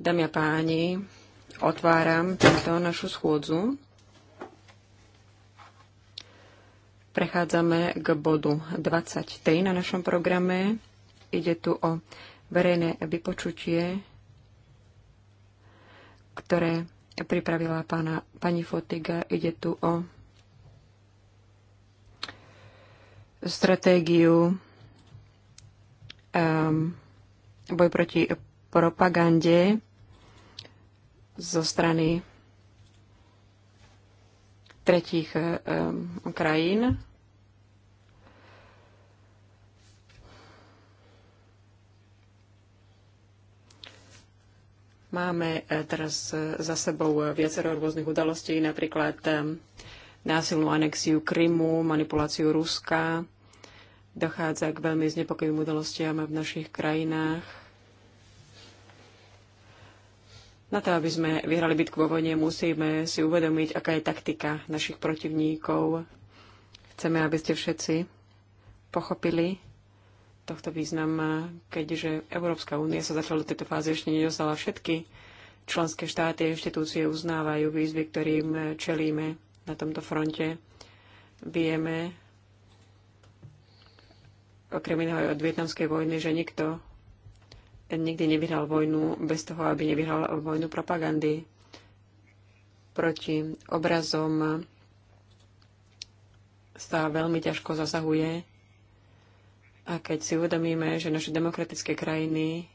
Dámy a páni, otváram tento našu schôdzu. Prechádzame k bodu 23 na našom programe. Ide tu o verejné vypočutie, ktoré pripravila pána, pani Fotiga. Ide tu o stratégiu um, boj proti propagande zo strany tretích um, krajín. Máme eh, teraz eh, za sebou eh, viacero rôznych udalostí, napríklad ehm, násilnú anexiu Krymu, manipuláciu Ruska, Dochádza k veľmi znepokojivým udalostiam v našich krajinách. Na to, aby sme vyhrali bitku vo vojne, musíme si uvedomiť, aká je taktika našich protivníkov. Chceme, aby ste všetci pochopili tohto význam, keďže Európska únia sa začala do tejto fázy ešte nedostala všetky členské štáty a inštitúcie uznávajú výzvy, ktorým čelíme na tomto fronte. Vieme, okrem iného aj od vietnamskej vojny, že nikto nikdy nevyhral vojnu bez toho, aby nevyhral vojnu propagandy proti obrazom sa veľmi ťažko zasahuje. A keď si uvedomíme, že naše demokratické krajiny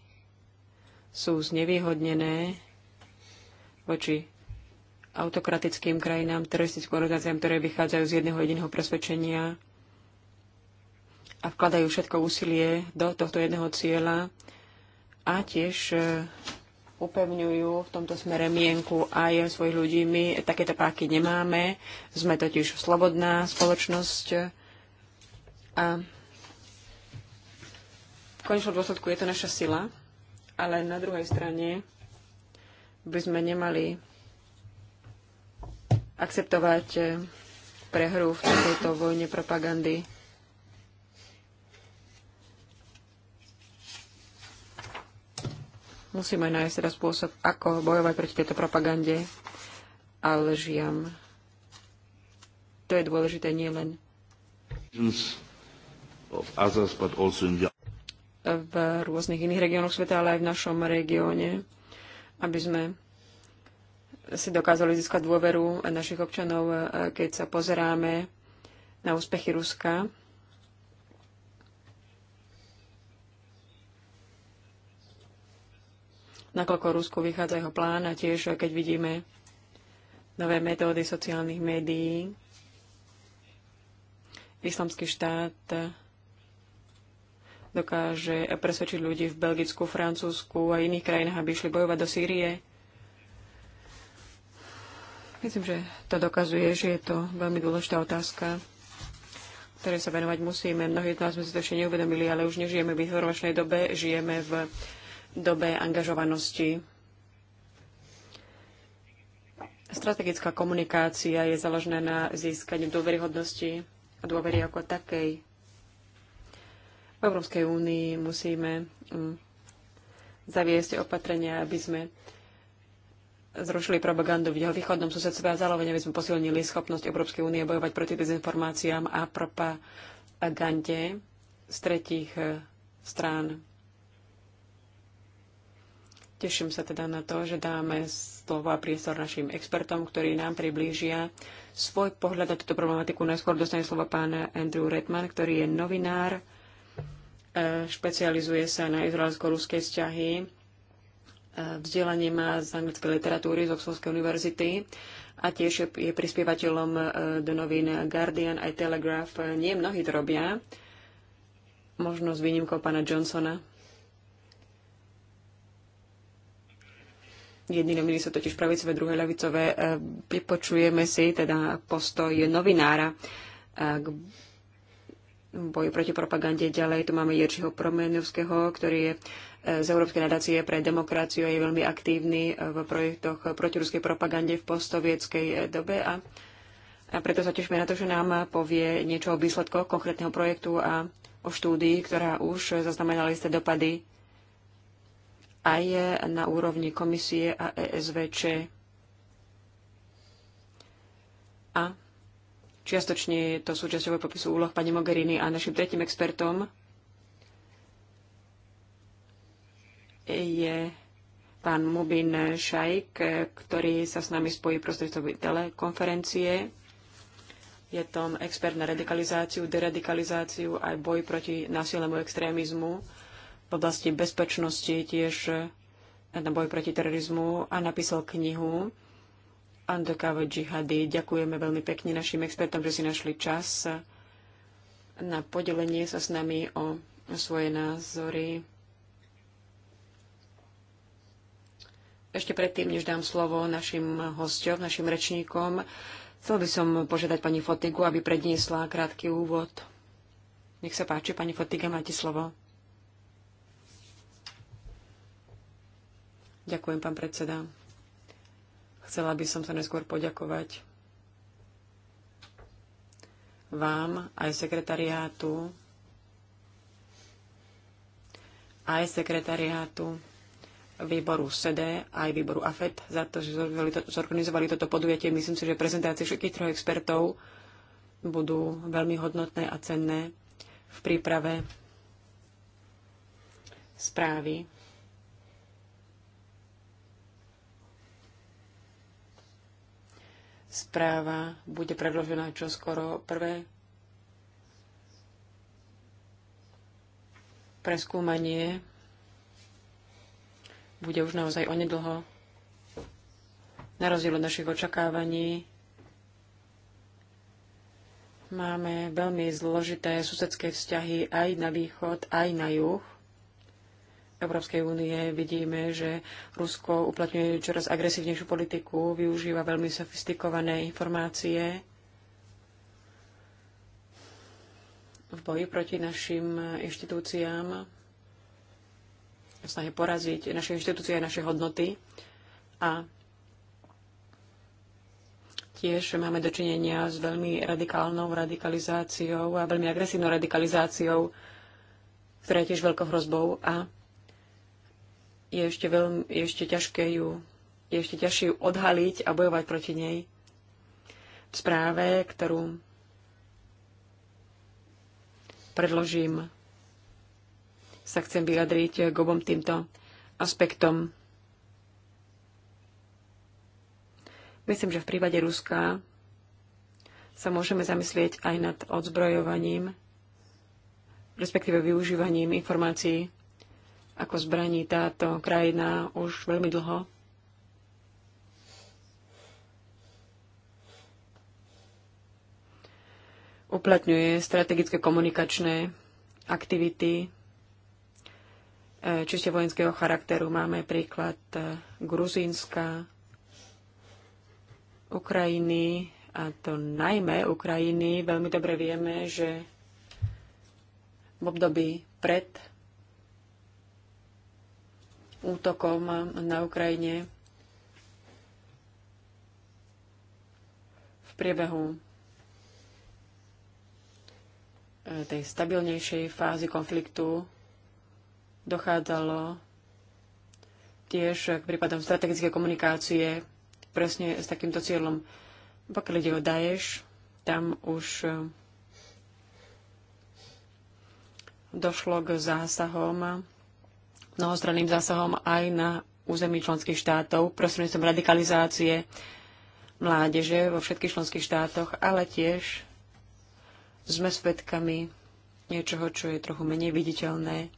sú znevýhodnené voči autokratickým krajinám, teroristickým organizáciám, ktoré vychádzajú z jedného jediného presvedčenia, a vkladajú všetko úsilie do tohto jedného cieľa a tiež e, upevňujú v tomto smere mienku aj svojich ľudí. My takéto páky nemáme, sme totiž slobodná spoločnosť a v konečnom dôsledku je to naša sila, ale na druhej strane by sme nemali akceptovať e, prehru v tejto vojne propagandy Musíme nájsť teraz spôsob, ako bojovať proti tejto propagande a lžiam. To je dôležité nielen v rôznych iných regiónoch sveta, ale aj v našom regióne, aby sme si dokázali získať dôveru našich občanov, keď sa pozeráme na úspechy Ruska nakoľko Rusku vychádza jeho plán a tiež, keď vidíme nové metódy sociálnych médií, islamský štát dokáže presvedčiť ľudí v Belgicku, Francúzsku a iných krajinách, aby išli bojovať do Sýrie. Myslím, že to dokazuje, že je to veľmi dôležitá otázka, ktoré sa venovať musíme. Mnohí z nás sme si to ešte neuvedomili, ale už nežijeme v informačnej dobe, žijeme v dobe angažovanosti. Strategická komunikácia je založená na získaní dôveryhodnosti a dôvery ako takej. V Európskej únii musíme mm, zaviesť opatrenia, aby sme zrušili propagandu v jeho východnom susedstve a zároveň aby sme posilnili schopnosť Európskej únie bojovať proti dezinformáciám a propagande z tretích eh, strán. Teším sa teda na to, že dáme slovo a priestor našim expertom, ktorí nám priblížia svoj pohľad na túto problematiku. Najskôr dostane slovo pán Andrew Redman, ktorý je novinár, e, špecializuje sa na izraelsko-ruské vzťahy, e, vzdelanie má z anglickej literatúry z Oxfordskej univerzity a tiež je prispievateľom e, do novín Guardian aj Telegraph. Nie mnohí to robia, možno s výnimkou pána Johnsona Jedni nominy sú totiž pravicové, druhé ľavicové. Pripočujeme e, si teda postoj novinára e, k boju proti propagande. Ďalej tu máme Jerčího Promenovského, ktorý je e, z Európskej nadácie pre demokraciu a je veľmi aktívny v projektoch proti ruskej propagande v postovietskej dobe a, a preto sa tešíme na to, že nám povie niečo o výsledkoch konkrétneho projektu a o štúdii, ktorá už zaznamenala isté dopady aj na úrovni komisie a ESVČ a čiastočne je to súčasťové popisu úloh pani Mogherini a našim tretím expertom je pán Mubin Šajk, ktorý sa s nami spojí prostredstvom telekonferencie. Je tom expert na radikalizáciu, deradikalizáciu aj boj proti násilnému extrémizmu v oblasti bezpečnosti, tiež eh, na boj proti terorizmu a napísal knihu Undercover Jihady. Ďakujeme veľmi pekne našim expertom, že si našli čas eh, na podelenie sa s nami o svoje názory. Ešte predtým, než dám slovo našim hostiom, našim rečníkom, chcel by som požiadať pani Fotigu, aby predniesla krátky úvod. Nech sa páči, pani Fotiga, máte slovo. Ďakujem, pán predseda. Chcela by som sa neskôr poďakovať vám, aj sekretariátu, aj sekretariátu výboru SEDE, aj výboru AFET za to, že zorganizovali toto podujatie. Myslím si, že prezentácie všetkých troch expertov budú veľmi hodnotné a cenné v príprave správy správa bude predložená čo skoro prvé preskúmanie bude už naozaj onedlho. Na rozdiel od našich očakávaní máme veľmi zložité susedské vzťahy aj na východ, aj na juh. Európskej únie vidíme, že Rusko uplatňuje čoraz agresívnejšiu politiku, využíva veľmi sofistikované informácie v boji proti našim inštitúciám, v snahe poraziť naše inštitúcie a naše hodnoty. A tiež máme dočinenia s veľmi radikálnou radikalizáciou a veľmi agresívnou radikalizáciou, ktorá je tiež veľkou hrozbou a je ešte, veľmi, je ešte ťažké ju, je ešte ťažšie ju odhaliť a bojovať proti nej. V správe, ktorú predložím, sa chcem vyjadriť k obom týmto aspektom. Myslím, že v prípade Ruska sa môžeme zamyslieť aj nad odzbrojovaním, respektíve využívaním informácií ako zbraní táto krajina už veľmi dlho. Uplatňuje strategické komunikačné aktivity e, čiste vojenského charakteru. Máme príklad e, Gruzínska, Ukrajiny, a to najmä Ukrajiny. Veľmi dobre vieme, že v období pred útokom na Ukrajine v priebehu e, tej stabilnejšej fázy konfliktu dochádzalo tiež k prípadom strategické komunikácie presne s takýmto cieľom. Pokiaľ ide o Daesh, tam už e, došlo k zásahom mnohostranným zásahom aj na území členských štátov prostredníctvom radikalizácie mládeže vo všetkých členských štátoch, ale tiež sme svedkami niečoho, čo je trochu menej viditeľné,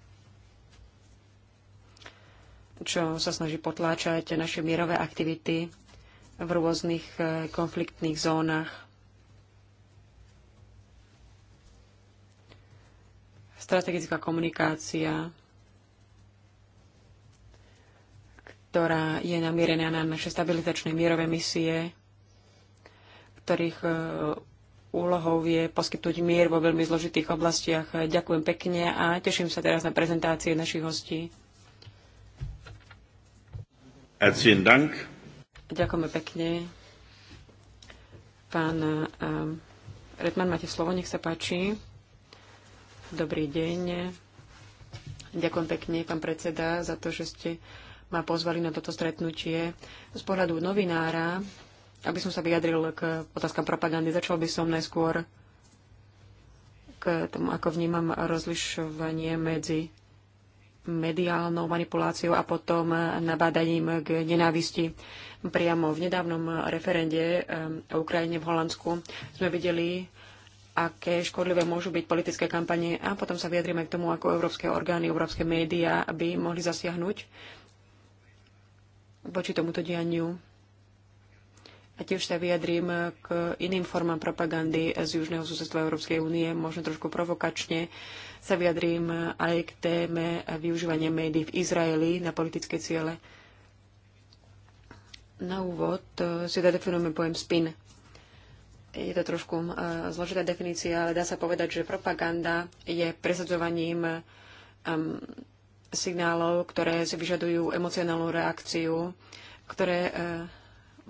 čo sa snaží potláčať naše mierové aktivity v rôznych eh, konfliktných zónach. Strategická komunikácia ktorá je namierená na naše stabilizačné mierové misie, ktorých e, úlohou je poskytnúť mier vo veľmi zložitých oblastiach. Ďakujem pekne a teším sa teraz na prezentácie našich hostí. Ďakujem Dank. Ďakujeme pekne. Pán um, Redman, máte slovo, nech sa páči. Dobrý deň. Ďakujem pekne, pán predseda, za to, že ste uh, ma pozvali na toto stretnutie z pohľadu novinára, aby som sa vyjadril k otázkam propagandy. Začal by som najskôr k tomu, ako vnímam rozlišovanie medzi mediálnou manipuláciou a potom nabádaním k nenávisti. Priamo v nedávnom referende eh, o Ukrajine v Holandsku sme videli, aké škodlivé môžu byť politické kampanie a potom sa vyjadrime k tomu, ako európske orgány, európske médiá by mohli zasiahnuť voči tomuto dianiu. A tiež sa vyjadrím k iným formám propagandy z južného susedstva Európskej únie, možno trošku provokačne sa vyjadrím aj k téme využívania médií v Izraeli na politické ciele. Na úvod si teda definujeme pojem spin. Je to trošku eh, zložitá definícia, ale dá sa povedať, že propaganda je presadzovaním um, signálov, ktoré si vyžadujú emocionálnu reakciu, ktoré e,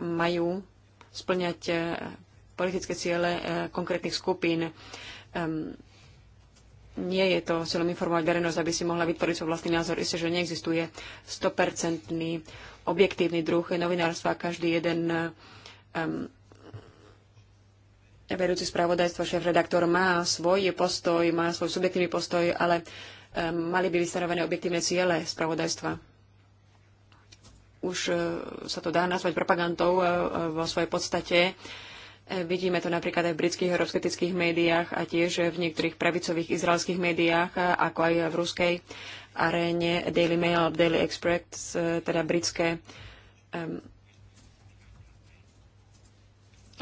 majú splňať e, politické ciele e, konkrétnych skupín. Ehm, nie je to silom informovať verejnosť, aby si mohla vytvoriť svoj vlastný názor. Isté, že neexistuje 100% objektívny druh novinárstva. Každý jeden um, vedúci spravodajstvo, šéf-redaktor má svoj postoj, má svoj subjektívny postoj, ale Ehm, mali by byť stanovené objektívne ciele spravodajstva. Už e, sa to dá nazvať propagandou e, e, vo svojej podstate. Vidíme to napríklad aj v britských euroskeptických médiách a tiež v niektorých pravicových izraelských médiách, ako aj v ruskej aréne Daily Mail a Daily Express, teda britské um,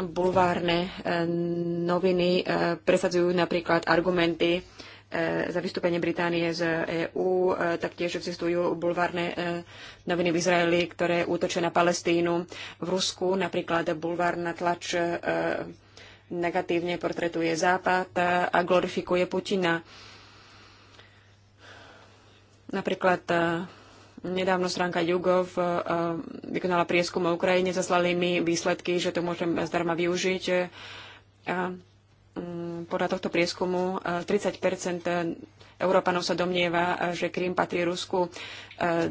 bulvárne noviny presadzujú napríklad argumenty, E, za vystúpenie Británie z EÚ. E, taktiež existujú bulvárne e, noviny v Izraeli, ktoré útočia na Palestínu. V Rusku napríklad bulvárna tlač negatívne portretuje Západ a glorifikuje Putina. Napríklad Nedávno stránka Jugov vykonala prieskum o Ukrajine, zaslali mi výsledky, že to môžem zdarma využiť. Mm, podľa tohto prieskumu 30 eh, eh, Európanov sa domnieva, eh, že Krím patrí Rusku.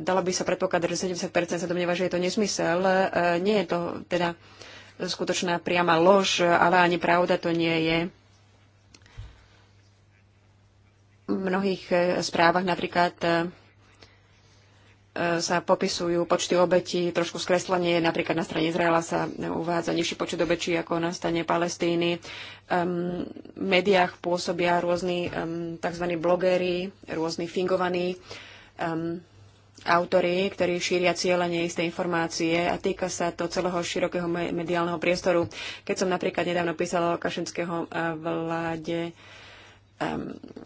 Dalo by sa predpokladať, že 70 sa domnieva, že je to nesmysel. Nie je to teda skutočná priama lož, ale ani pravda to nie je. V mnohých správach napríklad sa popisujú počty obetí, trošku skreslenie, napríklad na strane Izraela sa uvádza nižší počet obetí ako na strane Palestíny. Um, v médiách pôsobia rôzni um, tzv. blogéri, rôzni fingovaní um, autori, ktorí šíria cieľenie isté informácie a týka sa to celého širokého mediálneho priestoru. Keď som napríklad nedávno písala o kašinského eh, vláde,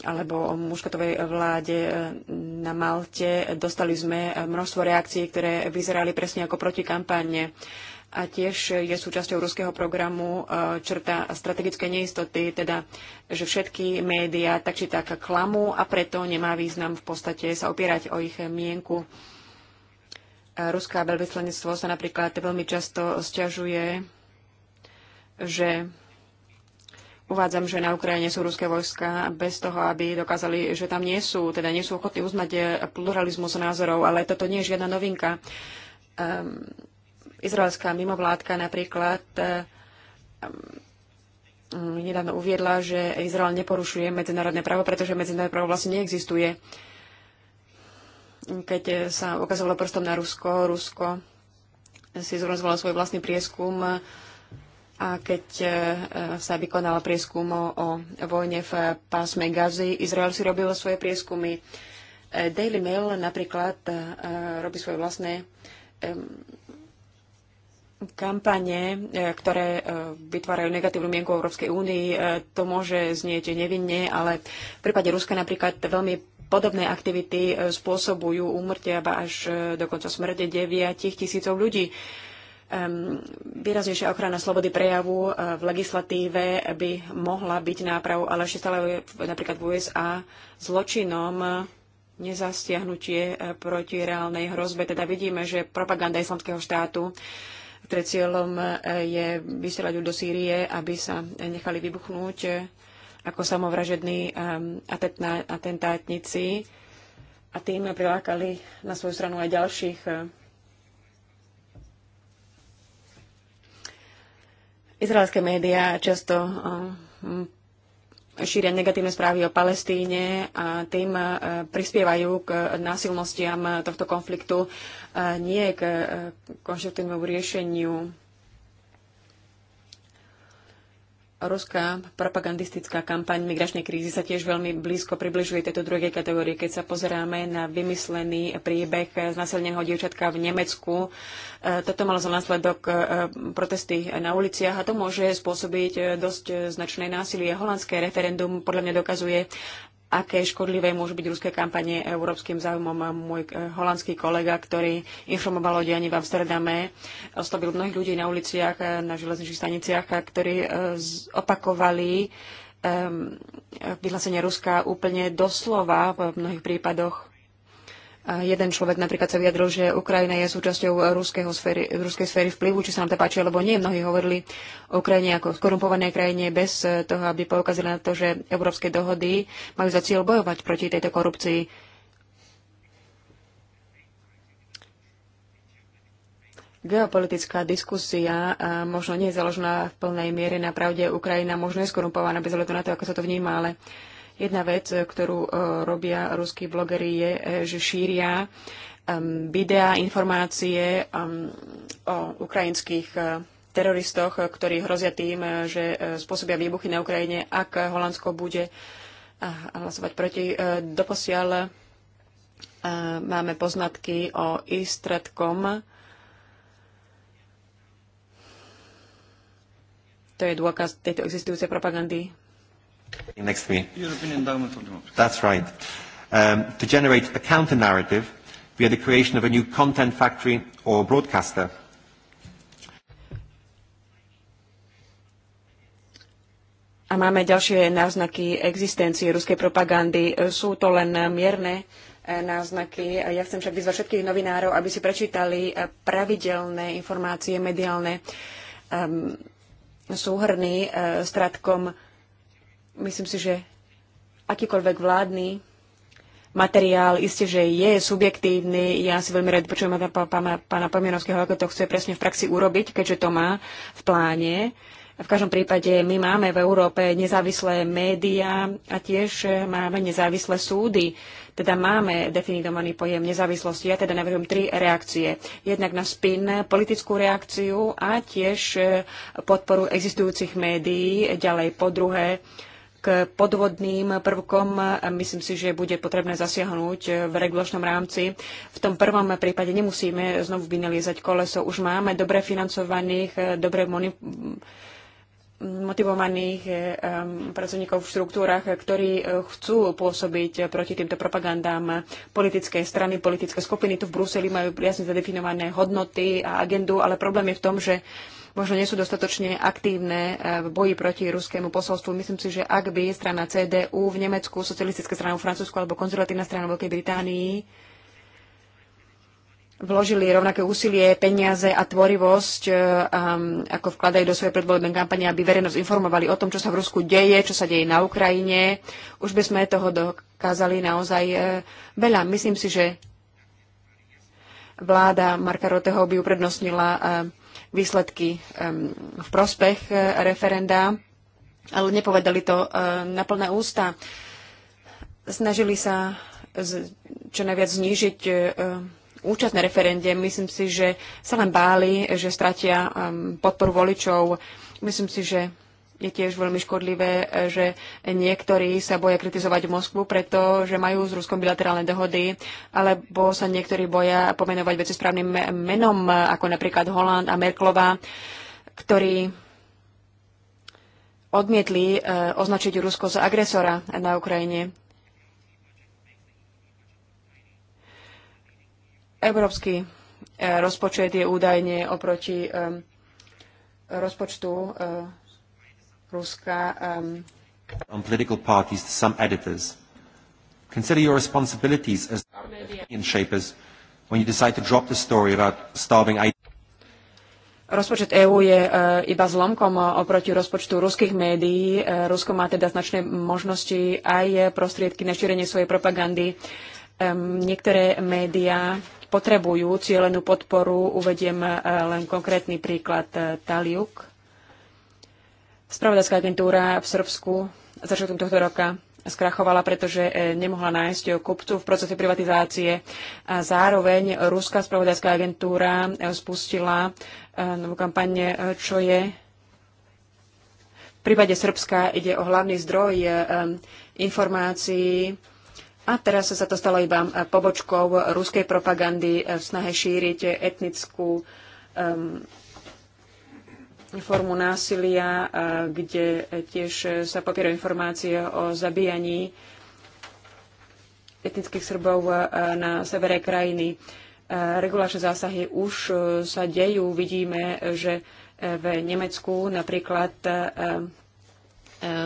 alebo o muškatovej vláde eh, na Malte. Dostali sme eh, množstvo reakcií, ktoré vyzerali presne ako protikampáne. A tiež je súčasťou ruského programu eh, črta strategické neistoty, teda že všetky médiá tak či tak klamú a preto nemá význam v podstate sa opierať o ich mienku. Ruská veľvyslanectvo sa napríklad veľmi často sťažuje, že Uvádzam, že na Ukrajine sú ruské vojska bez toho, aby dokázali, že tam nie sú, teda nie sú ochotní uznať eh, pluralizmus názorov, ale toto nie je žiadna novinka. Um, izraelská mimovládka napríklad um, nedávno uviedla, že Izrael neporušuje medzinárodné právo, pretože medzinárodné právo vlastne neexistuje. Keď eh, sa ukazovalo prstom na Rusko, Rusko si zrozvalo svoj vlastný prieskum, uh, a keď e, sa vykonal prieskum o vojne v pásme Gazy, Izrael si robil svoje prieskumy. E, Daily Mail napríklad e, robí svoje vlastné kampane, ktoré vytvárajú negatívnu mienku Európskej únii. To môže znieť nevinne, ale v prípade Ruska napríklad veľmi podobné aktivity spôsobujú úmrtia až dokonca smrte 9 tisícov ľudí výraznejšia ochrana slobody prejavu eh, v legislatíve by mohla byť nápravou, ale ešte stále napríklad v USA zločinom nezastiahnutie eh, proti reálnej hrozbe. Teda vidíme, že propaganda islamského štátu ktoré cieľom eh, je vysielať do Sýrie, aby sa nechali vybuchnúť ako samovražední atentátnici a tým prilákali na svoju stranu aj ďalších Izraelské médiá často eh, šíria negatívne správy o Palestíne a tým eh, prispievajú k násilnostiam tohto konfliktu, eh, nie k konštruktívnemu riešeniu ruská propagandistická kampaň migračnej krízy sa tiež veľmi blízko približuje tejto druhej kategórii. Keď sa pozeráme na vymyslený príbeh z násilného dievčatka v Nemecku, e, toto malo za následok e, protesty na uliciach a to môže spôsobiť e, dosť značné násilie. Holandské referendum podľa mňa dokazuje, aké škodlivé môžu byť ruské kampanie európskym záujmom. Môj eh, holandský kolega, ktorý informoval o dianí v Amsterdame, oslovil mnohých ľudí na uliciach, eh, na železničných staniciach, ktorí eh, opakovali vyhlásenie Ruska úplne doslova v mnohých prípadoch jeden človek napríklad sa vyjadril, že Ukrajina je súčasťou sféry, ruskej sféry vplyvu, či sa nám to páči, alebo nie. Mnohí hovorili o Ukrajine ako skorumpovanej krajine bez toho, aby poukazili na to, že európske dohody majú za cieľ bojovať proti tejto korupcii. Geopolitická diskusia možno nie je založená v plnej miere na pravde. Ukrajina možno je skorumpovaná bez hľadu na to, ako sa to vníma, ale uh, Jedna vec, e, ktorú e, robia ruskí blogeri, je, e, že šíria videá, informácie o ukrajinských teroristoch, ktorí hrozia tým, že spôsobia výbuchy na Ukrajine, ak Holandsko bude hlasovať proti. Doposiaľ máme poznatky o istratkom. To je dôkaz tejto existujúcej propagandy. Next to me. European Endowment for Democracy. That's right. Um, to generate a counter narrative via the creation of a new content factory or broadcaster. A máme ďalšie náznaky existencie ruskej propagandy. Sú to len mierne eh, náznaky. Ja chcem však vyzvať všetkých novinárov, aby si prečítali eh, pravidelné informácie mediálne um, ehm, súhrny uh, eh, stratkom Myslím si, že akýkoľvek vládny materiál isté, že je subjektívny. Ja si veľmi rád počujem pána, pána Pomienovského, ako to chce presne v praxi urobiť, keďže to má v pláne. V každom prípade my máme v Európe nezávislé médiá a tiež eh, máme nezávislé súdy. Teda máme definovaný pojem nezávislosti. Ja teda navrhujem tri reakcie. Jednak na spin, politickú reakciu a tiež eh, podporu existujúcich médií. Ďalej po druhé, k podvodným prvkom myslím si, že bude potrebné zasiahnuť v regulačnom rámci. V tom prvom prípade nemusíme znovu vynaliezať koleso. Už máme dobre financovaných, dobre motivovaných eh, pracovníkov v štruktúrach, eh, ktorí eh, chcú pôsobiť proti týmto propagandám politické strany, politické skupiny. Tu v Bruseli majú jasne zadefinované hodnoty a agendu, ale problém je v tom, že možno nie sú dostatočne aktívne v boji proti ruskému posolstvu. Myslím si, že ak by strana CDU v Nemecku, socialistická strana v Francúzsku alebo konzervatívna strana v Veľkej Británii vložili rovnaké úsilie, peniaze a tvorivosť, um, ako vkladajú do svojej predvoľbnej kampane, aby verejnosť informovali o tom, čo sa v Rusku deje, čo sa deje na Ukrajine. Už by sme toho dokázali naozaj uh, veľa. Myslím si, že vláda Marka Roteho by uprednostnila uh, výsledky um, v prospech uh, referenda, ale nepovedali to uh, na plné ústa. Snažili sa z, čo najviac znížiť uh, účasť na referende, myslím si, že sa len báli, že stratia um, podporu voličov. Myslím si, že je tiež veľmi škodlivé, že niektorí sa boja kritizovať Moskvu, pretože majú s Ruskom bilaterálne dohody, alebo sa niektorí boja pomenovať veci správnym menom, ako napríklad Holland a Merklova, ktorí odmietli eh, označiť Rusko za agresora na Ukrajine. Európsky e, rozpočet je údajne oproti e, rozpočtu e, Ruska. On political parties to some editors. Consider your responsibilities as opinion shapers when you decide to drop the story about starving Rozpočet EÚ je iba zlomkom oproti rozpočtu ruských médií. Rusko má teda značné možnosti aj prostriedky na šírenie svojej propagandy. Niektoré médiá potrebujú cielenú podporu. Uvediem e, len konkrétny príklad e, Taliuk. Spravodajská agentúra v Srbsku začiatkom tohto roka skrachovala, pretože e, nemohla nájsť kupcu v procese privatizácie. A zároveň Ruská spravodajská agentúra spustila novú kampaň, čo je v prípade Srbska ide o hlavný zdroj informácií a teraz sa to stalo iba eh, pobočkou eh, ruskej propagandy eh, v snahe šíriť etnickú um, formu násilia, kde tiež sa popierajú informácie o zabíjaní etnických Srbov na severe krajiny. Regulačné zásahy už sa dejú. Vidíme, že v Nemecku napríklad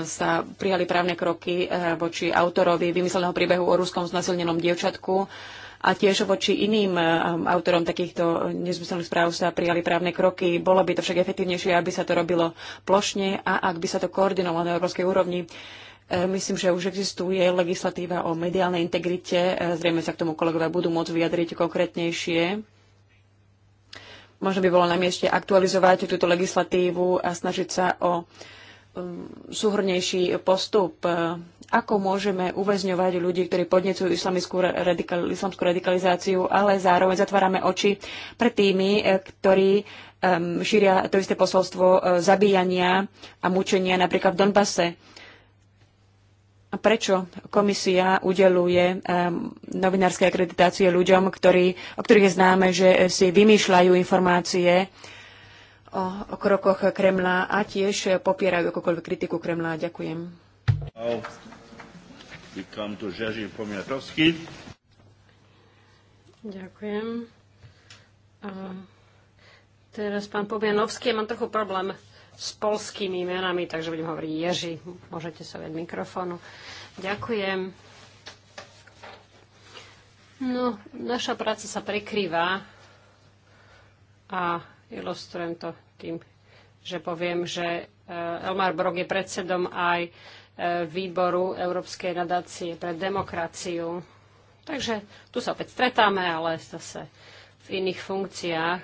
sa prijali právne kroky eh, voči autorovi vymysleného príbehu o ruskom znasilnenom dievčatku a tiež voči iným eh, autorom takýchto nezmyselných správ sa prijali právne kroky. Bolo by to však efektívnejšie, aby sa to robilo plošne a ak by sa to koordinovalo na európskej úrovni. Eh, myslím, že už existuje legislatíva o mediálnej integrite. Zrejme sa k tomu kolegovia budú môcť vyjadriť konkrétnejšie. Možno by bolo na mieste aktualizovať túto legislatívu a snažiť sa o Eh, súhrnejší postup. Eh, ako môžeme uväzňovať ľudí, ktorí podnecujú islamickú radikal, islamskú radikalizáciu, ale zároveň zatvárame oči pred tými, eh, ktorí um, šíria to isté posolstvo uh, zabíjania a mučenia napríklad v Donbase. A prečo komisia udeluje um, novinárske akreditácie ľuďom, ktorí, o ktorých je známe, že si vymýšľajú informácie uh, o, krokoch Kremla a tiež popierajú akokoľvek kritiku Kremla. Ďakujem. Ďakujem. A teraz pán Pomianovský, ja mám trochu problém s polskými menami, takže budem hovoriť Ježi. Môžete sa vedť mikrofónu. Ďakujem. No, naša práca sa prekrýva a ilustrujem to tým, že poviem, že e, Elmar Brok je predsedom aj e, výboru Európskej nadácie pre demokraciu. Takže tu sa opäť stretáme, ale zase v iných funkciách.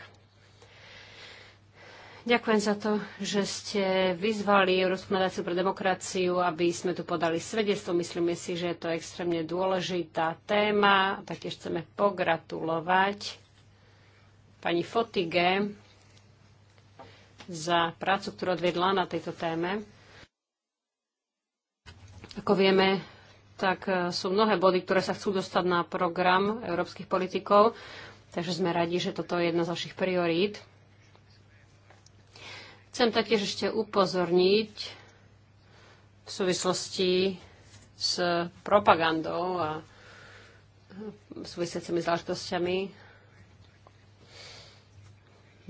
Ďakujem za to, že ste vyzvali Európsku nadáciu pre demokraciu, aby sme tu podali svedectvo. Myslíme si, že je to extrémne dôležitá téma. Taktiež chceme pogratulovať pani Fotige za prácu, ktorú odvedla na tejto téme. Ako vieme, tak e, sú mnohé body, ktoré sa chcú dostať na program európskych politikov, takže sme radi, že toto je jedna z našich priorít. Chcem taktiež ešte upozorniť v súvislosti s propagandou a súvisiacimi záležitosťami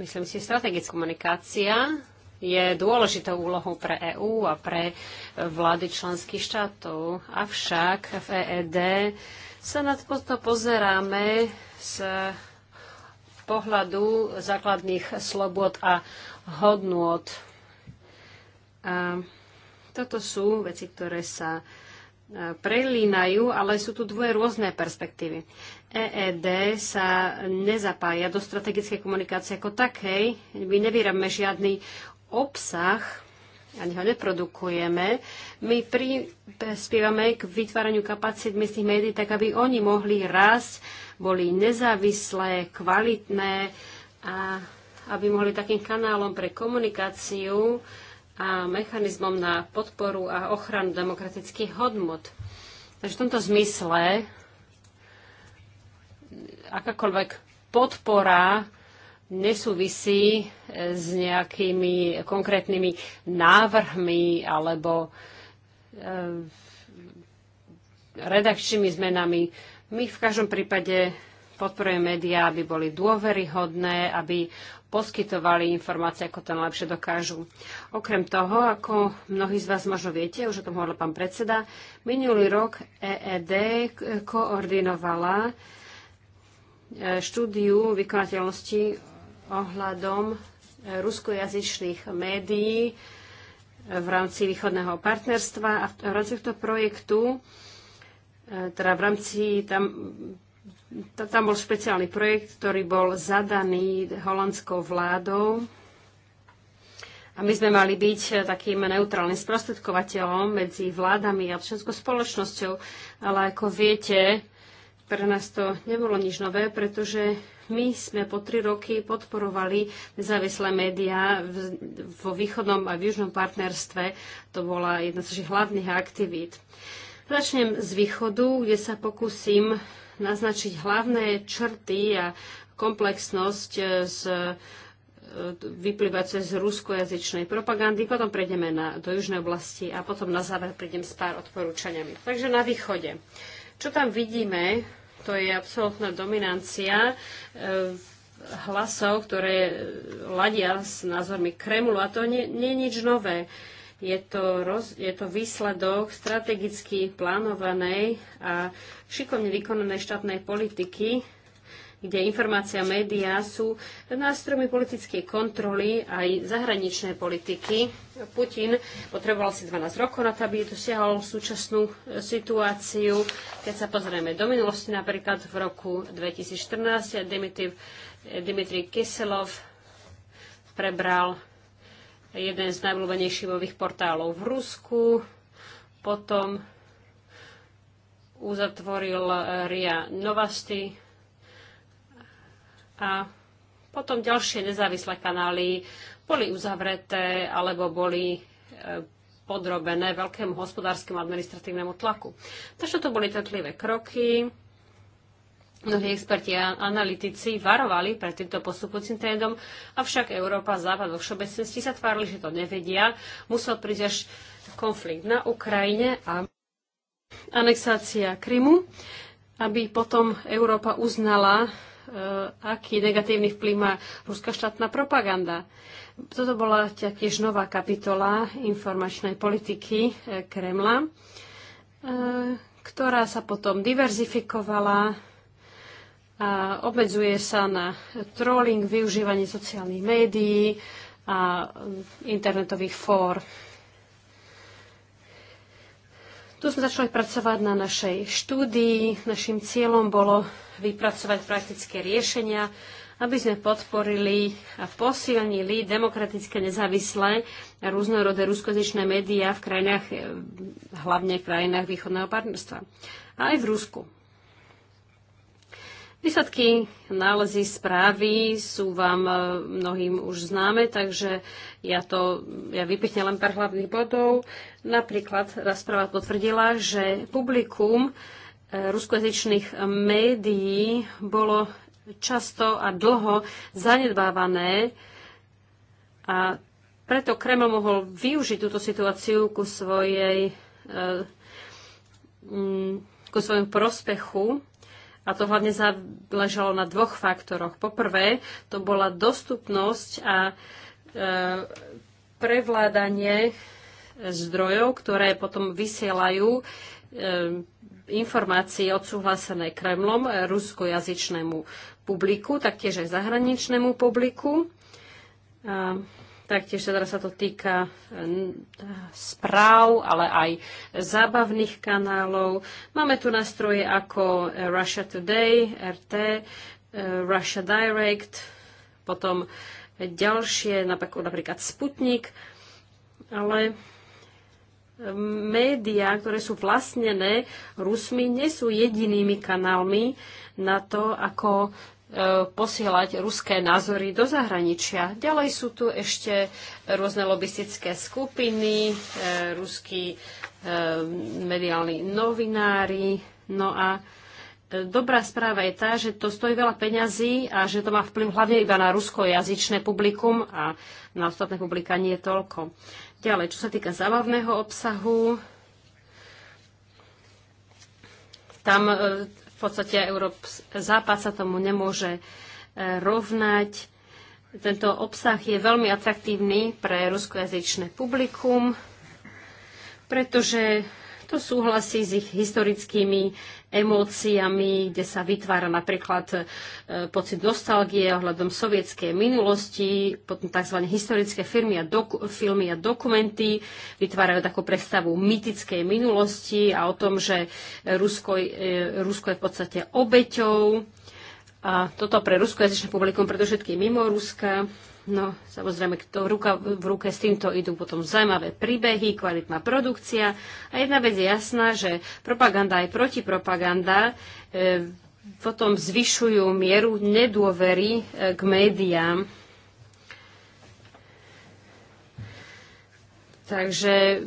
Myslím si, strategická komunikácia je dôležitou úlohou pre EÚ a pre vlády členských štátov. Avšak v EED sa na to pozeráme z pohľadu základných slobod a hodnôt. A toto sú veci, ktoré sa e, prelínajú, ale sú tu dve rôzne perspektívy. EED sa nezapája do strategickej komunikácie ako takej. My nevyrábame žiadny obsah, ani ho neprodukujeme. My prispievame k vytváraniu kapacít miestnych médií, tak aby oni mohli rásť, boli nezávislé, kvalitné a aby mohli takým kanálom pre komunikáciu a mechanizmom na podporu a ochranu demokratických hodnot. Takže v tomto zmysle akákoľvek podpora nesúvisí eh, s nejakými konkrétnymi návrhmi alebo eh, redakčnými zmenami. My v každom prípade podporujeme médiá, aby boli dôveryhodné, aby poskytovali informácie, ako to najlepšie dokážu. Okrem toho, ako mnohí z vás možno viete, už o tom hovoril pán predseda, minulý rok EED koordinovala E, štúdiu vykonateľnosti ohľadom e, ruskojazyčných médií e, v rámci východného partnerstva a v rámci tohto projektu, teda v rámci tam, tam bol špeciálny projekt, ktorý bol zadaný holandskou vládou a my sme mali byť takým neutrálnym sprostredkovateľom medzi vládami a všetkou spoločnosťou, ale ako viete, pre nás to nebolo nič nové, pretože my sme po tri roky podporovali nezávislé médiá vo východnom a v južnom partnerstve. To bola jedna z našich hlavných aktivít. Začnem z východu, kde sa pokúsim naznačiť hlavné črty a komplexnosť e, z e, vyplývace z ruskojazyčnej propagandy, potom prejdeme na, do južnej oblasti a potom na záver prídem s pár odporúčaniami. Takže na východe. Uh, čo tam vidíme, to je absolútna dominancia e, hlasov, ktoré ladia s názormi Kremlu a to nie, je nič nové. Je to, roz, je to výsledok strategicky plánovanej a šikovne vykonanej štátnej politiky, kde informácia a médiá sú nástrojmi politickej kontroly aj zahraničnej politiky. Putin potreboval si 12 rokov na to, aby dosiahol súčasnú e, situáciu. Keď sa pozrieme do minulosti, napríklad v roku 2014 Dimitriv, e, Dimitri Kiselov prebral jeden z najblúbenejších webových portálov v Rusku, potom uzatvoril e, RIA Novasti, a potom ďalšie nezávislé kanály boli uzavreté alebo boli e, podrobené veľkému hospodárskému administratívnemu tlaku. Takže to boli trtlivé kroky. Mnohí experti a analytici varovali pred týmto postupujúcim trendom, avšak Európa, Západ vo všeobecnosti sa tvárili, že to nevedia. Musel prísť až konflikt na Ukrajine a anexácia Krymu, aby potom Európa uznala Eh, aký negatívny vplyv má ruská štátna propaganda. Toto bola tiež nová kapitola informačnej politiky eh, Kremla, eh, ktorá sa potom diverzifikovala a obmedzuje sa na trolling, využívanie sociálnych médií a internetových fór. Tu sme začali pracovať na našej štúdii. Našim cieľom bolo vypracovať praktické riešenia, aby sme podporili a posilnili demokratické nezávislé a rôznorodé ruskozičné médiá v krajinách, eh, hlavne v krajinách východného partnerstva. A aj v Rusku. Výsledky nálezy správy sú vám eh, mnohým už známe, takže ja to ja vypichnem len pár hlavných bodov. Napríklad tá správa potvrdila, že publikum ruskojazyčných médií bolo často a dlho zanedbávané a preto Kreml mohol využiť túto situáciu ku svojej eh, mm, ku svojom prospechu a to hlavne záležalo na dvoch faktoroch. Poprvé, to bola dostupnosť a eh, prevládanie zdrojov, ktoré potom vysielajú eh, informácií odsúhlasené Kremlom eh, ruskojazyčnému publiku, taktiež aj zahraničnému publiku. A taktiež teda sa to týka eh, správ, ale aj zábavných kanálov. Máme tu nástroje ako eh, Russia Today, RT, Russia Direct, potom ďalšie, napríklad Sputnik, ale médiá, ktoré sú vlastnené Rusmi, nie sú jedinými kanálmi na to, ako e, posielať ruské názory do zahraničia. Ďalej sú tu ešte rôzne lobistické skupiny, e, ruskí e, mediálni novinári. No a dobrá správa je tá, že to stojí veľa peňazí a že to má vplyv hlavne iba na ruskojazyčné publikum a na ostatné publika nie toľko. Ďalej, čo sa týka zábavného obsahu, tam e, v podstate Európs- Západ sa tomu nemôže e, rovnať. Tento obsah je veľmi atraktívny pre ruskojazyčné publikum, pretože to súhlasí s ich historickými emóciami, kde sa vytvára napríklad e, pocit nostalgie ohľadom sovietskej minulosti, potom tzv. historické firmy a doku- filmy a dokumenty vytvárajú takú predstavu mytickej minulosti a o tom, že Rusko, e, Rusko je v podstate obeťou. A toto pre ruskojazyčné publikum, pretože všetky mimo Ruska, No, samozrejme, kto ruka v ruke s týmto idú potom zaujímavé príbehy, kvalitná produkcia. A jedna vec je jasná, že propaganda aj protipropaganda e, potom zvyšujú mieru nedôvery e, k médiám. Takže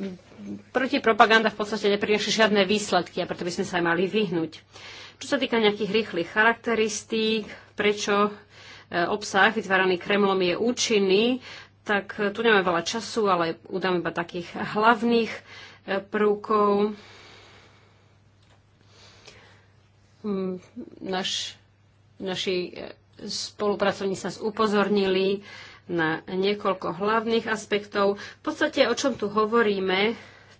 protipropaganda v podstate nepriniesie žiadne výsledky a preto by sme sa aj mali vyhnúť. Čo sa týka nejakých rýchlych charakteristík, prečo E, obsah vytváraný Kremlom je účinný, tak e, tu nemáme veľa času, ale udám iba takých hlavných e, prvkov. Mm, naš, naši spolupracovníci nás upozornili na niekoľko hlavných aspektov. V podstate, o čom tu hovoríme,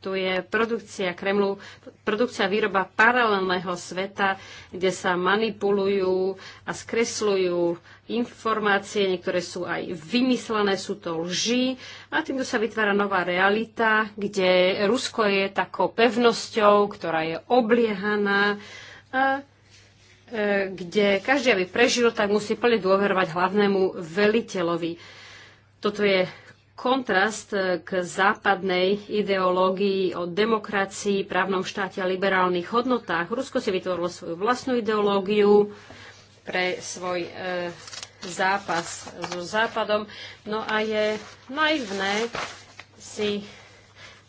tu je produkcia Kremlu, produkcia výroba paralelného sveta, kde sa manipulujú a skresľujú informácie, niektoré sú aj vymyslené, sú to lži a týmto sa vytvára nová realita, kde Rusko je takou pevnosťou, ktorá je obliehaná a e, kde každý, aby prežil, tak musí plne dôverovať hlavnému veliteľovi. Toto je kontrast e, k západnej ideológii o demokracii, právnom štáte a liberálnych hodnotách. Rusko si vytvorilo svoju vlastnú ideológiu pre svoj e, zápas so západom. No a je naivné si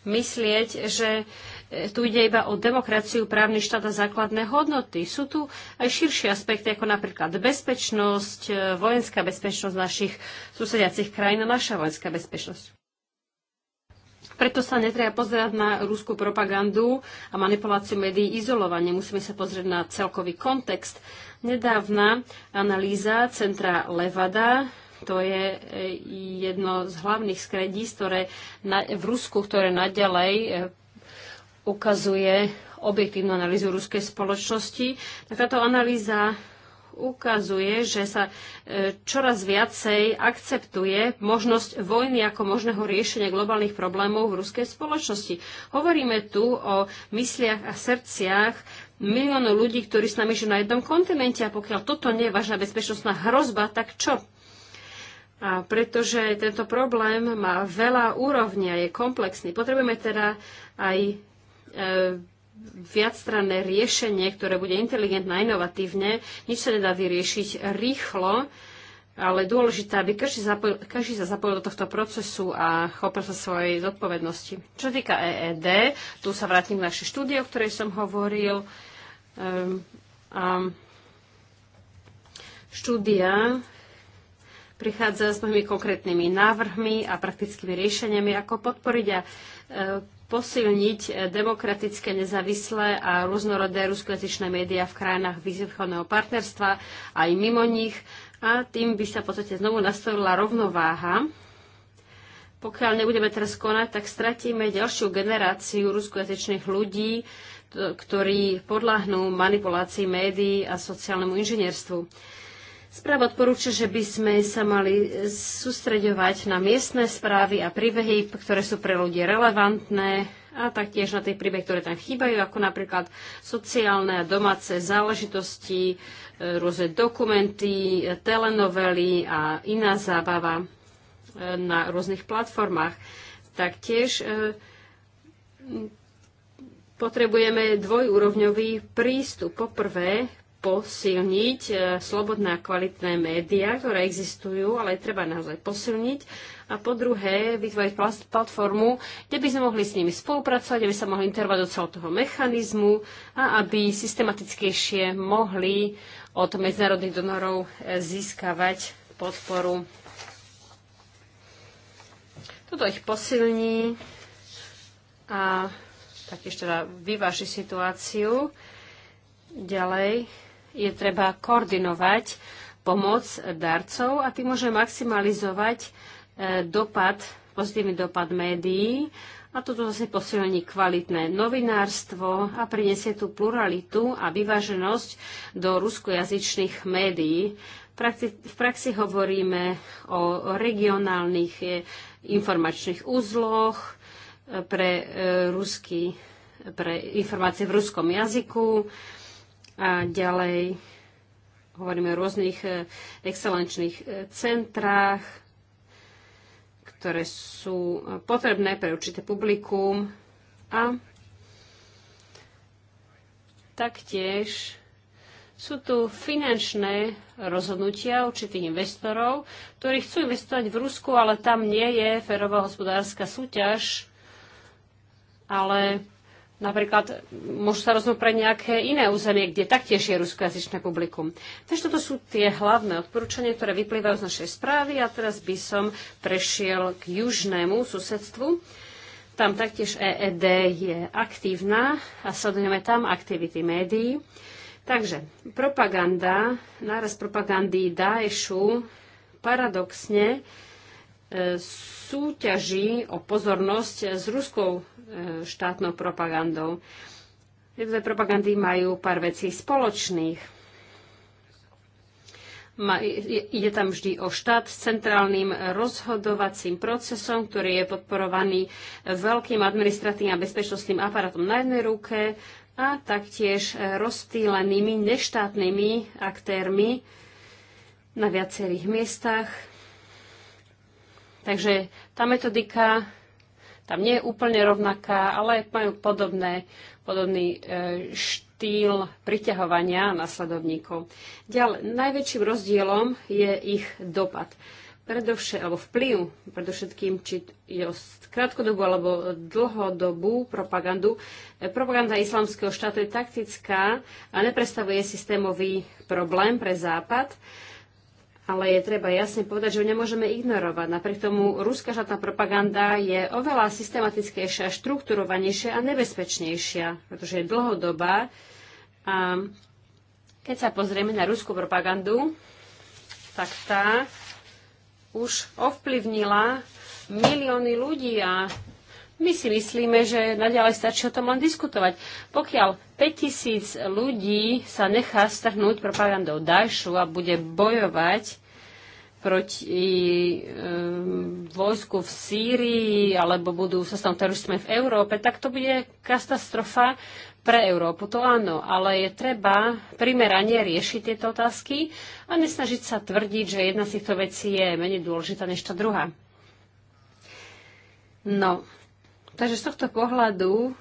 myslieť, že e, tu ide iba o demokraciu, právny štát a základné hodnoty. Sú tu aj širšie aspekty, ako napríklad bezpečnosť, e, vojenská bezpečnosť našich susediacich krajín a naša vojenská bezpečnosť. Preto sa netreba pozerať na rúskú propagandu a manipuláciu médií izolovanie. Musíme sa pozrieť na celkový kontext. Nedávna analýza centra Levada, to je e, jedno z hlavných skredíc, ktoré na, v Rusku, ktoré naďalej e, ukazuje objektívnu analýzu ruskej spoločnosti, tak táto analýza ukazuje, že sa e, čoraz viacej akceptuje možnosť vojny ako možného riešenia globálnych problémov v ruskej spoločnosti. Hovoríme tu o mysliach a srdciach miliónov ľudí, ktorí s nami žijú na jednom kontinente a pokiaľ toto nie je vážna bezpečnostná hrozba, tak čo? A pretože tento problém má veľa úrovní a je komplexný. Potrebujeme teda aj E, viacstranné riešenie, ktoré bude inteligentné a inovatívne. Nič sa nedá vyriešiť rýchlo, ale dôležité, aby každý, zapoj, každý sa zapojil do tohto procesu a chopil sa svojej zodpovednosti. Čo týka EED, tu sa vrátim k našej štúdie, o ktorej som hovoril. Um, a štúdia prichádza s mnohými konkrétnymi návrhmi a praktickými riešeniami, ako podporiť a e, posilniť e, demokratické, nezávislé a rôznorodé ruskojazyčné médiá v krajinách východného partnerstva aj mimo nich a tým by sa v podstate znovu nastavila rovnováha. Pokiaľ nebudeme teraz konať, tak stratíme ďalšiu generáciu ruskojazyčných ľudí, ktorí podľahnú manipulácii médií a sociálnemu inžinierstvu. Správa odporúča, že by sme sa mali sústreďovať na miestne správy a príbehy, ktoré sú pre ľudí relevantné a taktiež na tie príbehy, ktoré tam chýbajú, ako napríklad sociálne a domáce záležitosti, e, rôzne dokumenty, telenovely a iná zábava e, na rôznych platformách. Taktiež e, potrebujeme dvojúrovňový prístup. Poprvé, posilniť e, slobodné a kvalitné médiá, ktoré existujú, ale treba naozaj posilniť. A po druhé, vytvoriť platformu, kde by sme mohli s nimi spolupracovať, aby sa mohli intervať do celého toho mechanizmu a aby systematickejšie mohli od medzinárodných donorov e, získavať podporu. Toto ich posilní a taktiež teda vyváži situáciu. Ďalej je treba koordinovať pomoc darcov a tým môže maximalizovať e, dopad, pozitívny dopad médií a toto zase posilní kvalitné novinárstvo a prinesie tú pluralitu a vyváženosť do ruskojazyčných médií. v praxi hovoríme o regionálnych e, informačných úzloch e, pre, rusky, pre informácie v ruskom jazyku, a ďalej hovoríme o rôznych e, excelenčných e, centrách, ktoré sú e, potrebné pre určité publikum a taktiež sú tu finančné rozhodnutia určitých investorov, ktorí chcú investovať v Rusku, ale tam nie je férová hospodárska súťaž, ale Napríklad môžu sa rozhodnúť pre nejaké iné územie, kde taktiež je ruskojazyčné publikum. Takže toto sú tie hlavné odporúčania, ktoré vyplývajú z našej správy a teraz by som prešiel k južnému susedstvu. Tam taktiež EED je aktívna a sledujeme tam aktivity médií. Takže propaganda, náraz propagandy Daešu paradoxne e, súťaží o pozornosť s ruskou E, štátnou propagandou. Tieto propagandy majú pár vecí spoločných. Ma, ide tam vždy o štát s centrálnym rozhodovacím procesom, ktorý je podporovaný veľkým administratívnym a bezpečnostným aparátom na jednej ruke a taktiež rozptýlenými neštátnymi aktérmi na viacerých miestach. Takže tá metodika tam nie je úplne rovnaká, ale majú podobné, podobný e, štýl priťahovania nasledovníkov. Ďalej, najväčším rozdielom je ich dopad. Predovšetkým, alebo vplyv, predovšetkým, či je o krátkodobú alebo dlhodobú propagandu. E, propaganda islamského štátu je taktická a neprestavuje systémový problém pre Západ ale je treba jasne povedať, že ho nemôžeme ignorovať. Napriek tomu ruská štátna propaganda je oveľa systematickejšia, štrukturovanejšia a nebezpečnejšia, pretože je dlhodobá. A keď sa pozrieme na ruskú propagandu, tak tá už ovplyvnila milióny ľudí a my si myslíme, že naďalej stačí o tom len diskutovať. Pokiaľ 5000 ľudí sa nechá strhnúť propagandou Dajšu a bude bojovať proti e, vojsku v Sýrii alebo budú sa stanúť teroristmi v Európe, tak to bude katastrofa pre Európu. To áno, ale je treba primerane riešiť tieto otázky a nesnažiť sa tvrdiť, že jedna z týchto vecí je menej dôležitá než tá druhá. No, Takže z tohto pohľadu,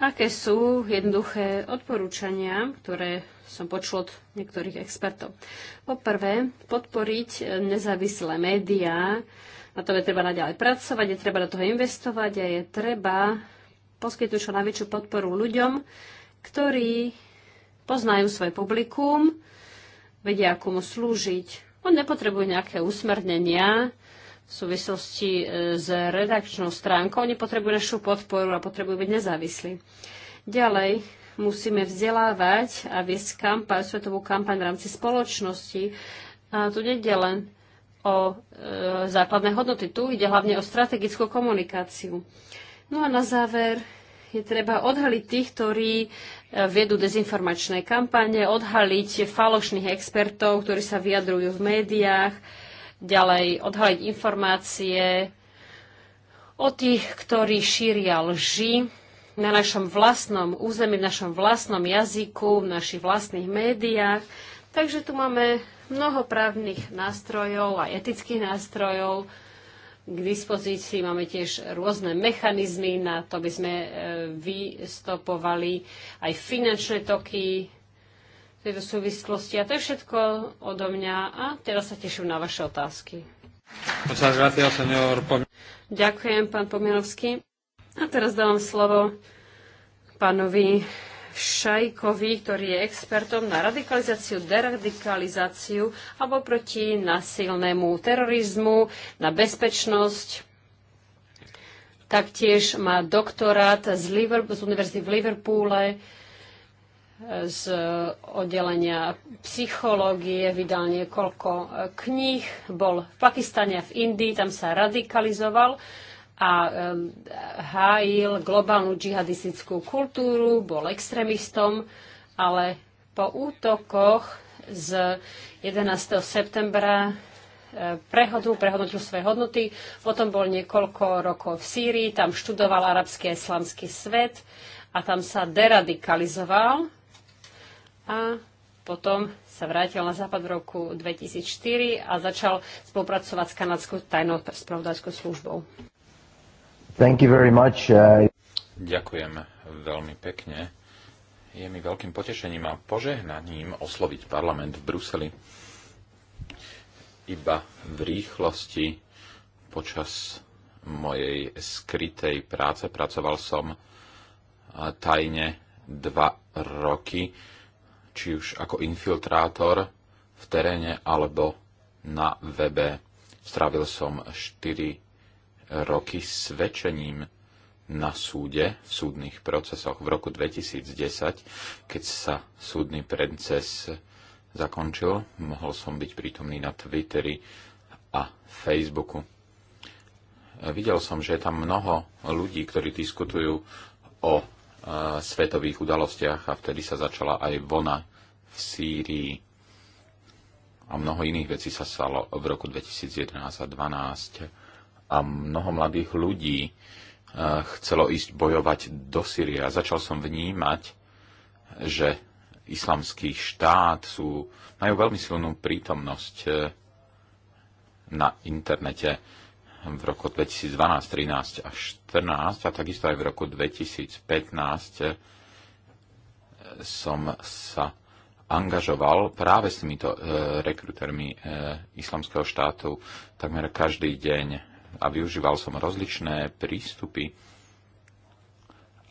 aké sú jednoduché odporúčania, ktoré som počul od niektorých expertov. Poprvé, podporiť nezávislé médiá. Na to je treba naďalej pracovať, je treba do toho investovať a je treba poskytnúť čo najväčšiu podporu ľuďom, ktorí poznajú svoje publikum, vedia, ako mu slúžiť. On nepotrebuje nejaké usmernenia, v súvislosti e, s redakčnou stránkou. Oni potrebujú našu podporu a potrebujú byť nezávislí. Ďalej musíme vzdelávať a viesť kampaň, svetovú kampaň v rámci spoločnosti. A tu nejde len o e, základné hodnoty, tu ide hlavne o strategickú komunikáciu. No a na záver je treba odhaliť tých, ktorí e, vedú dezinformačné kampane, odhaliť falošných expertov, ktorí sa vyjadrujú v médiách, ďalej odhaliť informácie o tých, ktorí šíria lži na našom vlastnom území, v našom vlastnom jazyku, v našich vlastných médiách. Takže tu máme mnoho právnych nástrojov a etických nástrojov. K dispozícii máme tiež rôzne mechanizmy na to, aby sme e, vystopovali aj finančné toky, tejto súvislosti. A to je všetko odo mňa a teraz sa teším na vaše otázky. Ďakujem, pán Pomilovský. A teraz dávam slovo pánovi Šajkovi, ktorý je expertom na radikalizáciu, deradikalizáciu alebo proti nasilnému terorizmu, na bezpečnosť. Taktiež má doktorát z, Liverpool, z univerzity v Liverpoole z oddelenia psychológie, vydal niekoľko e, kníh, bol v Pakistane a v Indii, tam sa radikalizoval a e, hájil globálnu džihadistickú kultúru, bol extrémistom, ale po útokoch z 11. septembra e, prehodnú, prehodnotil svoje hodnoty. Potom bol niekoľko rokov v Sýrii, tam študoval arabský a islamský svet a tam sa deradikalizoval a potom sa vrátil na západ v roku 2004 a začal spolupracovať s kanadskou tajnou spravodajskou službou. Thank you very much. Uh, Ďakujem veľmi pekne. Je mi veľkým potešením a požehnaním osloviť parlament v Bruseli. Iba v rýchlosti počas mojej skrytej práce pracoval som eh, tajne dva roky či už ako infiltrátor v teréne alebo na webe. Strávil som 4 roky svedčením na súde v súdnych procesoch v roku 2010, keď sa súdny proces zakončil. Mohol som byť prítomný na Twitteri a Facebooku. Videl som, že je tam mnoho ľudí, ktorí diskutujú o svetových udalostiach a vtedy sa začala aj vona v Sýrii a mnoho iných vecí sa stalo v roku 2011 a 2012 a mnoho mladých ľudí eh, chcelo ísť bojovať do Sýrie a začal som vnímať, že islamský štát sú, majú veľmi silnú prítomnosť eh, na internete v roku 2012, 13 a 14 a takisto aj v roku 2015 eh, som sa angažoval práve s týmito e, eh, rekrutermi e, eh, islamského štátu takmer každý deň a využíval som rozličné prístupy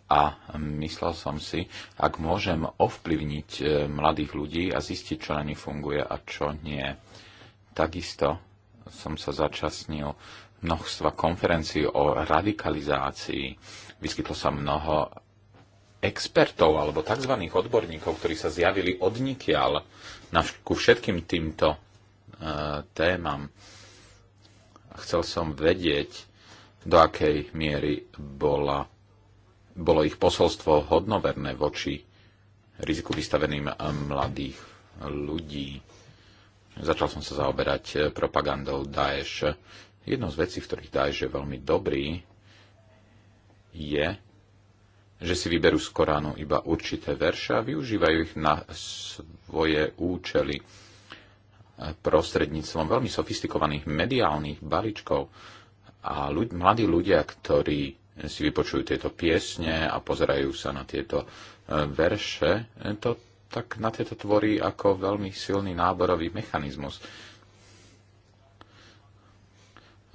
a myslel som si, ak môžem ovplyvniť e, mladých ľudí a zistiť, čo na nich funguje a čo nie. Takisto som sa začasnil množstva konferencií o radikalizácii. Vyskytlo sa mnoho expertov alebo tzv. odborníkov, ktorí sa zjavili odnikial na, ku všetkým týmto e, témam. Chcel som vedieť, do akej miery bola, bolo ich posolstvo hodnoverné voči riziku vystaveným e, mladých ľudí. Začal som sa zaoberať e, propagandou Daesh Jednou z vecí, v ktorých Daesh je veľmi dobrý, je, že si vyberú z Koránu iba určité verše a využívajú ich na svoje účely prostredníctvom veľmi sofistikovaných mediálnych balíčkov. A ľud, mladí ľudia, ktorí si vypočujú tieto piesne a pozerajú sa na tieto e, verše, e, to tak na tieto tvorí ako veľmi silný náborový mechanizmus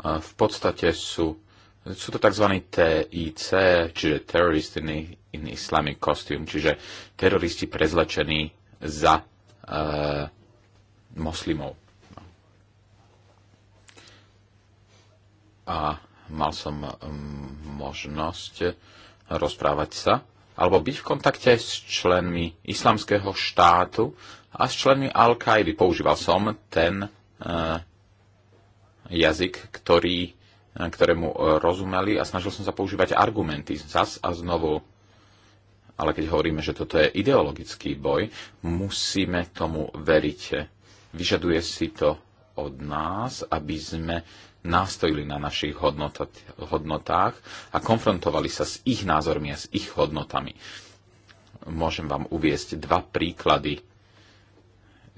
v podstate sú, sú to tzv. TIC, čiže Terrorist in, in Islamic Costume, čiže teroristi prezlečení za uh, moslimov. A mal som mm, možnosť rozprávať sa alebo byť v kontakte s členmi islamského štátu a s členmi Al-Kaidy. Používal som ten eh, jazyk, ktorý, eh, ktorému eh, rozumeli a snažil som sa používať argumenty zas a znovu. Ale keď hovoríme, že toto je ideologický boj, musíme tomu veriť. Vyžaduje si to od nás, aby sme nástojili na našich hodnotách a konfrontovali sa s ich názormi a s ich hodnotami. Môžem vám uviesť dva príklady,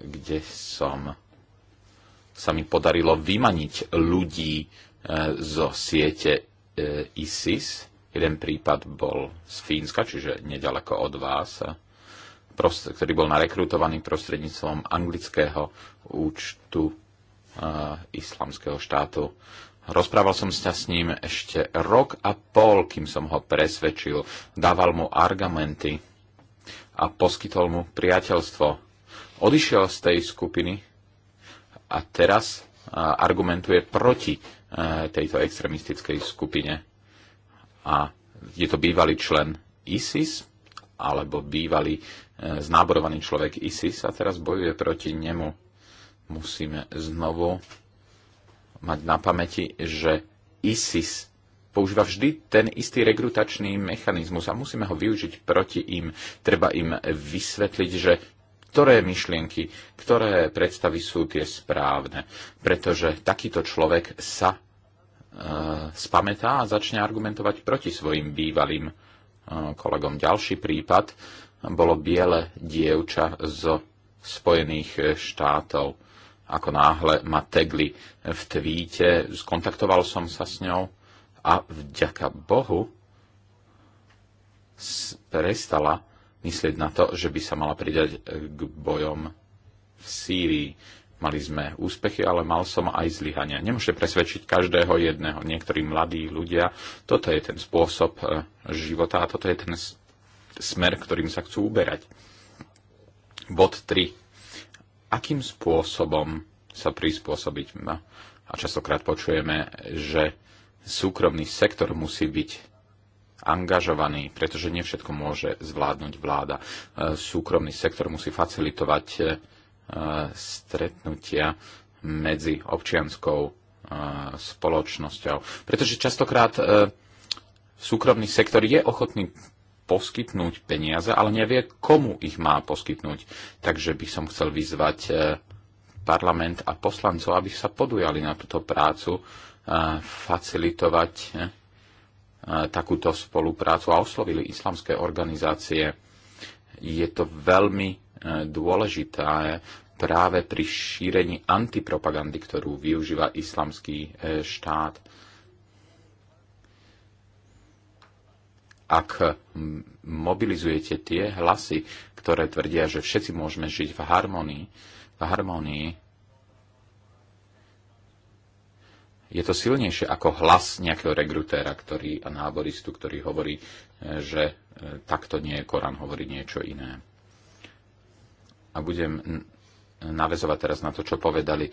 kde som sa mi podarilo vymaniť ľudí e, zo siete e, ISIS. Jeden prípad bol z Fínska, čiže nedaleko od vás, e, ktorý bol narekrutovaný prostredníctvom anglického účtu islamského štátu. Rozprával som sa s ním ešte rok a pol, kým som ho presvedčil. Dával mu argumenty a poskytol mu priateľstvo. Odišiel z tej skupiny a teraz argumentuje proti e, tejto extremistickej skupine. A je to bývalý člen ISIS, alebo bývalý e, znáborovaný človek ISIS a teraz bojuje proti nemu. Musíme znovu mať na pamäti, že ISIS používa vždy ten istý rekrutačný mechanizmus a musíme ho využiť proti im. Treba im vysvetliť, že ktoré myšlienky, ktoré predstavy sú tie správne. Pretože takýto človek sa e, spametá a začne argumentovať proti svojim bývalým e, kolegom. Ďalší prípad bolo biele dievča zo Spojených štátov. Ako náhle ma tegli v tvíte, skontaktoval som sa s ňou a vďaka Bohu prestala myslieť na to, že by sa mala pridať eh, k bojom v Sýrii. Mali sme úspechy, ale mal som aj zlyhania. Nemôžete presvedčiť každého jedného. Niektorí mladí ľudia, toto je ten spôsob eh, života a toto je ten smer, ktorým sa chcú uberať. Bod 3. Akým spôsobom sa prispôsobiť? No, a častokrát počujeme, že súkromný sektor musí byť angažovaní, pretože nie všetko môže zvládnuť vláda. E, súkromný sektor musí facilitovať e, stretnutia medzi občianskou e, spoločnosťou. Pretože častokrát súkromný sektor je ochotný poskytnúť peniaze, ale nevie, komu ich má poskytnúť. Takže by som chcel vyzvať parlament a poslancov, aby sa podujali na túto prácu, facilitovať takúto spoluprácu a oslovili islamské organizácie. Je to veľmi e, dôležité práve pri šírení antipropagandy, ktorú využíva islamský e, štát. Ak mobilizujete tie hlasy, ktoré tvrdia, že všetci môžeme žiť v harmonii, v harmonii je to silnejšie ako hlas nejakého rekrutéra, ktorý, a náboristu, ktorý hovorí, e, že e, takto nie je Korán, hovorí niečo iné. A budem navezovať teraz na to, čo povedali e,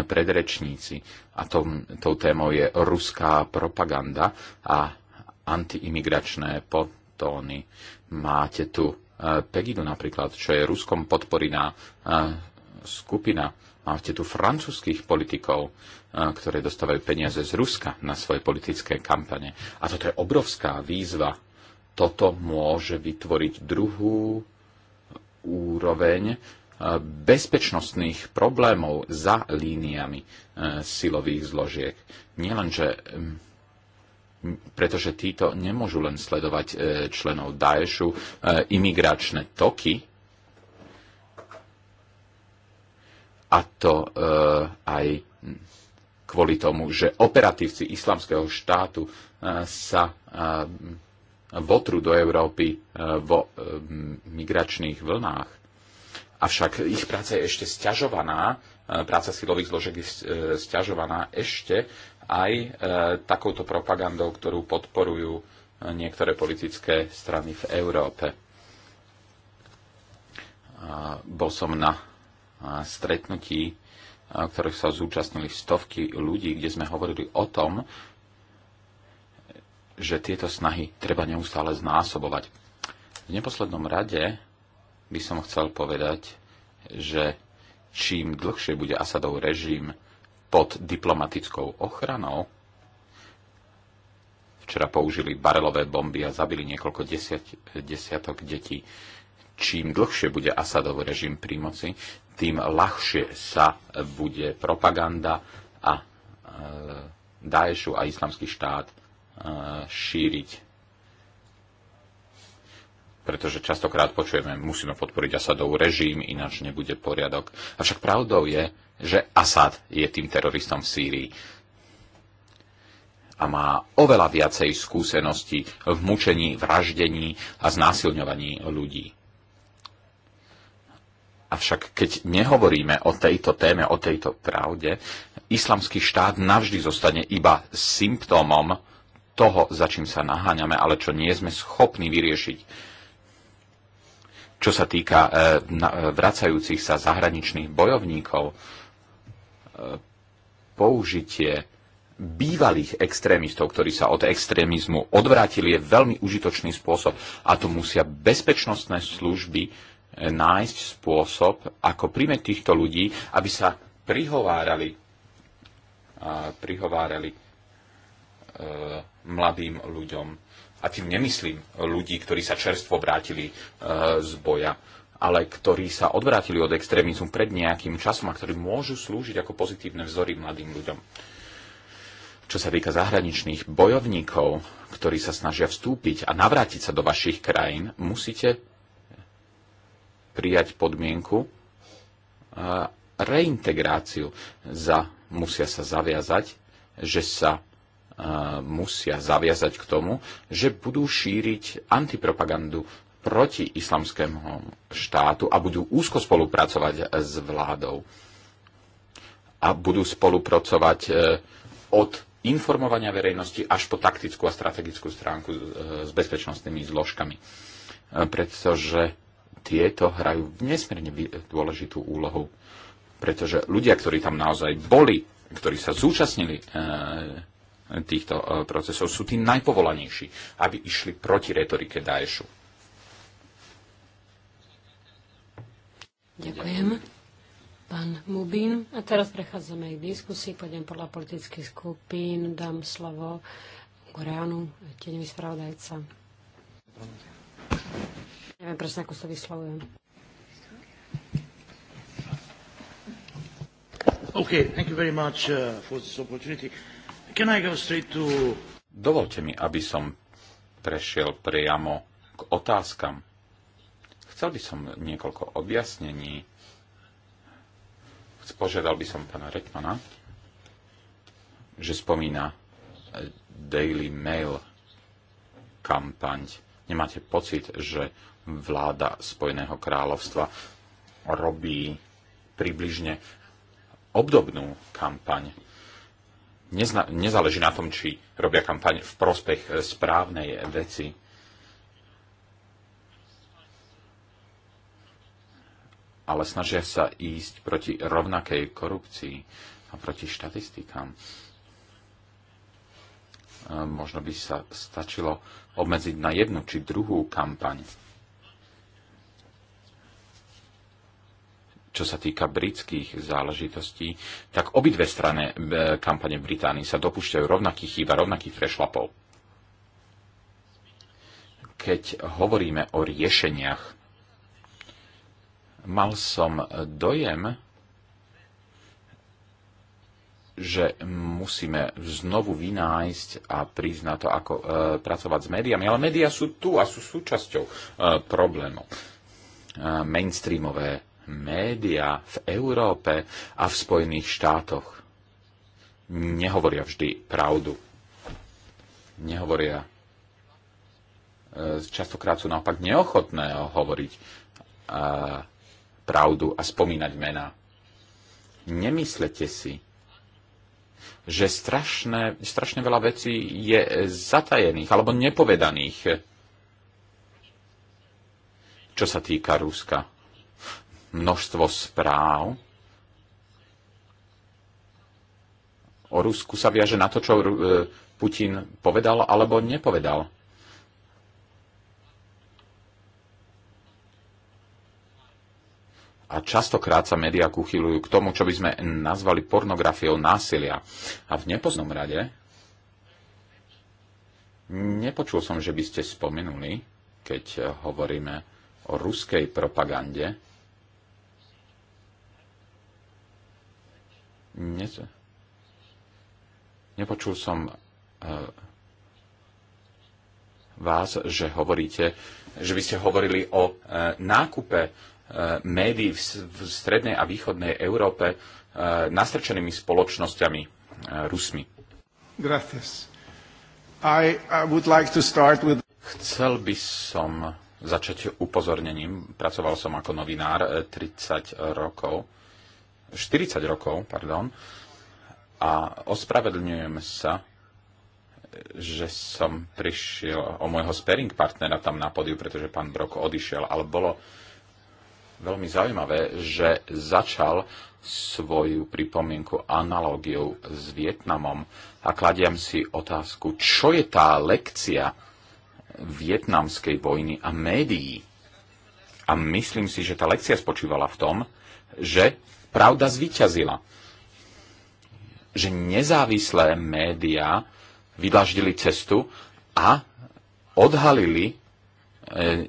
predrečníci. A tom, tou témou je ruská propaganda a antiimigračné potóny. Máte tu Pegidu napríklad, čo je ruskom podporiná skupina. Máte tu francúzských politikov, ktoré dostávajú peniaze z Ruska na svoje politické kampane. A toto je obrovská výzva. Toto môže vytvoriť druhú úroveň bezpečnostných problémov za líniami e, silových zložiek. Nielenže pretože títo nemôžu len sledovať e, členov Daešu, e, imigračné toky, a to aj kvôli tomu, že operatívci islamského štátu e, sa e, votru do Európy e, vo migračných vlnách. Avšak ich práca je ešte stiažovaná, práca silových zložiek je stiažovaná ešte aj takouto propagandou, ktorú podporujú niektoré politické strany v Európe. Bol som na stretnutí ktorých sa zúčastnili stovky ľudí, kde sme hovorili o tom, že tieto snahy treba neustále znásobovať. V neposlednom rade by som chcel povedať, že čím dlhšie bude Asadov režim pod diplomatickou ochranou, včera použili barelové bomby a zabili niekoľko desiat, desiatok detí, čím dlhšie bude Asadov režim pri moci, tým ľahšie sa bude propaganda a e, Daešu a islamský štát e, šíriť. Pretože častokrát počujeme, musíme podporiť Asadov režim, ináč nebude poriadok. Avšak pravdou je, že Asad je tým teroristom v Sýrii a má oveľa viacej skúseností v mučení, vraždení a znásilňovaní ľudí. Avšak keď nehovoríme o tejto téme, o tejto pravde, islamský štát navždy zostane iba symptómom toho, za čím sa naháňame, ale čo nie sme schopní vyriešiť. Čo sa týka e, e, vracajúcich sa zahraničných bojovníkov, e, použitie bývalých extrémistov, ktorí sa od extrémizmu odvrátili, je veľmi užitočný spôsob. A to musia bezpečnostné služby E, nájsť spôsob, ako príjme týchto ľudí, aby sa prihovárali, prihovárali e, mladým ľuďom. A tým nemyslím ľudí, ktorí sa čerstvo vrátili e, z boja, ale ktorí sa odvrátili od extrémizmu pred nejakým časom a ktorí môžu slúžiť ako pozitívne vzory mladým ľuďom. Čo sa týka zahraničných bojovníkov, ktorí sa snažia vstúpiť a navrátiť sa do vašich krajín, musíte prijať podmienku reintegráciu. Za, musia sa zaviazať, že sa musia zaviazať k tomu, že budú šíriť antipropagandu proti islamskému štátu a budú úzko spolupracovať s vládou. A budú spolupracovať e, od informovania verejnosti až po taktickú a strategickú stránku e, s bezpečnostnými zložkami. E, pretože tieto hrajú nesmierne dôležitú úlohu, pretože ľudia, ktorí tam naozaj boli, ktorí sa zúčastnili e, týchto e, procesov, sú tí najpovolanejší, aby išli proti retorike Daešu. Ďakujem. Pán Mubín. A teraz prechádzame k diskusii. Pôjdem podľa politických skupín. Dám slovo Goránu, tieňový spravodajca. Neviem presne, ako sa vyslovujem. Okay, thank you very much uh, for this opportunity. Can I go straight to... Dovolte mi, aby som prešiel priamo k otázkam. Chcel by som niekoľko objasnení. Požiadal by som pána Rekmana, že spomína eh, Daily Mail kampaň. Nemáte pocit, že vláda Spojeného kráľovstva robí približne obdobnú kampaň. Nezna- nezáleží na tom, či robia kampaň v prospech eh, správnej veci. Ale snažia sa ísť proti rovnakej korupcii a proti štatistikám. Eh, možno by sa stačilo obmedziť na jednu či druhú kampaň. čo sa týka britských záležitostí, tak obidve strany e, kampane Británii sa dopúšťajú rovnakých chýb a rovnakých prešlapov. Keď hovoríme o riešeniach, mal som dojem, že musíme znovu vynájsť a prísť na to, ako e, pracovať s médiami. Ale médiá sú tu a sú súčasťou e, problémov. E, mainstreamové médiá v Európe a v Spojených štátoch nehovoria vždy pravdu. Nehovoria. E, častokrát sú naopak neochotné hovoriť e, pravdu a spomínať mená. Nemyslete si, že strašné, strašne veľa vecí je zatajených alebo nepovedaných, čo sa týka Ruska množstvo správ. O Rusku sa viaže na to, čo e, Putin povedal alebo nepovedal. a častokrát sa médiá kuchyľujú k tomu, čo by sme nazvali pornografiou násilia. A v nepoznom rade nepočul som, že by ste spomenuli, keď hovoríme o ruskej propagande, Ne, nepočul som e, vás, že hovoríte, že by ste hovorili o e, nákupe e, médií v strednej a východnej Európe nastrčenými spoločnosťami Rusmi. Gracias. I, I would like to start with... Chcel by som začať upozornením. Pracoval som ako novinár 30 rokov 40 rokov, pardon, a ospravedlňujem sa, že som prišiel o môjho sparing partnera tam na podiu, pretože pán Brok odišiel, ale bolo veľmi zaujímavé, že začal svoju pripomienku analógiou s Vietnamom a kladiam si otázku, čo je tá lekcia vietnamskej vojny a médií. A myslím si, že tá lekcia spočívala v tom, že pravda zvíťazila. Že nezávislé médiá vydlaždili cestu a odhalili e,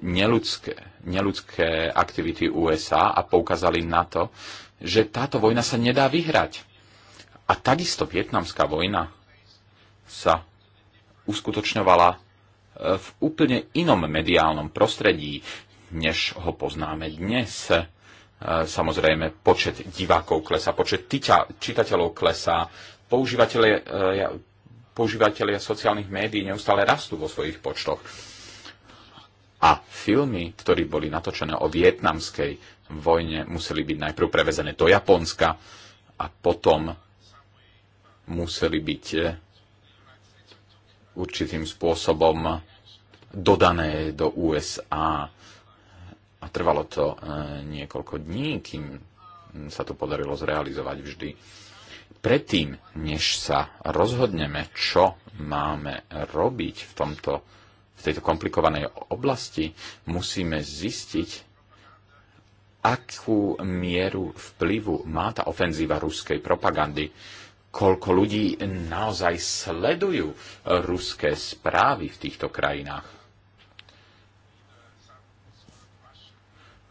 neludské, neludské aktivity USA a poukázali na to, že táto vojna sa nedá vyhrať. A takisto vietnamská vojna sa uskutočňovala e, v úplne inom mediálnom prostredí, než ho poznáme dnes. Samozrejme, počet divákov klesá, počet tyťa, čitateľov klesá, používateľe, eh, používateľia sociálnych médií neustále rastú vo svojich počtoch. A filmy, ktoré boli natočené o vietnamskej vojne, museli byť najprv prevezené do Japonska a potom museli byť eh, určitým spôsobom dodané do USA. A trvalo to e, niekoľko dní, kým sa to podarilo zrealizovať vždy. Predtým, než sa rozhodneme, čo máme robiť v, tomto, v tejto komplikovanej oblasti, musíme zistiť, akú mieru vplyvu má tá ofenzíva ruskej propagandy, koľko ľudí naozaj sledujú ruské správy v týchto krajinách.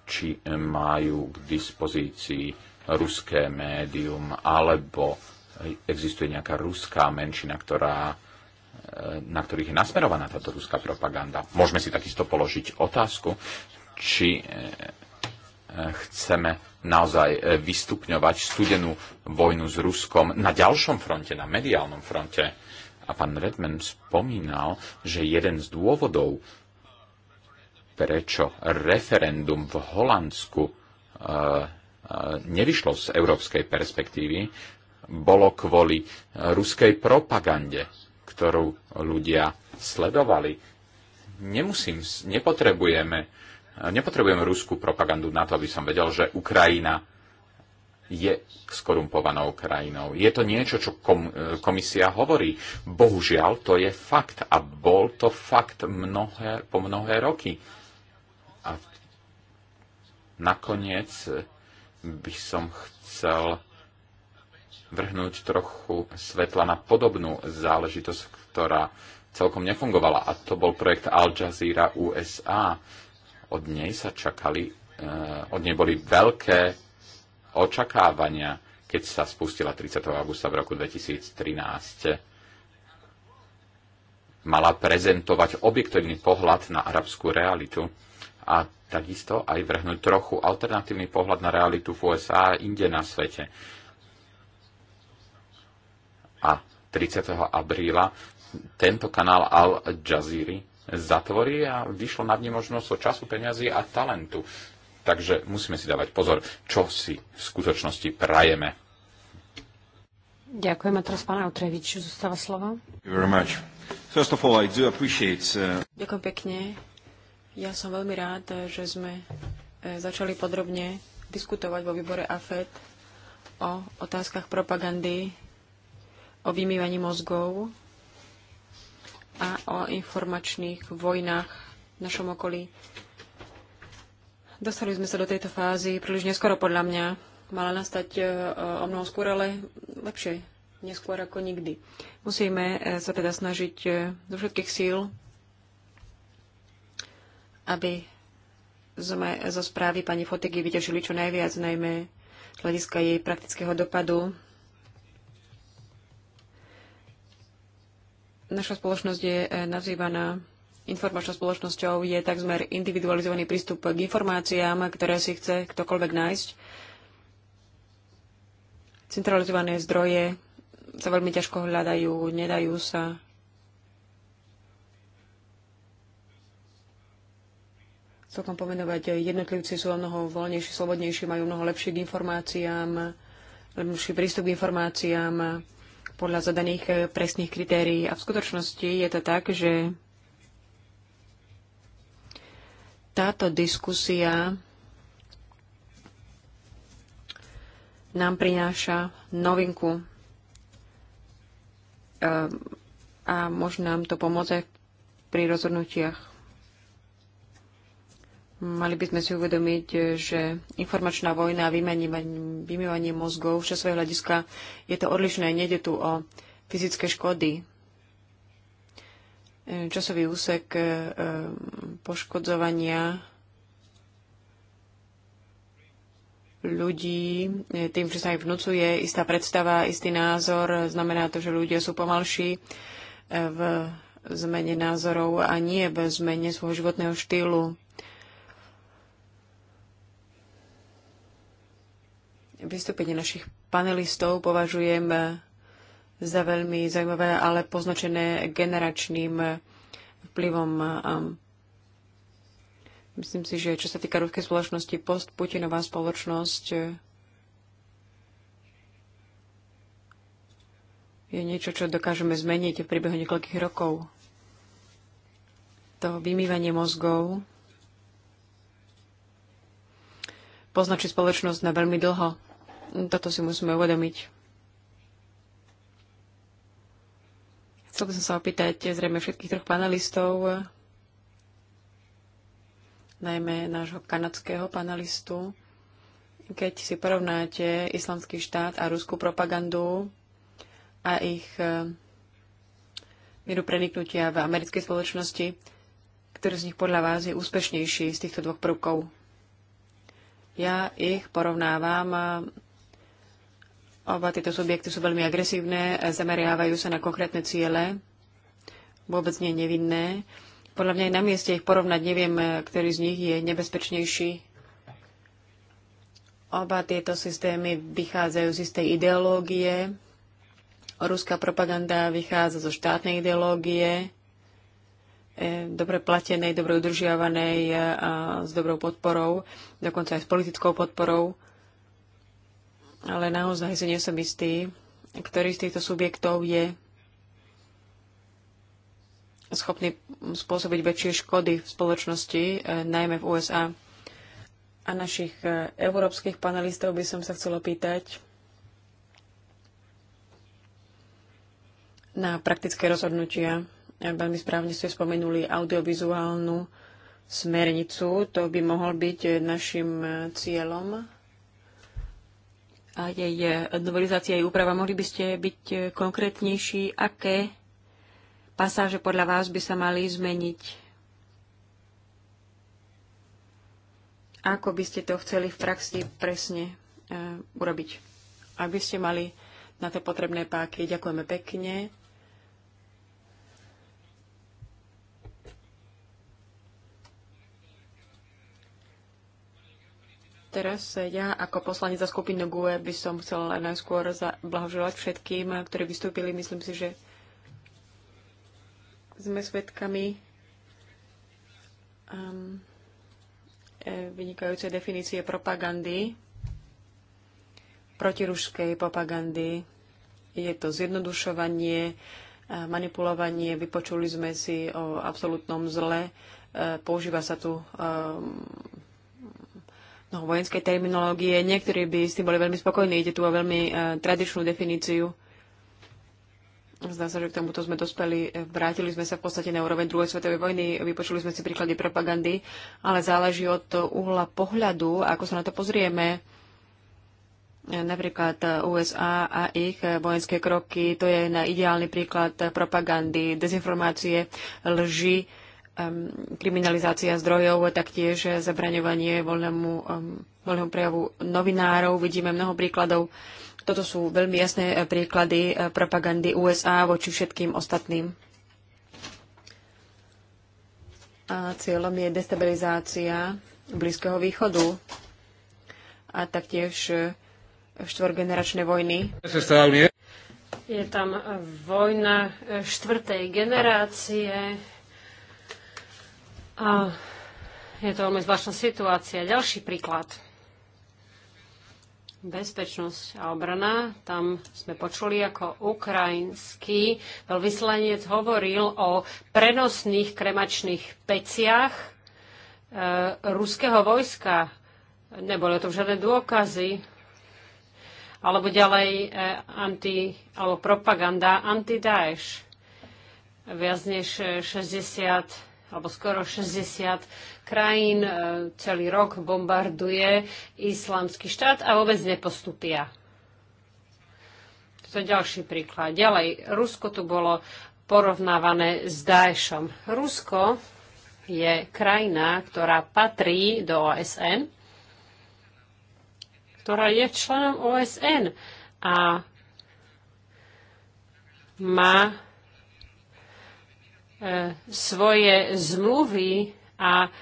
či majú k dispozícii ruské médium, alebo existuje nejaká ruská menšina, ktorá, e, na ktorých je nasmerovaná táto ruská propaganda. Môžeme si takisto položiť otázku, či e, e, chceme naozaj vystupňovať studenú vojnu s Ruskom na ďalšom fronte, na mediálnom fronte. A pán Redman spomínal, že jeden z dôvodov, prečo referendum v Holandsku e, e, nevyšlo z európskej perspektívy, bolo kvôli e, ruskej propagande, ktorú ľudia sledovali. Nemusím, nepotrebujeme, nepotrebujeme ruskú propagandu na to, aby som vedel, že Ukrajina je skorumpovanou krajinou. Je to niečo, čo kom, komisia hovorí. Bohužiaľ, to je fakt a bol to fakt mnohé, po mnohé roky. Nakoniec by som chcel vrhnúť trochu svetla na podobnú záležitosť, ktorá celkom nefungovala. A to bol projekt Al Jazeera USA. Od nej sa čakali, eh, od nej boli veľké očakávania, keď sa spustila 30. augusta v roku 2013 mala prezentovať objektívny pohľad na arabskú realitu. A takisto aj vrhnúť trochu alternatívny pohľad na realitu v USA a inde na svete. A 30. apríla tento kanál Al Jazeera zatvorí a vyšlo nad ním možnosť času, peniazy a talentu. Takže musíme si dávať pozor, čo si v skutočnosti prajeme. Ďakujem. A teraz pán Autrevič, zostáva slovo. Uh, Ďakujem pekne. Ja som veľmi rád, že sme e, začali podrobne diskutovať vo výbore AFED o otázkach propagandy, o vymývaní mozgov a o informačných vojnách v našom okolí. Dostali sme sa do tejto fázy príliš neskoro podľa mňa. Mala nastať e, o mnoho skôr, ale lepšie neskôr ako nikdy. Musíme e, sa teda snažiť zo všetkých síl aby sme zo správy pani Fotegy vyťažili čo najviac, najmä z hľadiska jej praktického dopadu. Naša spoločnosť je eh, nazývaná informačnou spoločnosťou, je takzmer individualizovaný prístup k informáciám, ktoré si chce ktokoľvek nájsť. Centralizované zdroje sa veľmi ťažko hľadajú, nedajú sa celkom pomenovať. Jednotlivci sú o mnoho voľnejší, slobodnejší, majú mnoho lepšie k informáciám, lepší prístup k informáciám podľa zadaných eh, presných kritérií. A v skutočnosti je to tak, že táto diskusia nám prináša novinku ehm, a môže nám to pomôcť pri rozhodnutiach Mali by sme si uvedomiť, že informačná vojna a vymývanie mozgov z časového hľadiska je to odlišné. Nejde tu o fyzické škody. Časový úsek e, poškodzovania ľudí, e, tým, že sa im vnúcuje istá predstava, istý názor, znamená to, že ľudia sú pomalší e, v zmene názorov a nie v zmene svojho životného štýlu Vystúpenie našich panelistov považujem eh, za veľmi zaujímavé, ale poznačené generačným eh, vplyvom. Eh, myslím si, že čo sa týka ruskej spoločnosti, post-Putinová spoločnosť je niečo, čo dokážeme zmeniť v priebehu niekoľkých rokov. To vymývanie mozgov poznačí spoločnosť na veľmi dlho. Toto si musíme uvedomiť. Chcel by som sa opýtať zrejme všetkých troch panelistov, najmä nášho kanadského panelistu, keď si porovnáte islamský štát a ruskú propagandu a ich eh, mieru preniknutia v americkej spoločnosti, ktorý z nich podľa vás je úspešnejší z týchto dvoch prvkov? Ja ich porovnávam Oba tieto subjekty sú veľmi agresívne, e, zameriavajú sa na konkrétne ciele, vôbec nie nevinné. Podľa mňa aj na mieste ich porovnať neviem, e, ktorý z nich je nebezpečnejší. Oba tieto systémy vychádzajú z istej ideológie. Ruská propaganda vychádza zo štátnej ideológie, e, dobre platenej, dobre udržiavanej a s dobrou podporou, dokonca aj s politickou podporou ale naozaj si nie som istý, ktorý z týchto subjektov je schopný spôsobiť väčšie škody v spoločnosti, e, najmä v USA. A našich e, európskych panelistov by som sa chcela pýtať na praktické rozhodnutia. Veľmi správne ste spomenuli audiovizuálnu smernicu. To by mohol byť našim e, cieľom a jej novelizácia, jej úprava. Mohli by ste byť konkrétnejší, aké pasáže podľa vás by sa mali zmeniť? Ako by ste to chceli v praxi presne e, urobiť? Ak by ste mali na to potrebné páky, ďakujeme pekne. Teraz ja ako poslanec za skupinu GUE by som chcela najskôr blahoželať všetkým, ktorí vystúpili. Myslím si, že sme svedkami um, e, vynikajúcej definície propagandy, protiruskej propagandy. Je to zjednodušovanie, e, manipulovanie. Vypočuli sme si o absolútnom zle. E, používa sa tu um, No, vojenskej terminológie. Niektorí by s tým boli veľmi spokojní. Ide tu o veľmi uh, tradičnú definíciu. Zdá sa, že k tomuto sme dospeli. E, vrátili sme sa v podstate na úroveň druhej svetovej vojny, vypočuli sme si príklady propagandy, ale záleží od uhla pohľadu, ako sa na to pozrieme. E, napríklad USA a ich vojenské kroky, to je na ideálny príklad propagandy, dezinformácie, lži, kriminalizácia zdrojov a taktiež zabraňovanie voľnému, um, voľnému prejavu novinárov. Vidíme mnoho príkladov. Toto sú veľmi jasné e, príklady e, propagandy USA voči všetkým ostatným. A cieľom je destabilizácia Blízkeho východu a taktiež e, štvorgeneračné vojny. Je tam vojna štvrtej generácie a je to veľmi zvláštna situácia. Ďalší príklad. Bezpečnosť a obrana. Tam sme počuli, ako ukrajinský veľvyslanec hovoril o prenosných kremačných peciach e, ruského vojska. Neboli o tom žiadne dôkazy. Alebo ďalej e, anti, alebo propaganda anti-Daesh. Viac než 60 alebo skoro 60 krajín e, celý rok bombarduje islamský štát a vôbec nepostupia. To je ďalší príklad. Ďalej, Rusko tu bolo porovnávané s Daešom. Rusko je krajina, ktorá patrí do OSN, ktorá je členom OSN a má E, svoje zmluvy a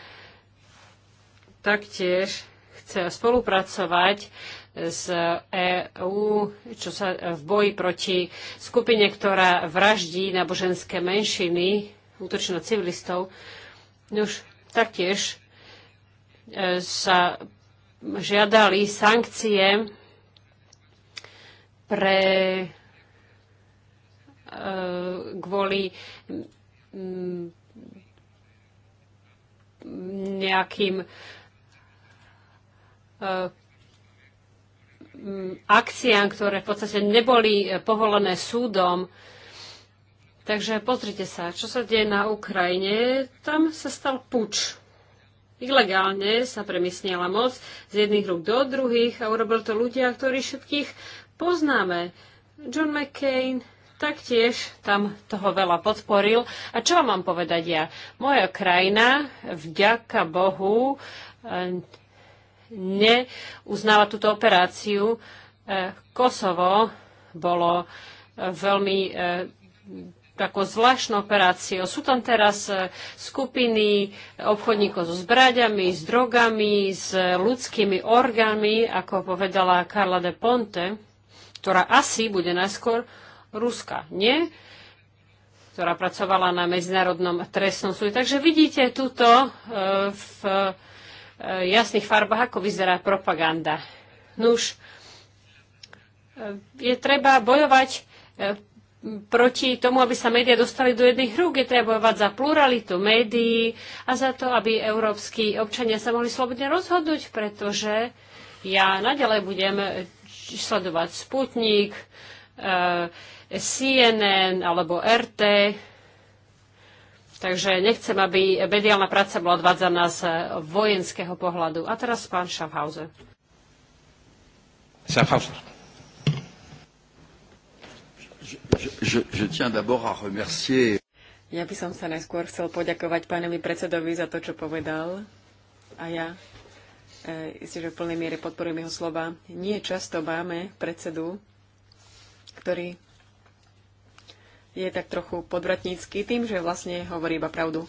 taktiež chce spolupracovať s EÚ, čo sa v boji proti skupine, ktorá vraždí náboženské menšiny, útočí na civilistov. Už taktiež e, sa žiadali sankcie pre e, kvôli nejakým e, mm, akciám, ktoré v podstate neboli e, povolené súdom. Takže pozrite sa, čo sa deje na Ukrajine. Tam sa stal puč. Ilegálne sa premiesnila moc z jedných rúk do druhých a urobil to ľudia, ktorí všetkých poznáme. John McCain, taktiež tam toho veľa podporil. A čo vám mám povedať ja? Moja krajina, vďaka Bohu, eh, neuznáva túto operáciu. Eh, Kosovo bolo eh, veľmi takou zvláštnou operáciou. Sú tam teraz skupiny obchodníkov so zbraďami, s drogami, s ľudskými orgánmi, ako povedala Karla de Ponte, ktorá asi bude najskôr Ruska nie, ktorá pracovala na Medzinárodnom trestnom súde. Takže vidíte tuto e, v e, jasných farbách, ako vyzerá propaganda. Nuž, e, je treba bojovať proti tomu, aby sa médiá dostali do jedných rúk. Je treba bojovať za pluralitu médií a za to, aby európsky občania sa mohli slobodne rozhodnúť, pretože ja naďalej budem sledovať Sputnik, e, CNN alebo RT. Takže nechcem, aby mediálna práca bola odvádzaná z vojenského pohľadu. A teraz pán Schaffhauser. Schaffhauser. Je, je, d'abord à remercier ja by som sa najskôr chcel poďakovať pánovi predsedovi za to, čo povedal. A ja e, isté, že v plnej miere podporujem jeho slova. Nie často máme predsedu, ktorý je tak trochu podvratnícky tým, že vlastne hovorí iba pravdu.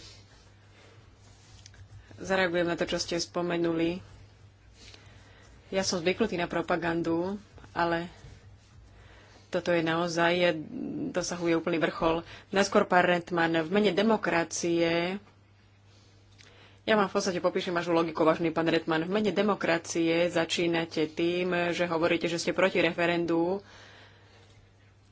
Zareagujem na to, čo ste spomenuli. Ja som zvyknutý na propagandu, ale toto je naozaj, dosahuje úplný vrchol. Najskôr pár Rentman, v mene demokracie ja vám v podstate popíšem vašu logiku, vážny pán Redman. V mene demokracie začínate tým, že hovoríte, že ste proti referendu,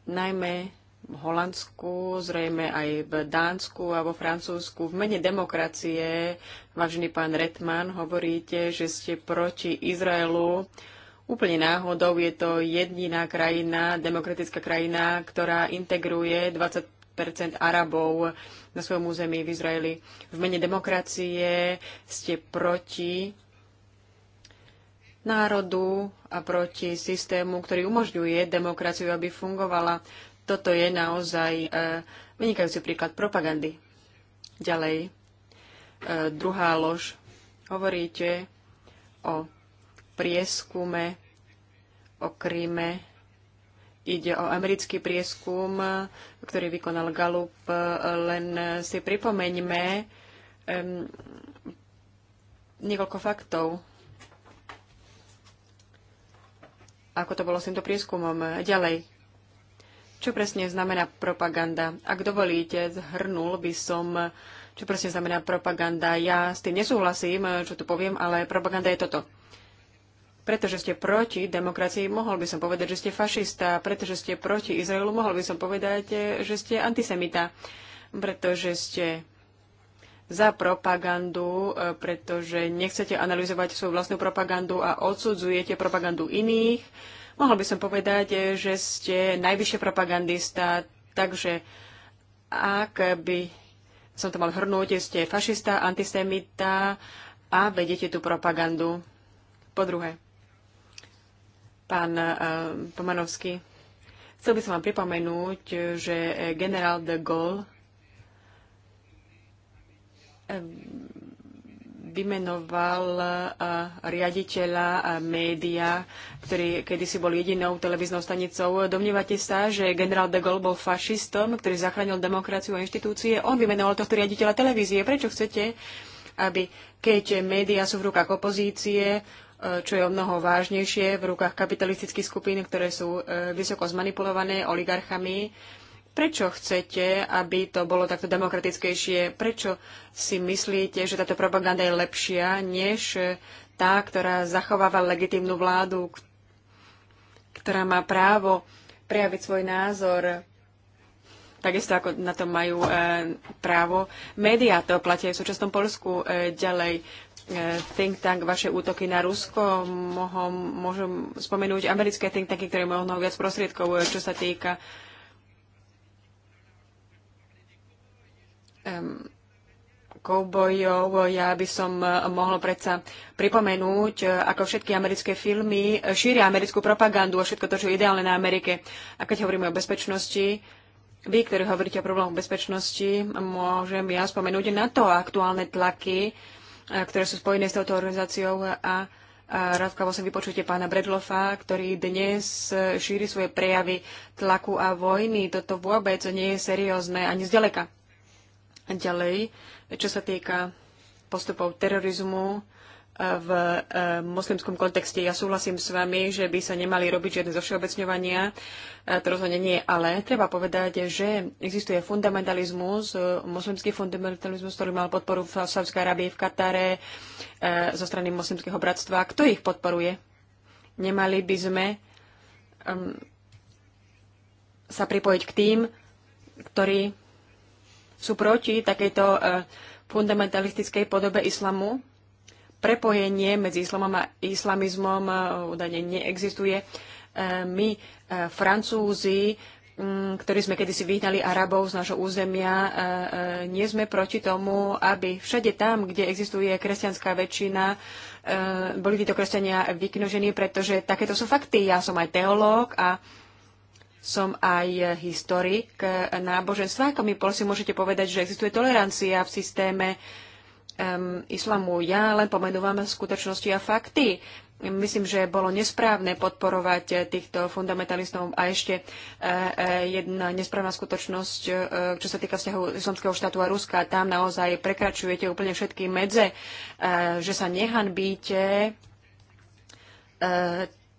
najmä v Holandsku, zrejme aj v Dánsku a vo Francúzsku. V mene demokracie, vážený pán Retman, hovoríte, že ste proti Izraelu. Úplne náhodou je to jediná krajina, demokratická krajina, ktorá integruje 20 Arabov na svojom území v Izraeli. V mene demokracie ste proti národu a proti systému, ktorý umožňuje demokraciu, aby fungovala. Toto je naozaj e, vynikajúci príklad propagandy. Ďalej, e, druhá lož. Hovoríte o prieskume, o Kríme. Ide o americký prieskum, ktorý vykonal Galup, e, Len si pripomeňme um, niekoľko faktov. Ako to bolo s týmto prieskumom? Ďalej. Čo presne znamená propaganda? Ak dovolíte, zhrnul by som, čo presne znamená propaganda. Ja s tým nesúhlasím, čo tu poviem, ale propaganda je toto. Pretože ste proti demokracii, mohol by som povedať, že ste fašista. Pretože ste proti Izraelu, mohol by som povedať, že ste antisemita. Pretože ste za propagandu, pretože nechcete analyzovať svoju vlastnú propagandu a odsudzujete propagandu iných Mohol by som povedať, že ste najvyššie propagandista, takže ak by som to mal hrnúť, ste fašista, antisemita a vedete tú propagandu. Po druhé, pán uh, Pomanovský, chcel by som vám pripomenúť, že eh, generál de Gaulle eh, vymenoval riaditeľa média, ktorý kedysi bol jedinou televíznou stanicou. Domnievate sa, že generál de Gaulle bol fašistom, ktorý zachránil demokraciu a inštitúcie? On vymenoval tohto riaditeľa televízie. Prečo chcete, aby keď médiá sú v rukách opozície, e, čo je o mnoho vážnejšie, v rukách kapitalistických skupín, ktoré sú e, vysoko zmanipulované oligarchami, Prečo chcete, aby to bolo takto demokratickejšie? Prečo si myslíte, že táto propaganda je lepšia, než tá, ktorá zachováva legitímnu vládu, ktorá má právo prejaviť svoj názor, takisto ako na to majú e, právo Média to platia v súčasnom Polsku e, ďalej. E, think tank, vaše útoky na Rusko, mohom, môžem spomenúť americké think tanky, ktoré mohli viac prostriedkov, e, čo sa týka e, um, koubojov, ja by som eh, mohol predsa pripomenúť, eh, ako všetky americké filmy eh, šíria americkú propagandu a všetko to, čo je ideálne na Amerike. A keď hovoríme o bezpečnosti, vy, ktorí hovoríte o problémoch bezpečnosti, môžem ja spomenúť na to aktuálne tlaky, ktoré sú spojené s touto organizáciou a vo som vypočujte pána Bredlofa, ktorý dnes šíri svoje prejavy tlaku a vojny. Toto vôbec nie je seriózne ani zďaleka. Ďalej, čo sa týka postupov terorizmu e, v e, moslimskom kontexte, ja súhlasím s vami, že by sa nemali robiť žiadne zovšeobecňovania, e, to rozhodne nie, ale treba povedať, že existuje fundamentalizmus, moslimský fundamentalizmus, ktorý mal podporu v Sávskej Arábii, v Katare, zo strany moslimského bratstva. Kto ich podporuje? Nemali by sme um, sa pripojiť k tým, ktorí sú proti takejto e, fundamentalistickej podobe islamu. Prepojenie medzi islamom a islamizmom e, údajne neexistuje. E, my, Francúzi, mm, ktorí sme kedysi vyhnali Arabov z našho územia, nie sme proti tomu, aby všade tam, kde existuje kresťanská väčšina, boli títo kresťania vyknožení, pretože takéto sú fakty. Ja som aj teológ a som aj historik náboženstva. Ako mi si môžete povedať, že existuje tolerancia v systéme um, islamu. Ja len pomenúvam skutočnosti a fakty. Myslím, že bolo nesprávne podporovať týchto fundamentalistov a ešte e, e, jedna nesprávna skutočnosť, e, čo sa týka vzťahu Islamského štátu a Ruska. Tam naozaj prekračujete úplne všetky medze, že sa nehanbíte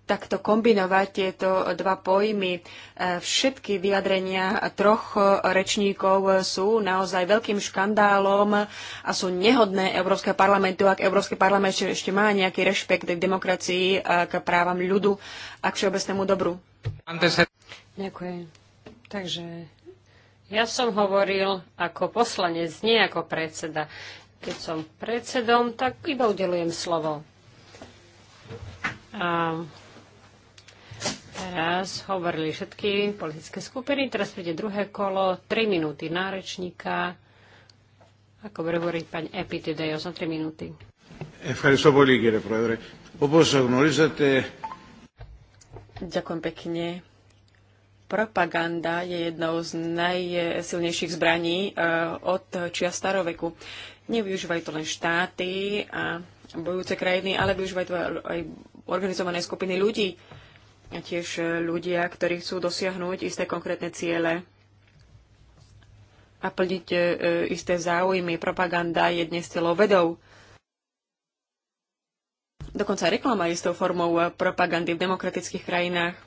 takto kombinovať tieto dva pojmy. E, všetky vyjadrenia troch rečníkov sú naozaj veľkým škandálom a sú nehodné Európskeho parlamentu, ak Európsky parlament ešte má nejaký rešpekt k demokracii, k právam ľudu a k všeobecnému dobru. Ďakujem. Takže ja som hovoril ako poslanec, nie ako predseda. Keď som predsedom, tak iba udelujem slovo. A Teraz hovorili všetky politické skupiny, teraz príde druhé kolo, 3 minúty nárečníka, Ako bude hovoriť pani Epitidejo za 3 minúty. Ďakujem pekne. Propaganda je jednou z najsilnejších zbraní eh, od čia staroveku. Nevyužívajú to len štáty a bojúce krajiny, ale využívajú to aj organizované skupiny ľudí tiež e, ľudia, ktorí chcú dosiahnuť isté konkrétne ciele a plniť e, e, isté záujmy. Propaganda je dnes celou vedou. Dokonca reklama je istou formou propagandy v demokratických krajinách.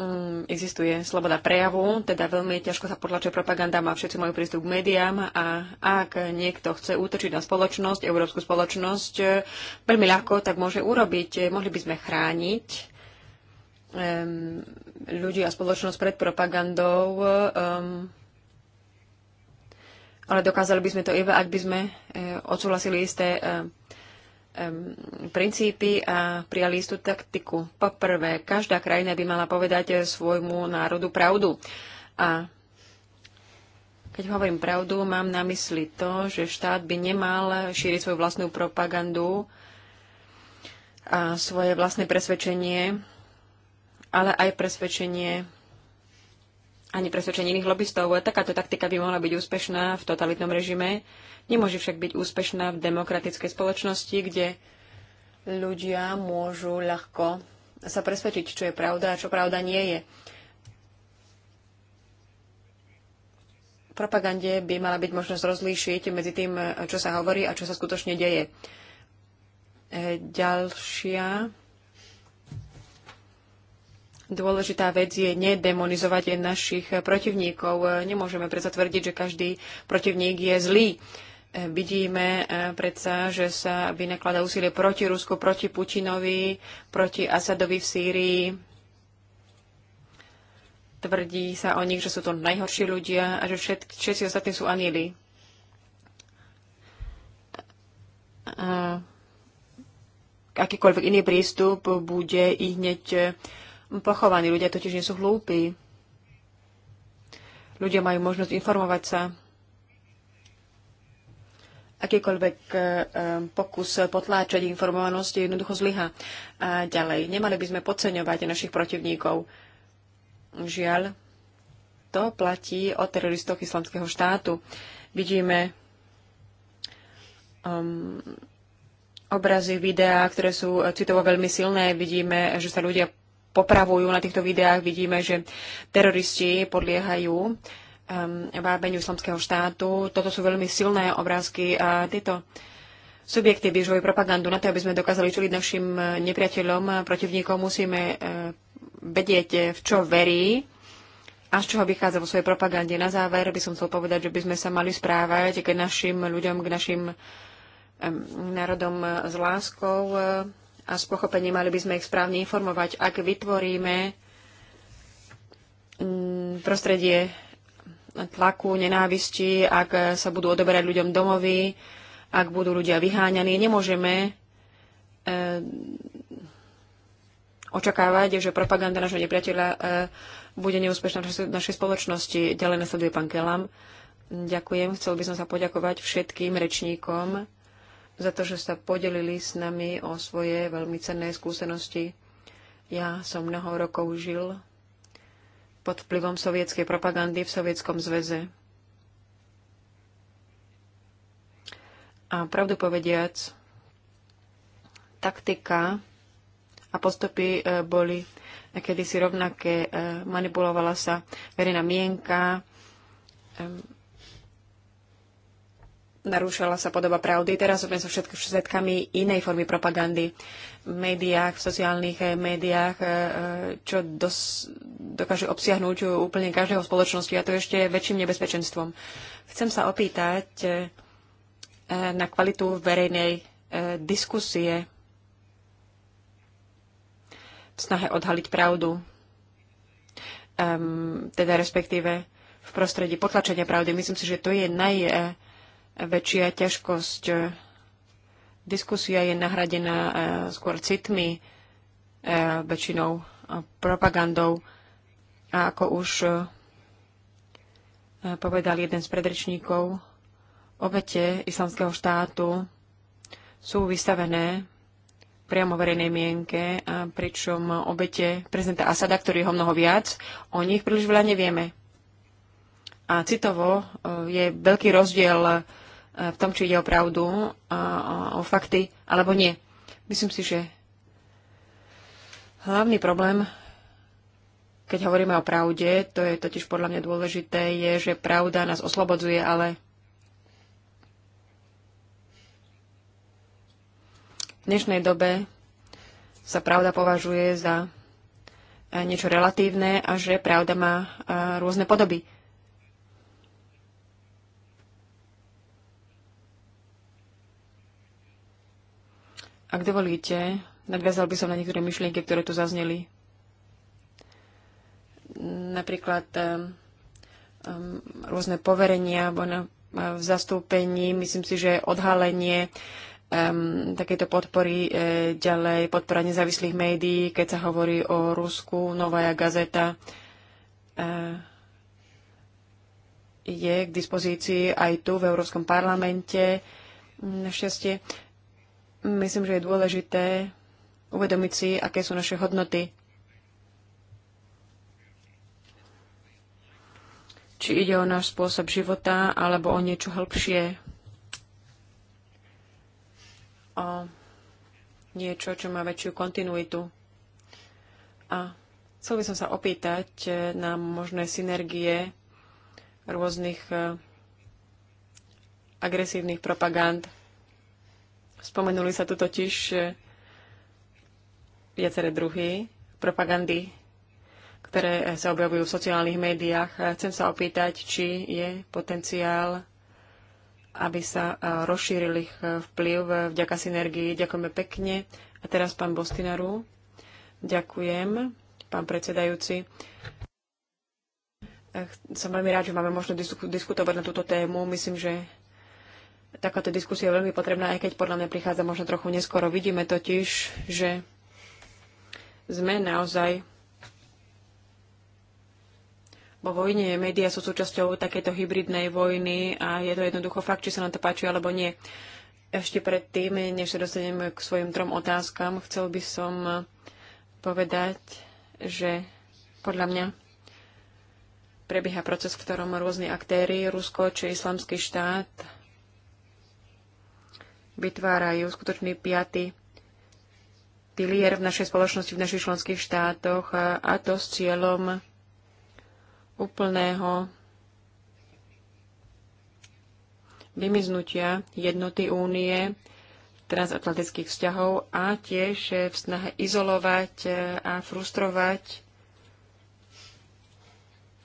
Mm, existuje sloboda prejavu, teda veľmi ťažko sa podľačuje propaganda má všetci majú prístup k médiám a ak niekto chce útočiť na spoločnosť, európsku spoločnosť, eh, veľmi ľahko tak môže urobiť. Eh, mohli by sme chrániť um, ľudí a spoločnosť pred propagandou, um, ale dokázali by sme to iba, ak by sme uh, odsúhlasili isté uh, princípy a prijali istú taktiku. Poprvé, každá krajina by mala povedať eh, svojmu národu pravdu. A keď hovorím pravdu, mám na mysli to, že štát by nemal šíriť svoju vlastnú propagandu a svoje vlastné presvedčenie, ale aj presvedčenie ani presvedčenie iných lobbystov. Takáto taktika by mohla byť úspešná v totalitnom režime, nemôže však byť úspešná v demokratickej spoločnosti, kde ľudia môžu ľahko sa presvedčiť, čo je pravda a čo pravda nie je. V propagande by mala byť možnosť rozlíšiť medzi tým, čo sa hovorí a čo sa skutočne deje. E, ďalšia Dôležitá vec je nedemonizovať našich protivníkov. Nemôžeme predsa tvrdiť, že každý protivník je zlý. Vidíme eh, predsa, že sa vynaklada úsilie proti Rusku, proti Putinovi, proti Asadovi v Sýrii. Tvrdí sa o nich, že sú to najhorší ľudia a že všet, všetci ostatní sú anili. Eh, akýkoľvek iný prístup bude ich hneď pochovaní. Ľudia totiž nie sú hlúpi. Ľudia majú možnosť informovať sa. Akýkoľvek eh, pokus potláčať informovanosť jednoducho zlyha. A ďalej, nemali by sme podceňovať našich protivníkov. Žiaľ, to platí o teroristoch islamského štátu. Vidíme um, obrazy, videá, ktoré sú eh, citovo veľmi silné. Vidíme, že sa ľudia popravujú na týchto videách. Vidíme, že teroristi podliehajú um, vábeniu islamského štátu. Toto sú veľmi silné obrázky a tieto subjekty vyžujú propagandu. Na to, aby sme dokázali čeliť našim eh, nepriateľom, protivníkom, musíme eh, vedieť, eh, v čo verí a z čoho vychádza vo svojej propagande. Na záver by som chcel povedať, že by sme sa mali správať k našim ľuďom, k našim národom s láskou, a s pochopením mali by sme ich správne informovať. Ak vytvoríme mm, prostredie tlaku, nenávisti, ak sa budú odoberať ľuďom domovy, ak budú ľudia vyháňaní, nemôžeme e, očakávať, že propaganda našho nepriateľa e, bude neúspešná v našej spoločnosti. Ďalej nasleduje pán Kelam. Ďakujem. Chcel by som sa poďakovať všetkým rečníkom za to, že sa podelili s nami o svoje veľmi cenné skúsenosti. Ja som mnoho rokov žil pod vplyvom sovietskej propagandy v Sovietskom zveze. A pravdu povediac, taktika a postupy e, boli kedysi rovnaké. E, manipulovala sa verejná mienka, e, narúšala sa podoba pravdy. Teraz sme so všetkými všetkami inej formy propagandy v médiách, v sociálnych eh, médiách, eh, eh, čo dos, dokáže obsiahnuť úplne každého spoločnosti a to ešte väčším nebezpečenstvom. Chcem sa opýtať na kvalitu verejnej diskusie v snahe odhaliť pravdu, ehm, teda respektíve v prostredí potlačenia pravdy. Myslím si, že to je naj väčšia ťažkosť. Diskusia je nahradená e, skôr citmi, e, väčšinou propagandou. A ako už e, povedal jeden z predrečníkov, obete islamského štátu sú vystavené priamo verejnej mienke, a pričom obete prezidenta Asada, ktorý ho mnoho viac, o nich príliš veľa nevieme. A citovo je veľký rozdiel v tom, či ide o pravdu, o fakty, alebo nie. Myslím si, že hlavný problém, keď hovoríme o pravde, to je totiž podľa mňa dôležité, je, že pravda nás oslobodzuje, ale v dnešnej dobe sa pravda považuje za niečo relatívne a že pravda má rôzne podoby. Ak dovolíte, nadviazal by som na niektoré myšlienky, ktoré tu zazneli. Napríklad um, rôzne poverenia alebo na, eh, v zastúpení. Myslím si, že odhalenie um, takéto podpory e, ďalej, podpora nezávislých médií, keď sa hovorí o Rusku, Novaja gazeta e, je k dispozícii aj tu v Európskom parlamente. Našťastie Myslím, že je dôležité uvedomiť si, aké sú naše hodnoty. Či ide o náš spôsob života, alebo o niečo hĺbšie. O niečo, čo má väčšiu kontinuitu. A chcel by som sa opýtať na možné synergie rôznych eh, agresívnych propagand Spomenuli sa tu totiž viaceré druhy propagandy, ktoré sa objavujú v sociálnych médiách. Chcem sa opýtať, či je potenciál, aby sa rozšíril ich vplyv vďaka synergii. Ďakujeme pekne. A teraz pán Bostinaru. Ďakujem, pán predsedajúci. Som veľmi rád, že máme možnosť diskutovať na túto tému. Myslím, že Takáto diskusia je veľmi potrebná, aj keď podľa mňa prichádza možno trochu neskoro. Vidíme totiž, že sme naozaj vo vojne. Média sú súčasťou takéto hybridnej vojny a je to jednoducho fakt, či sa nám to páči alebo nie. Ešte predtým, než sa dostaneme k svojim trom otázkam, chcel by som povedať, že podľa mňa prebieha proces, v ktorom rôzni aktéry, Rusko či Islamský štát, vytvárajú skutočný piaty pilier v našej spoločnosti, v našich členských štátoch a to s cieľom úplného vymiznutia jednoty únie transatlantických vzťahov a tiež v snahe izolovať e, a frustrovať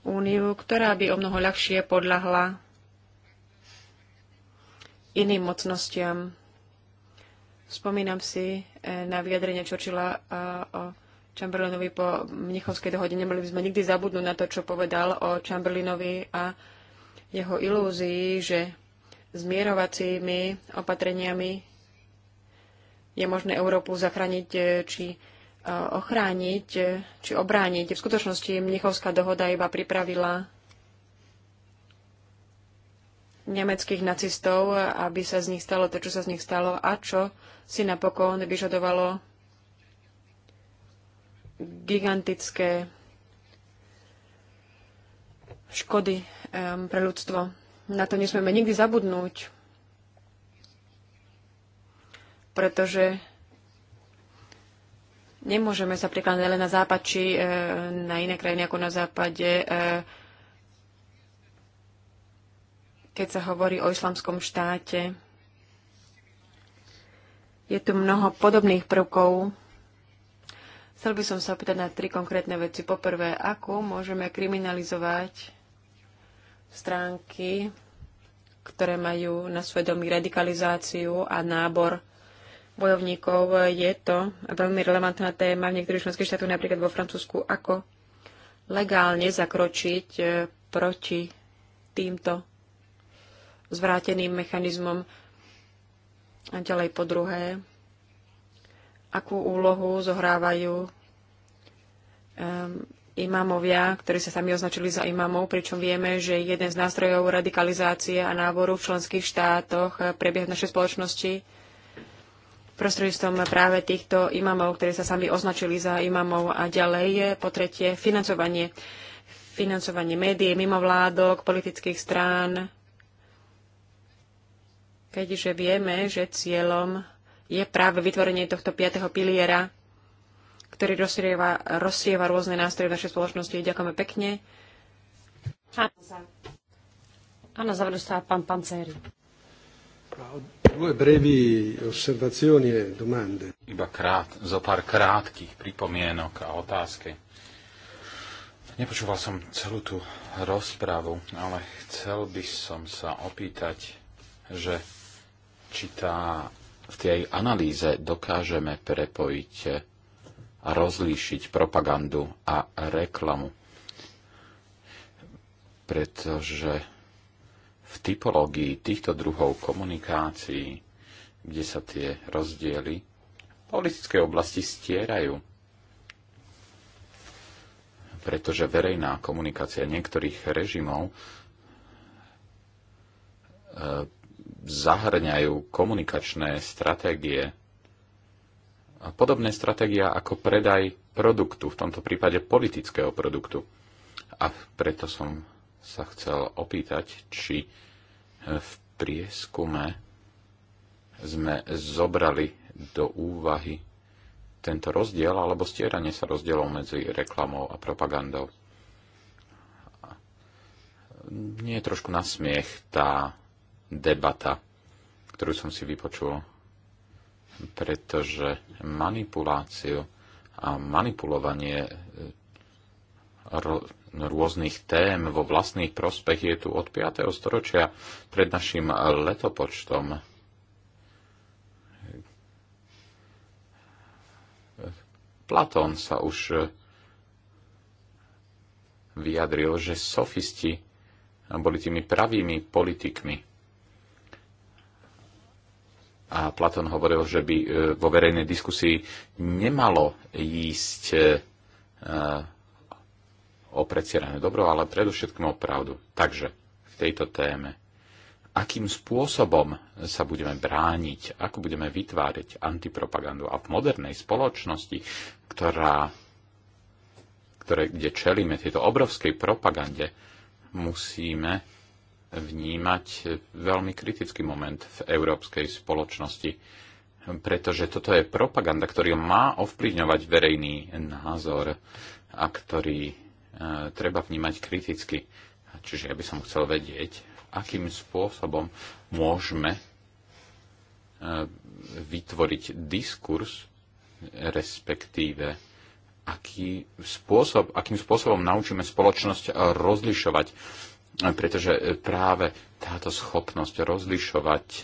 úniu, ktorá by o mnoho ľahšie podľahla iným mocnostiam. Spomínam si e, na vyjadrenie Čočila e, o Chamberlainovi po Mnichovskej dohode. Nemali by sme nikdy zabudnúť na to, čo povedal o Chamberlainovi a jeho ilúzii, že zmierovacími opatreniami je možné Európu zachrániť e, či ochrániť či obrániť. V skutočnosti Mnichovská dohoda iba pripravila nemeckých nacistov, aby sa z nich stalo to, čo sa z nich stalo a čo si napokon vyžadovalo gigantické škody um, pre ľudstvo. Na to nesmieme nikdy zabudnúť, pretože nemôžeme sa prikladať len na západ či e, na iné krajiny ako na západe. E, keď sa hovorí o islamskom štáte. Je tu mnoho podobných prvkov. Chcel by som sa opýtať na tri konkrétne veci. Poprvé, ako môžeme kriminalizovať stránky, ktoré majú na svedomí radikalizáciu a nábor bojovníkov. Je to veľmi relevantná téma v niektorých členských štátoch, napríklad vo Francúzsku, ako legálne zakročiť eh, proti týmto zvráteným mechanizmom. A ďalej po druhé, akú úlohu zohrávajú um, ehm, imamovia, ktorí sa sami označili za imamov, pričom vieme, že jeden z nástrojov radikalizácie a náboru v členských štátoch eh, prebieha v našej spoločnosti prostredstvom práve týchto imamov, ktorí sa sami označili za imamov a ďalej. Po tretie, financovanie. Financovanie médií, mimovládok, politických strán, keďže vieme, že cieľom je práve vytvorenie tohto piatého piliera, ktorý rozsieva, rozsieva rôzne nástroje v našej spoločnosti. Ďakujeme pekne. A na záver dostáva pán Pancéry. E Iba krát, zo pár krátkých pripomienok a otázky. Nepočúval som celú tú rozprávu, ale chcel by som sa opýtať, že tá, v tej analýze dokážeme prepojiť a rozlíšiť propagandu a reklamu. Pretože v typológii týchto druhov komunikácií, kde sa tie rozdiely v politickej oblasti stierajú, pretože verejná komunikácia niektorých režimov zahrňajú komunikačné stratégie. Podobné stratégia ako predaj produktu, v tomto prípade politického produktu. A preto som sa chcel opýtať, či v prieskume sme zobrali do úvahy tento rozdiel alebo stieranie sa rozdielov medzi reklamou a propagandou. Nie je trošku smiech tá debata, ktorú som si vypočul, pretože manipuláciu a manipulovanie e, rôznych tém vo vlastných prospech je tu od 5. storočia pred našim letopočtom. Platón sa už e, vyjadril, že sofisti boli tými pravými politikmi. A Platón hovoril, že by e, vo verejnej diskusii nemalo ísť e, o predsierané dobro, ale predovšetkým o pravdu. Takže v tejto téme, akým spôsobom sa budeme brániť, ako budeme vytvárať antipropagandu a v modernej spoločnosti, ktorá, ktoré, kde čelíme tejto obrovskej propagande, musíme vnímať veľmi kritický moment v európskej spoločnosti, pretože toto je propaganda, ktorý má ovplyvňovať verejný názor a ktorý e, treba vnímať kriticky. Čiže ja by som chcel vedieť, akým spôsobom môžeme e, vytvoriť diskurs, respektíve aký spôsob, akým spôsobom naučíme spoločnosť rozlišovať pretože e, práve táto schopnosť rozlišovať e,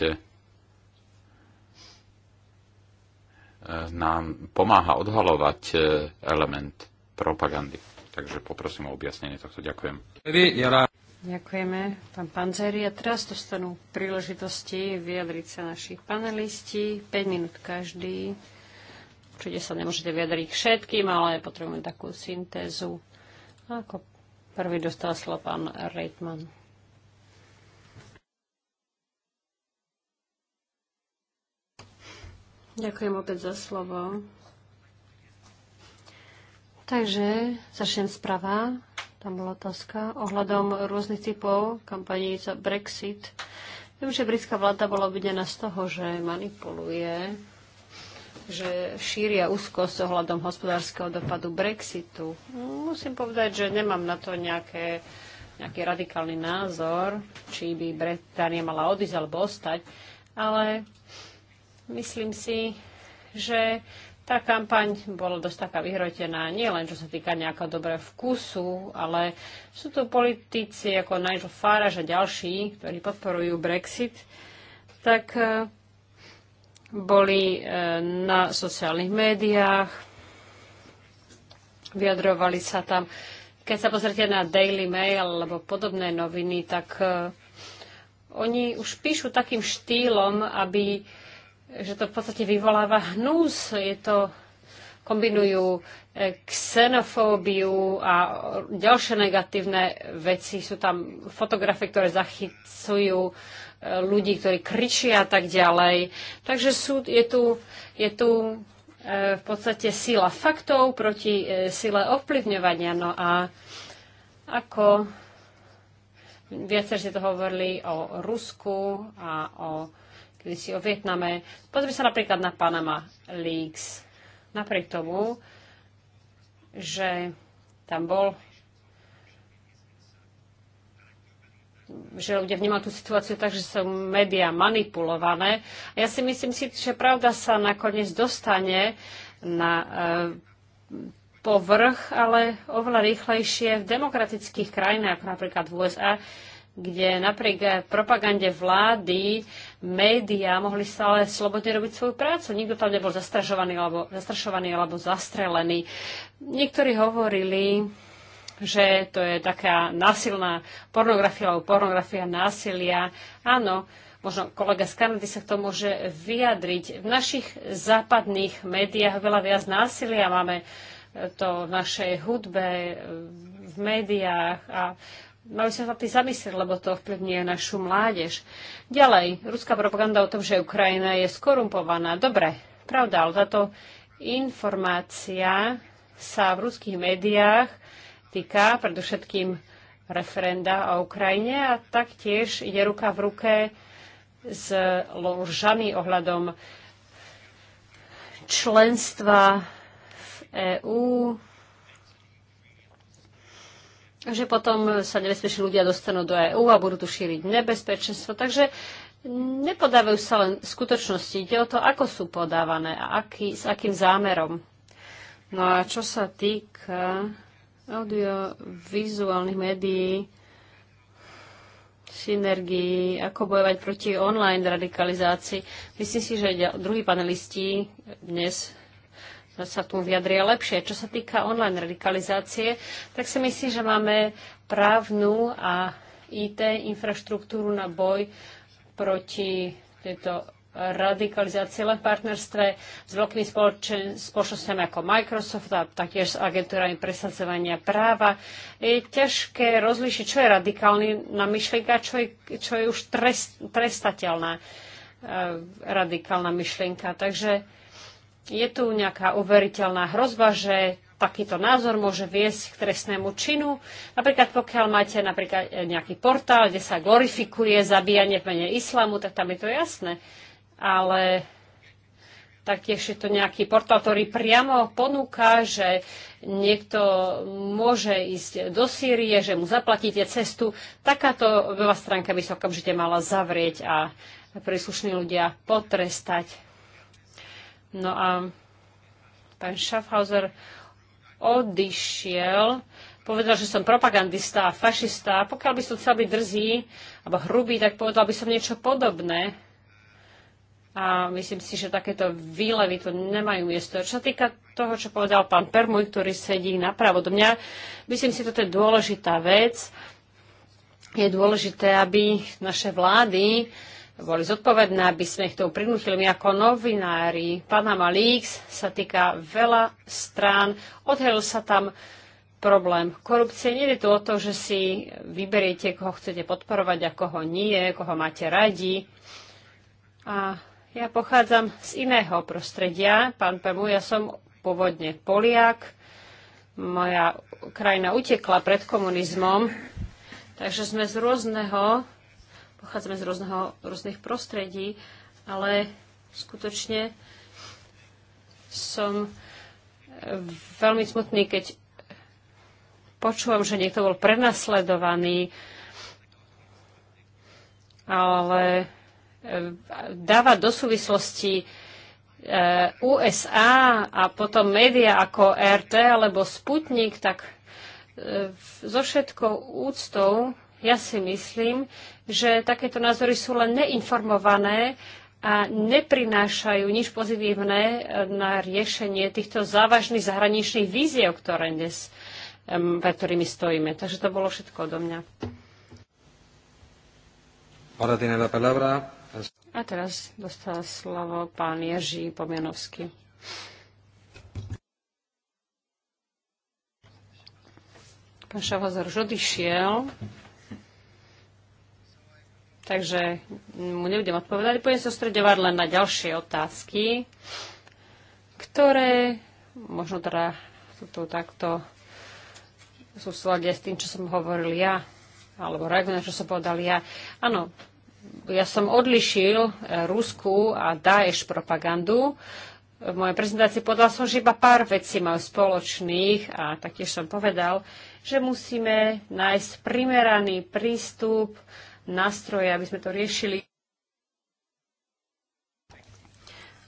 nám pomáha odhalovať e, element propagandy. Takže poprosím o objasnenie tohto. Ďakujem. Ďakujeme, pán Panzeri. A teraz dostanú príležitosti vyjadriť sa naši panelisti. 5 minút každý. Určite sa nemôžete vyjadriť všetkým, ale potrebujeme takú syntézu. ako Prvý dostal slovo pán Reitman. Ďakujem opäť za slovo. Takže začnem sprava. Tam bola otázka ohľadom rôznych typov kampaní za Brexit. Viem, že britská vláda bola obvinená z toho, že manipuluje že šíria úzkosť ohľadom hospodárskeho dopadu Brexitu. Musím povedať, že nemám na to nejaké, nejaký radikálny názor, či by Británia mala odísť alebo ostať, ale myslím si, že tá kampaň bola dosť taká vyhrotená, nie len čo sa týka nejakého dobrého vkusu, ale sú to politici ako Nigel Farage a ďalší, ktorí podporujú Brexit, tak eh, boli e, na sociálnych médiách, vyjadrovali sa tam. Keď sa pozrite na Daily Mail alebo podobné noviny, tak e, oni už píšu takým štýlom, aby, že to v podstate vyvoláva hnus. Je to kombinujú xenofóbiu e, a ďalšie negatívne veci. Sú tam fotografie, ktoré zachycujú e, ľudí, ktorí kričia a tak ďalej. Takže sú, je tu, je tu e, v podstate sila faktov proti sile ovplyvňovania. No a ako viacej ste to hovorili o Rusku a o, kedy si o Vietname. Pozri sa napríklad na Panama Leaks. Napriek tomu, že tam bol že ľudia vnímajú tú situáciu tak, že sú médiá manipulované. A ja si myslím si, že pravda sa nakoniec dostane na e, povrch, ale oveľa rýchlejšie v demokratických krajinách, ako napríklad v USA, kde napriek propagande vlády médiá mohli stále slobodne robiť svoju prácu. Nikto tam nebol zastrašovaný alebo, zastrašovaný alebo zastrelený. Niektorí hovorili, že to je taká násilná pornografia alebo pornografia násilia. Áno, možno kolega z Kanady sa k tomu môže vyjadriť. V našich západných médiách veľa viac násilia máme to v našej hudbe, v médiách a mali sme sa tým zamyslieť, lebo to ovplyvňuje našu mládež. Ďalej, ruská propaganda o tom, že Ukrajina je skorumpovaná. Dobre, pravda, ale táto informácia sa v ruských médiách týka predovšetkým referenda o Ukrajine a taktiež ide ruka v ruke s ložami ohľadom členstva v EÚ, že potom sa nebezpeční ľudia dostanú do EÚ a budú tu šíriť nebezpečenstvo. Takže nepodávajú sa len skutočnosti, ide o to, ako sú podávané a aký, s akým zámerom. No a čo sa týka audiovizuálnych médií, synergii, ako bojovať proti online radikalizácii. Myslím si, že druhí panelisti dnes sa tu vyjadria lepšie. Čo sa týka online radikalizácie, tak si myslím, že máme právnu a IT infraštruktúru na boj proti tejto radikalizácie len v partnerstve s veľkými spoločen- spoločnosťami ako Microsoft a taktiež s agentúrami presadzovania práva. Je ťažké rozlíšiť, čo je na myšlienka, čo je, čo je už trest, trestateľná e, radikálna myšlienka. Takže je tu nejaká overiteľná hrozba, že takýto názor môže viesť k trestnému činu. Napríklad pokiaľ máte napríklad e, nejaký portál, kde sa glorifikuje zabíjanie v mene islamu, tak tam je to jasné. Ale taktiež je to nejaký portál, ktorý priamo ponúka, že niekto môže ísť do Sýrie, že mu zaplatíte cestu. Takáto webová stránka by sa okamžite mala zavrieť a príslušní ľudia potrestať No a pán Schaffhauser odišiel, povedal, že som propagandista a fašista. Pokiaľ by som chcel byť drzý alebo hrubý, tak povedal by som niečo podobné. A myslím si, že takéto výlevy tu nemajú miesto. Čo sa týka toho, čo povedal pán Permuj, ktorý sedí napravo do mňa, myslím si, že toto je dôležitá vec. Je dôležité, aby naše vlády boli zodpovedné, aby sme ich to prinútili. My ako novinári, Panama Leaks sa týka veľa strán, odhalil sa tam problém korupcie. Nie je to o to, že si vyberiete, koho chcete podporovať a koho nie, koho máte radi. A ja pochádzam z iného prostredia. Pán Pemu, ja som pôvodne Poliak. Moja krajina utekla pred komunizmom, takže sme z rôzneho pochádzame z rôzneho, rôznych prostredí, ale skutočne som eh, veľmi smutný, keď počúvam, že niekto bol prenasledovaný, ale eh, dávať do súvislosti eh, USA a potom média ako RT alebo Sputnik, tak so všetkou úctou ja si myslím, že takéto názory sú len neinformované a neprinášajú nič pozitívne eh, na riešenie týchto závažných zahraničných víziev, ktoré dnes, um, pred ktorými stojíme. Takže to bolo všetko odo mňa. A teraz dostal slovo pán Ježí Pomianovský. Pán Šavazor už odišiel takže mu nebudem odpovedať. Budem sa stredovať len na ďalšie otázky, ktoré možno teda sú takto v s tým, čo som hovoril ja, alebo reagujú na čo som povedal ja. Áno, ja som odlišil eh, Rusku a Daesh propagandu. V mojej prezentácii povedal som, že iba pár vecí majú spoločných a taktiež som povedal, že musíme nájsť primeraný prístup nástroje, aby sme to riešili.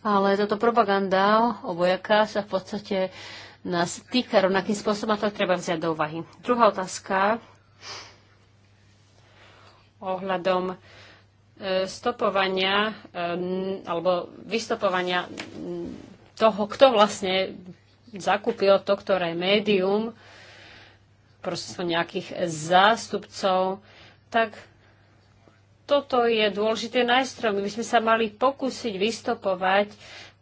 Ale toto propaganda obojaká sa v podstate nás týka rovnakým spôsobom a to treba vziať do úvahy. Druhá otázka ohľadom e, stopovania e, alebo vystopovania toho, kto vlastne zakúpil to, ktoré médium, prostredstvom nejakých zástupcov, tak toto je dôležité nástroj. My by sme sa mali pokúsiť vystopovať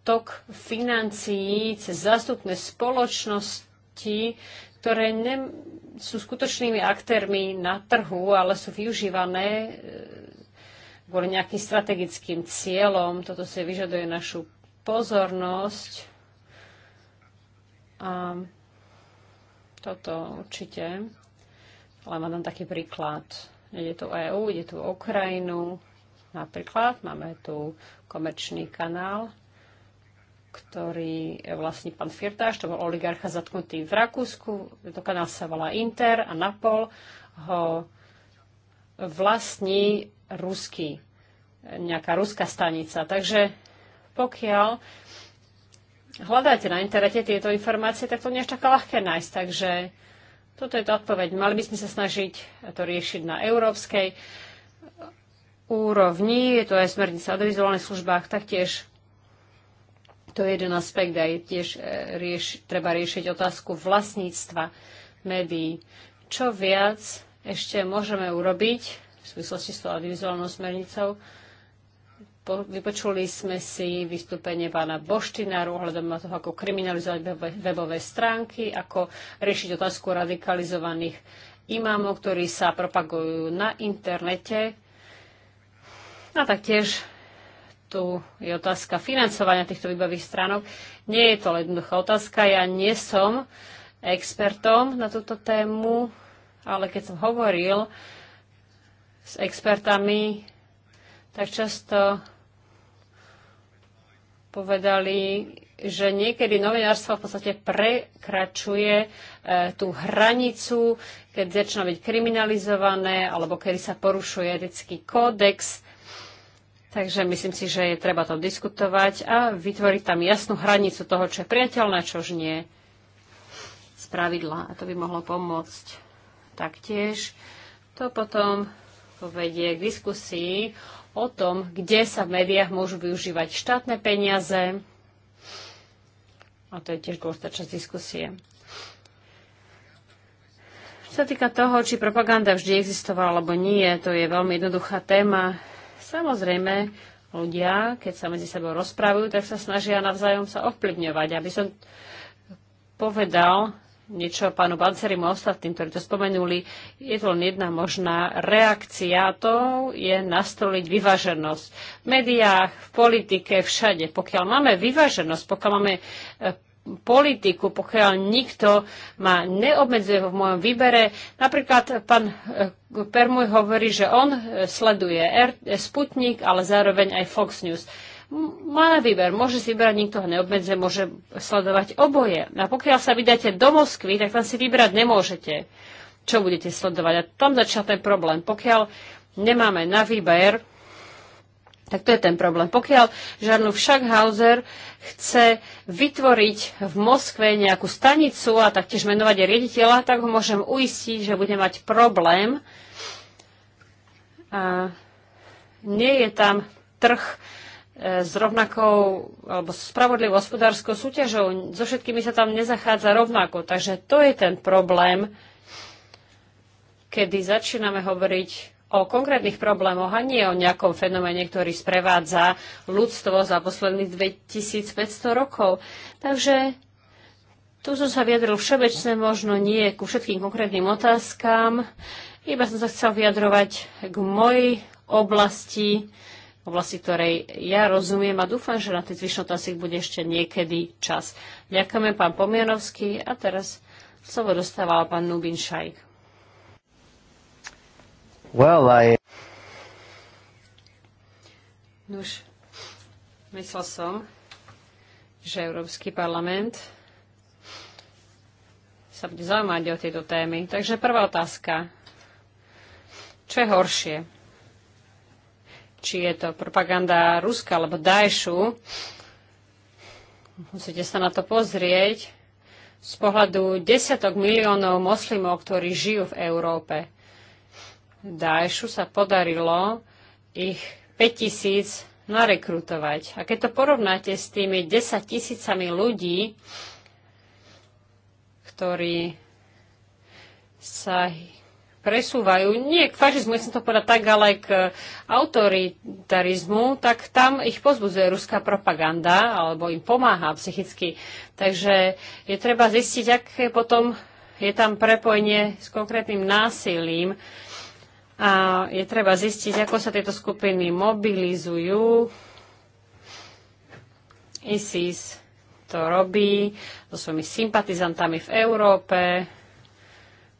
tok financií cez zástupné spoločnosti, ktoré ne, sú skutočnými aktérmi na trhu, ale sú využívané e, kvôli nejakým strategickým cieľom. Toto si vyžaduje našu pozornosť. A toto určite. Ale mám tam taký príklad Ide tu EU, ide tu Ukrajinu. Napríklad máme tu komerčný kanál, ktorý vlastne pán Firtáš, to bol oligarcha zatknutý v Rakúsku. Tento kanál sa volá Inter a Napol ho vlastní ruský, nejaká ruská stanica. Takže pokiaľ hľadáte na internete tieto informácie, tak to nie je také ľahké nájsť. Takže toto je tá odpoveď. Mali by sme sa snažiť to riešiť na európskej úrovni. Je to aj smernica o audiovizuálnych službách, taktiež to je jeden aspekt aj tiež e, rieš, treba riešiť otázku vlastníctva médií. Čo viac ešte môžeme urobiť v súvislosti s tou audiovizuálnou smernicou? Vypočuli sme si vystúpenie pána Boštinaru ohľadom na toho, ako kriminalizovať webové stránky, ako riešiť otázku radikalizovaných imámov, ktorí sa propagujú na internete. A taktiež tu je otázka financovania týchto webových stránok. Nie je to jednoduchá otázka. Ja nie som expertom na túto tému, ale keď som hovoril s expertami tak často povedali, že niekedy novinárstvo v podstate prekračuje e, tú hranicu, keď začína byť kriminalizované alebo kedy sa porušuje etický kódex. Takže myslím si, že je treba to diskutovať a vytvoriť tam jasnú hranicu toho, čo je priateľné, čo už nie z pravidla. A to by mohlo pomôcť taktiež. To potom povedie k diskusii o tom, kde sa v médiách môžu využívať štátne peniaze. A to je tiež dôležitá časť diskusie. Čo sa týka toho, či propaganda vždy existovala alebo nie, to je veľmi jednoduchá téma. Samozrejme, ľudia, keď sa medzi sebou rozprávajú, tak sa snažia navzájom sa ovplyvňovať. Aby som povedal, niečo pánu Balcerimu a ostatným, ktorí to spomenuli. Je to len jedna možná reakcia a to je nastoliť vyváženosť. V médiách, v politike, všade. Pokiaľ máme vyváženosť, pokiaľ máme e, politiku, pokiaľ nikto ma neobmedzuje v mojom výbere. Napríklad pán e, Permuj hovorí, že on e, sleduje Sputnik, ale zároveň aj Fox News má na výber. Môže si vybrať, nikto ho neobmedze, môže sledovať oboje. A pokiaľ sa vydáte do Moskvy, tak tam si vybrať nemôžete, čo budete sledovať. A tam začal ten problém. Pokiaľ nemáme na výber, tak to je ten problém. Pokiaľ Žarnov Schackhauser chce vytvoriť v Moskve nejakú stanicu a taktiež menovať riediteľa, tak ho môžem uistiť, že bude mať problém. A nie je tam trh E, s rovnakou alebo spravodlivou hospodárskou súťažou. So všetkými sa tam nezachádza rovnako. Takže to je ten problém, kedy začíname hovoriť o konkrétnych problémoch a nie o nejakom fenoméne, ktorý sprevádza ľudstvo za posledných 2500 rokov. Takže tu som sa vyjadril všeobecne, možno nie ku všetkým konkrétnym otázkám, iba som sa chcel vyjadrovať k mojej oblasti, oblasti, ktorej ja rozumiem a dúfam, že na tých zvyšných otázkach bude ešte niekedy čas. Ďakujeme pán Pomianovský a teraz slovo dostáva pán Nubin Šajk. Well, I... Nuž, myslel som, že Európsky parlament sa bude zaujímať o tejto témy. Takže prvá otázka. Čo je horšie? či je to propaganda Ruska alebo Dajšu. Musíte sa na to pozrieť z pohľadu desiatok miliónov moslimov, ktorí žijú v Európe. Dajšu sa podarilo ich 5000 narekrutovať. A keď to porovnáte s tými 10 tisícami ľudí, ktorí sa presúvajú, nie k fašizmu, ja som to povedať tak, ale k e, autoritarizmu, tak tam ich pozbudzuje ruská propaganda alebo im pomáha psychicky. Takže je treba zistiť, aké potom je tam prepojenie s konkrétnym násilím a je treba zistiť, ako sa tieto skupiny mobilizujú. ISIS to robí so svojimi sympatizantami v Európe,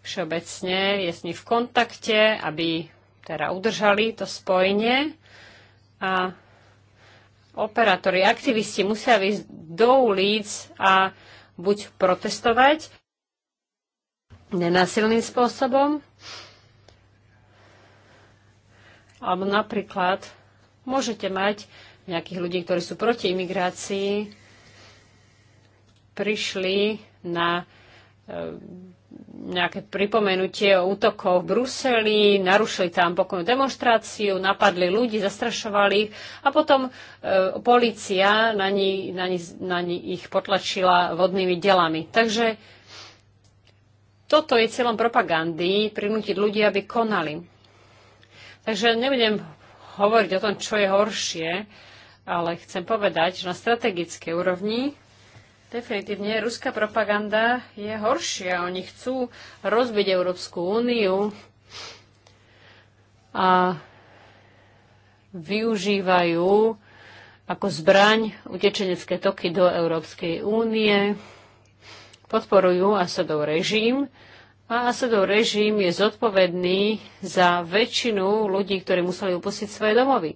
všeobecne je s nimi v kontakte, aby teda udržali to spojenie a operátori, aktivisti musia ísť do ulic a buď protestovať nenasilným spôsobom, alebo napríklad môžete mať nejakých ľudí, ktorí sú proti imigrácii, prišli na e, nejaké pripomenutie o útokoch v Bruseli, narušili tam pokojnú demonstráciu, napadli ľudí, zastrašovali ich a potom e, policia na ni, na, ni, na ni ich potlačila vodnými delami. Takže toto je cieľom propagandy, prinútiť ľudí, aby konali. Takže nebudem hovoriť o tom, čo je horšie, ale chcem povedať, že na strategickej úrovni Definitívne ruská propaganda je horšia. Oni chcú rozbiť Európsku úniu a využívajú ako zbraň utečenecké toky do Európskej únie, podporujú Asadov režim a Asadov režim je zodpovedný za väčšinu ľudí, ktorí museli opustiť svoje domovy.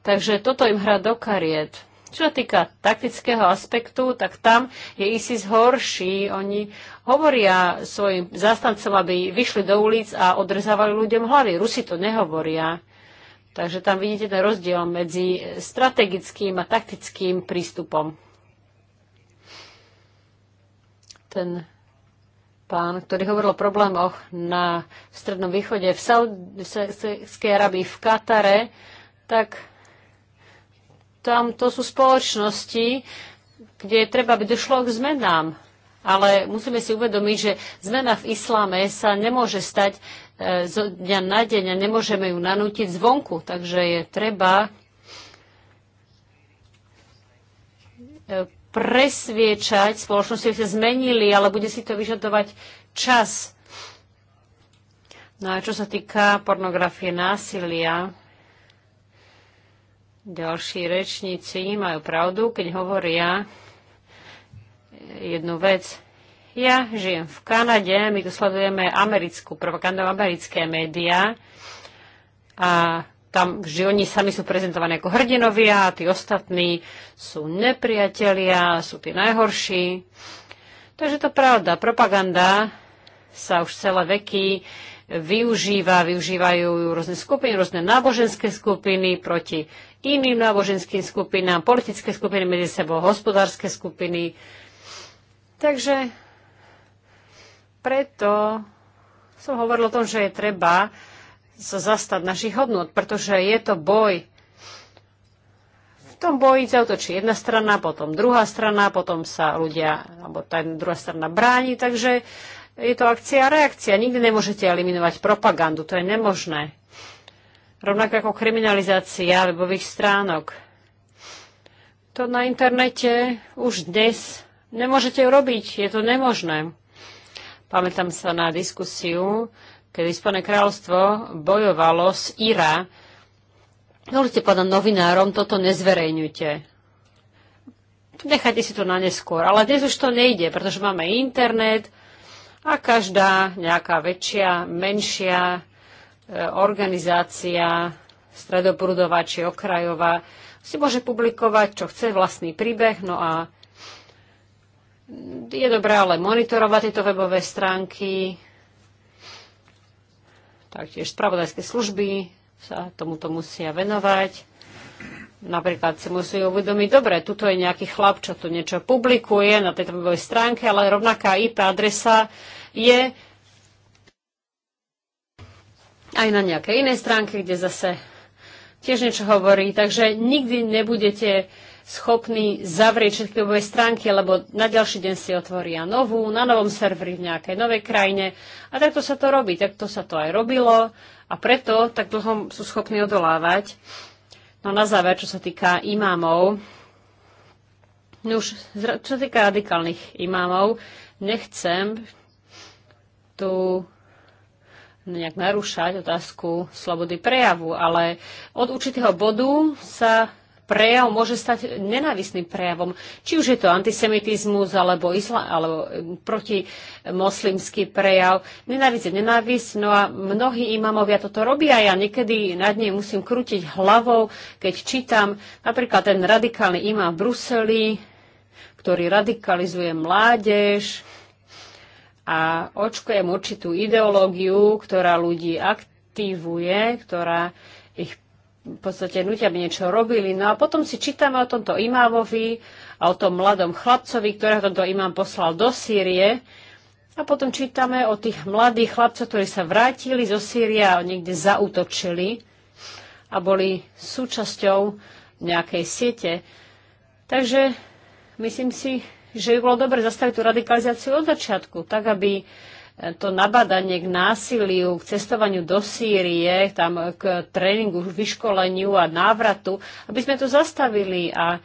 Takže toto im hrá do kariet. Čo sa týka taktického aspektu, tak tam je ISIS horší. Oni hovoria svojim zastancom, aby vyšli do ulic a odrezávali ľuďom hlavy. Rusi to nehovoria. Takže tam vidíte ten rozdiel medzi strategickým a taktickým prístupom. Ten pán, ktorý hovoril o problémoch na Strednom východe, v Saudskej Arabii, v Katare, tak tam to sú spoločnosti, kde treba, aby došlo k zmenám. Ale musíme si uvedomiť, že zmena v islame sa nemôže stať e, zo dňa na deň a nemôžeme ju nanútiť zvonku. Takže je treba e, presviečať spoločnosti, ktoré sa zmenili, ale bude si to vyžadovať čas. No a čo sa týka pornografie násilia, ďalší rečníci majú pravdu, keď hovoria jednu vec. Ja žijem v Kanade, my tu sledujeme americkú propagandu, americké médiá a tam vždy oni sami sú prezentovaní ako hrdinovia a tí ostatní sú nepriatelia, sú tí najhorší. Takže to pravda, propaganda sa už celé veky využíva, využívajú ju rôzne skupiny, rôzne náboženské skupiny proti iným náboženským skupinám, politické skupiny medzi sebou, hospodárske skupiny. Takže preto som hovoril o tom, že je treba sa zastať našich hodnot, pretože je to boj. V tom boji zautočí jedna strana, potom druhá strana, potom sa ľudia, alebo tá druhá strana bráni, takže je to akcia a reakcia. Nikdy nemôžete eliminovať propagandu, to je nemožné. Rovnako ako kriminalizácia webových stránok. To na internete už dnes nemôžete urobiť, je to nemožné. Pamätám sa na diskusiu, kedy Spojené kráľovstvo bojovalo z Ira. Môžete povedať novinárom, toto nezverejňujte nechajte si to na neskôr. Ale dnes už to nejde, pretože máme internet, a každá nejaká väčšia, menšia e, organizácia, stredoprudová či okrajová, si môže publikovať, čo chce, vlastný príbeh, no a je dobré ale monitorovať tieto webové stránky, taktiež spravodajské služby sa tomuto musia venovať. Napríklad si musí uvedomiť, dobre, tuto je nejaký chlap, čo tu niečo publikuje na tejto webovej stránke, ale rovnaká IP adresa je aj na nejakej inej stránke, kde zase tiež niečo hovorí. Takže nikdy nebudete schopní zavrieť všetky webové stránky, lebo na ďalší deň si otvoria novú, na novom serveri v nejakej novej krajine. A takto sa to robí, takto sa to aj robilo a preto tak dlho sú schopní odolávať. No na záver, čo sa týka imámov, no už čo sa týka radikálnych imámov, nechcem tu nejak narúšať otázku slobody prejavu, ale od určitého bodu sa prejav môže stať nenávisným prejavom. Či už je to antisemitizmus alebo, isla, alebo protimoslimský prejav. Nenávisť je nenávisť, no a mnohí imamovia toto robia. Ja niekedy nad nej musím krútiť hlavou, keď čítam napríklad ten radikálny imam v Bruseli, ktorý radikalizuje mládež, a očkujem určitú ideológiu, ktorá ľudí aktivuje, ktorá ich v podstate nutia, aby niečo robili. No a potom si čítame o tomto imávovi a o tom mladom chlapcovi, ktorého tento imám poslal do Sýrie. A potom čítame o tých mladých chlapcov, ktorí sa vrátili zo Sýrie a niekde zautočili a boli súčasťou nejakej siete. Takže myslím si, že by bolo dobre zastaviť tú radikalizáciu od začiatku, tak aby e, to nabadanie k násiliu, k cestovaniu do Sýrie, tam k tréningu, vyškoleniu a návratu, aby sme to zastavili a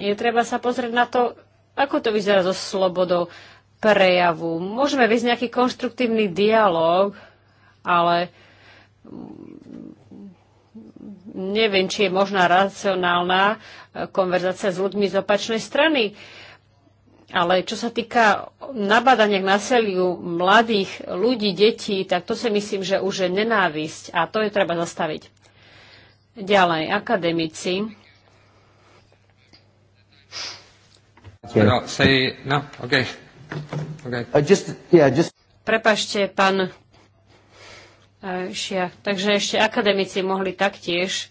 je treba sa pozrieť na to, ako to vyzerá so slobodou prejavu. Môžeme viesť nejaký konštruktívny dialog, ale neviem, či je možná racionálna e, konverzácia s ľuďmi z opačnej strany. Ale čo sa týka nabádania k násiliu mladých ľudí, detí, tak to si myslím, že už je nenávisť a to je treba zastaviť. Ďalej, akademici. No, uh, Prepašte, pán uh, Šia. Takže ešte akademici mohli taktiež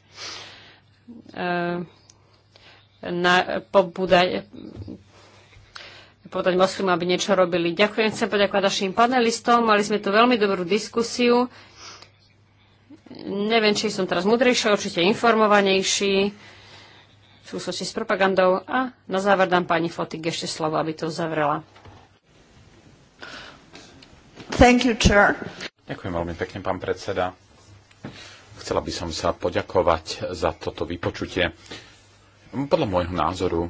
uh, na, pobúdať, povedať moslimom, aby niečo robili. Ďakujem, chcem poďakovať našim panelistom. Mali sme tu veľmi dobrú diskusiu. Neviem, či som teraz mudrejší, určite informovanejší v súvislosti s propagandou. A na záver dám pani Fotik ešte slovo, aby to zavrela. Thank you, chair. Ďakujem veľmi pekne, pán predseda. Chcela by som sa poďakovať za toto vypočutie. Podľa môjho názoru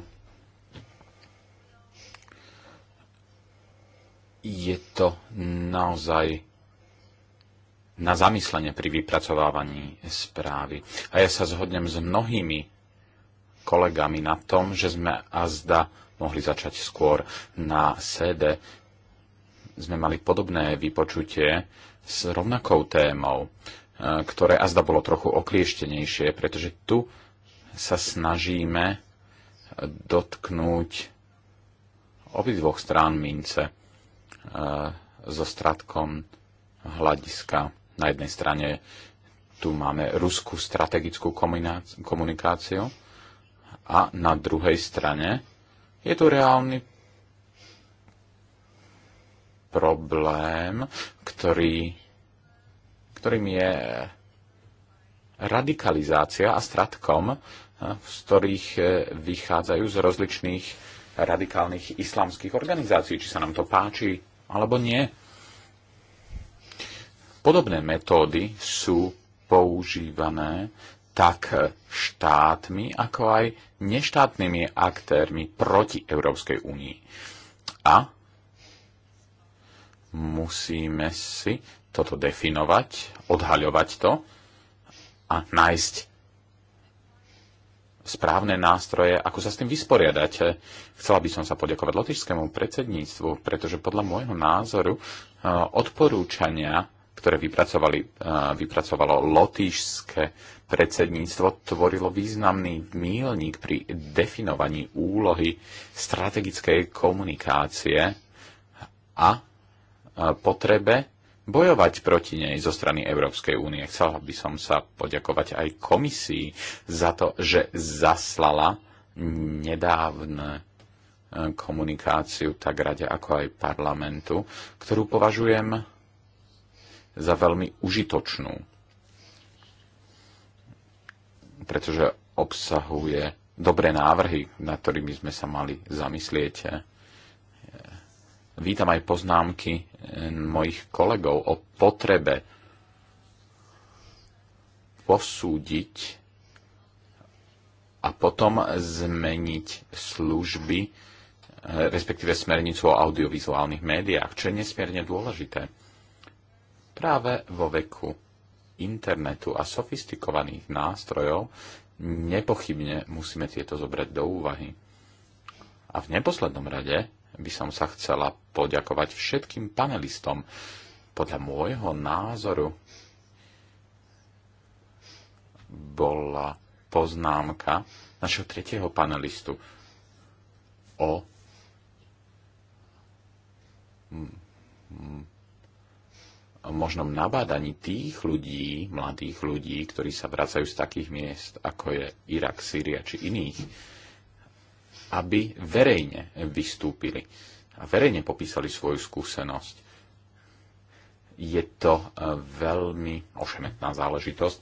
je to naozaj na zamyslenie pri vypracovávaní správy. A ja sa zhodnem s mnohými kolegami na tom, že sme azda mohli začať skôr na sede. Sme mali podobné vypočutie s rovnakou témou, e, ktoré azda bolo trochu oklieštenejšie, pretože tu sa snažíme dotknúť obidvoch strán mince E, so stratkom hľadiska. Na jednej strane tu máme ruskú strategickú komunikáciu a na druhej strane je tu reálny problém, ktorý, ktorým je radikalizácia a stratkom, e, z ktorých e, vychádzajú z rozličných radikálnych islamských organizácií, či sa nám to páči alebo nie. Podobné metódy sú používané tak štátmi, ako aj neštátnymi aktérmi proti Európskej únii. A musíme si toto definovať, odhaľovať to a nájsť správne nástroje, ako sa s tým vysporiadať. Chcela by som sa poďakovať lotišskému predsedníctvu, pretože podľa môjho názoru e, odporúčania, ktoré vypracovali, e, vypracovalo lotišské predsedníctvo, tvorilo významný mílnik pri definovaní úlohy strategickej komunikácie a e, potrebe bojovať proti nej zo strany Európskej únie. Chcela by som sa poďakovať aj komisii za to, že zaslala nedávne e, komunikáciu tak rade ako aj parlamentu, ktorú považujem za veľmi užitočnú, pretože obsahuje dobré návrhy, nad ktorými sme sa mali zamyslieť vítam aj poznámky eh, mojich kolegov o potrebe posúdiť a potom zmeniť služby, eh, respektíve smernicu o audiovizuálnych médiách, čo je nesmierne dôležité. Práve vo veku internetu a sofistikovaných nástrojov nepochybne musíme tieto zobrať do úvahy. A v neposlednom rade by som sa chcela poďakovať všetkým panelistom. Podľa môjho názoru bola poznámka našeho tretieho panelistu o možnom nabádaní tých ľudí, mladých ľudí, ktorí sa vracajú z takých miest, ako je Irak, Sýria či iných, aby verejne vystúpili a verejne popísali svoju skúsenosť. Je to e, veľmi ošemetná záležitosť,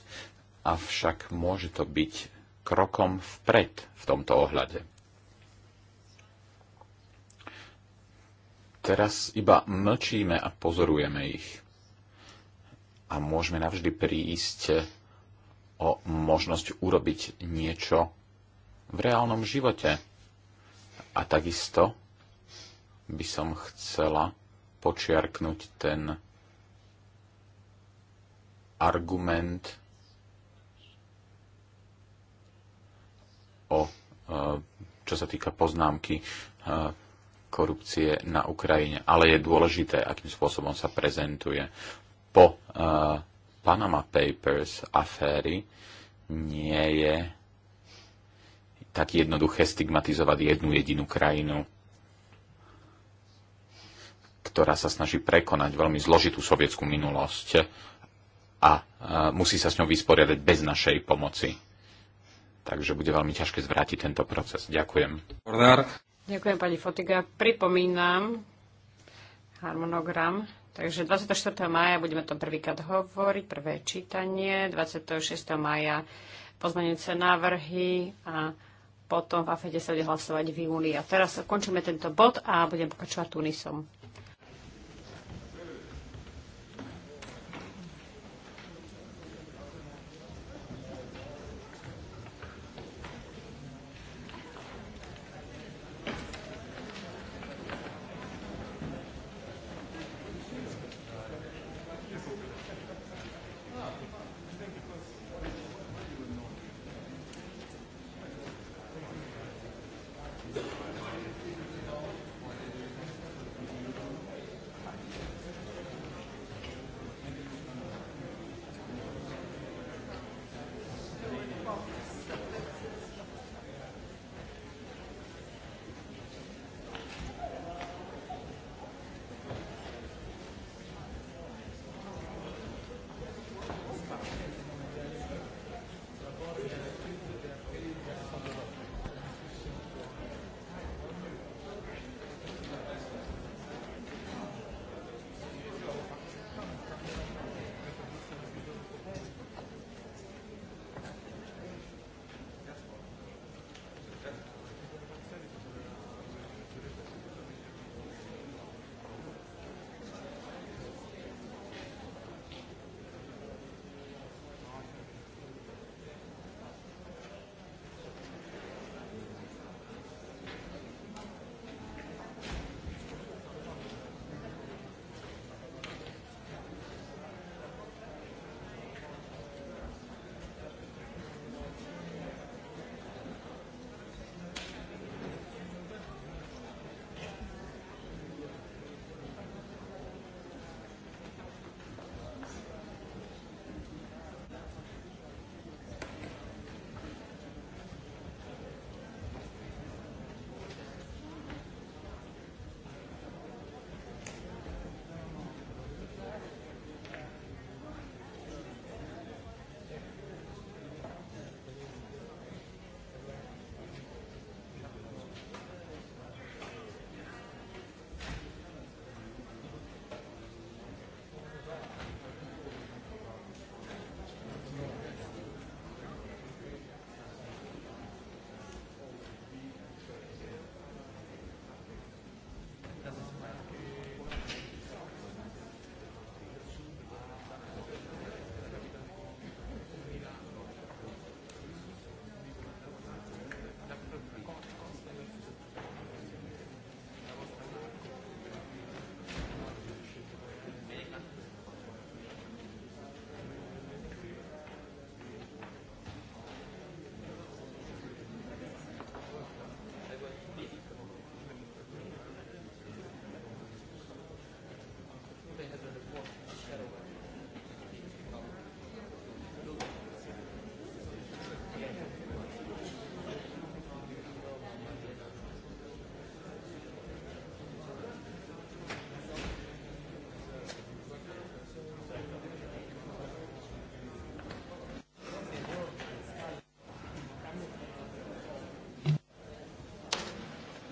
avšak môže to byť krokom vpred v tomto ohľade. Teraz iba mlčíme a pozorujeme ich. A môžeme navždy prísť o možnosť urobiť niečo v reálnom živote. A takisto by som chcela počiarknúť ten argument o, e, čo sa týka poznámky e, korupcie na Ukrajine. Ale je dôležité, akým spôsobom sa prezentuje. Po e, Panama Papers aféry nie je tak jednoduché stigmatizovať jednu jedinú krajinu, ktorá sa snaží prekonať veľmi zložitú sovietskú minulosť a e, musí sa s ňou vysporiadať bez našej pomoci. Takže bude veľmi ťažké zvrátiť tento proces. Ďakujem. Ďakujem pani Fotiga. Pripomínam harmonogram. Takže 24. maja budeme to prvýkrát hovoriť, prvé čítanie, 26. maja pozmenujúce návrhy a potom v AFE sa bude hlasovať v júni. A teraz končíme tento bod a budem pokračovať Tunisom.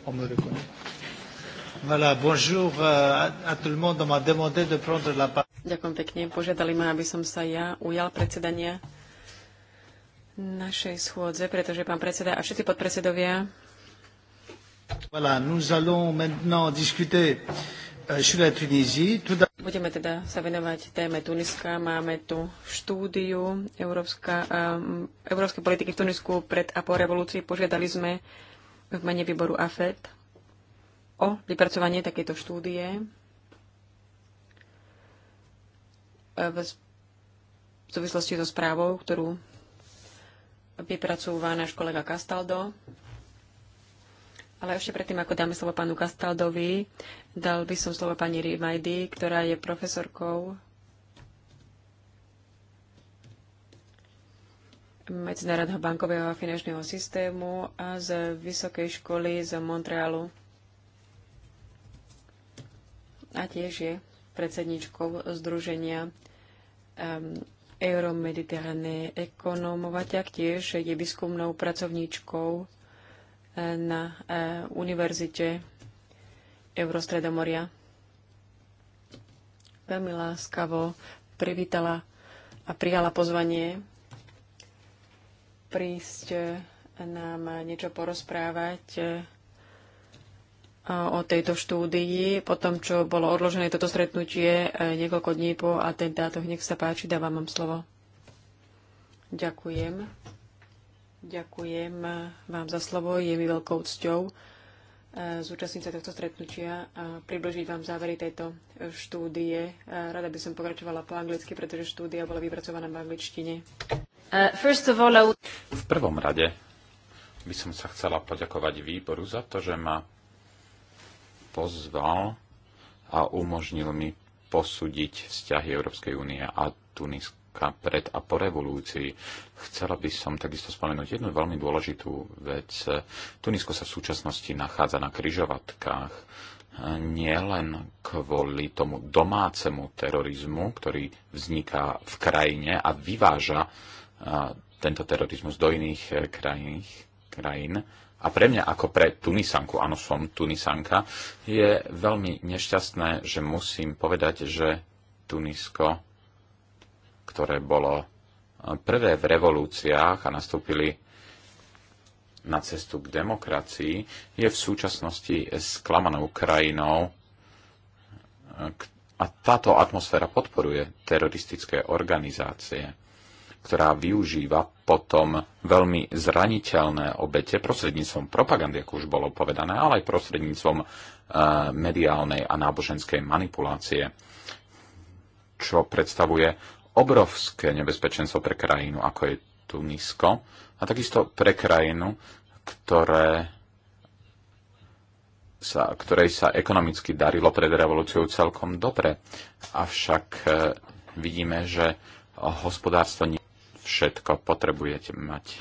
on me reconnaît. Voilà, bonjour euh, à, tout le monde. On m'a demandé de prendre la parole. Ďakujem pekne. Požiadali ma, aby som sa ja ujal predsedania našej schôdze, pretože pán predseda a všetci podpredsedovia Voilà, nous allons maintenant discuter euh, sur la Tunisie. Budeme teda sa venovať téme Tuniska. Máme tu štúdiu Európska, um, Európskej politiky v Tunisku pred a po revolúcii. Požiadali sme v mene výboru AFED o vypracovanie takéto štúdie e, v súvislosti so správou, ktorú vypracúva náš kolega Castaldo. Ale ešte predtým, ako dáme slovo pánu Castaldovi, dal by som slovo pani Rimajdy, ktorá je profesorkou Medzinárodného bankového a finančného systému a z Vysokej školy z Montrealu. A tiež je predsedničkou Združenia um, Euromediterrané ekonómova, tak tiež je výskumnou pracovníčkou e, na e, Univerzite Eurostredomoria. Veľmi láskavo privítala a prijala pozvanie prísť eh, nám eh, niečo porozprávať eh, o tejto štúdii, po tom, čo bolo odložené toto stretnutie niekoľko dní po atentátoch. Nech sa páči, dávam vám slovo. Ďakujem. Ďakujem vám za slovo. Je mi veľkou cťou E, zúčastniť sa tohto stretnutia a približiť vám závery tejto štúdie. E, rada by som pokračovala po anglicky, pretože štúdia bola vypracovaná v angličtine. E, v prvom rade by som sa chcela poďakovať výboru za to, že ma pozval a umožnil mi posúdiť vzťahy Európskej únie a Tuniska roka pred a po revolúcii. Chcela by som takisto spomenúť jednu veľmi dôležitú vec. Tunisko sa v súčasnosti nachádza na kryžovatkách nielen kvôli tomu domácemu terorizmu, ktorý vzniká v krajine a vyváža tento terorizmus do iných e, krajín, krajín. A pre mňa ako pre Tunisanku, áno som Tunisanka, je veľmi nešťastné, že musím povedať, že Tunisko ktoré bolo eh, prvé v revolúciách a nastúpili na cestu k demokracii, je v súčasnosti sklamanou krajinou eh, a táto atmosféra podporuje teroristické organizácie, ktorá využíva potom veľmi zraniteľné obete prostredníctvom propagandy, ako už bolo povedané, ale aj prostredníctvom eh, mediálnej a náboženskej manipulácie, čo predstavuje obrovské nebezpečenstvo pre krajinu, ako je Tunisko, a takisto pre krajinu, ktoré sa, ktorej sa ekonomicky darilo pred revolúciou celkom dobre. Avšak e, vidíme, že hospodárstvo nie všetko. Potrebujete mať e,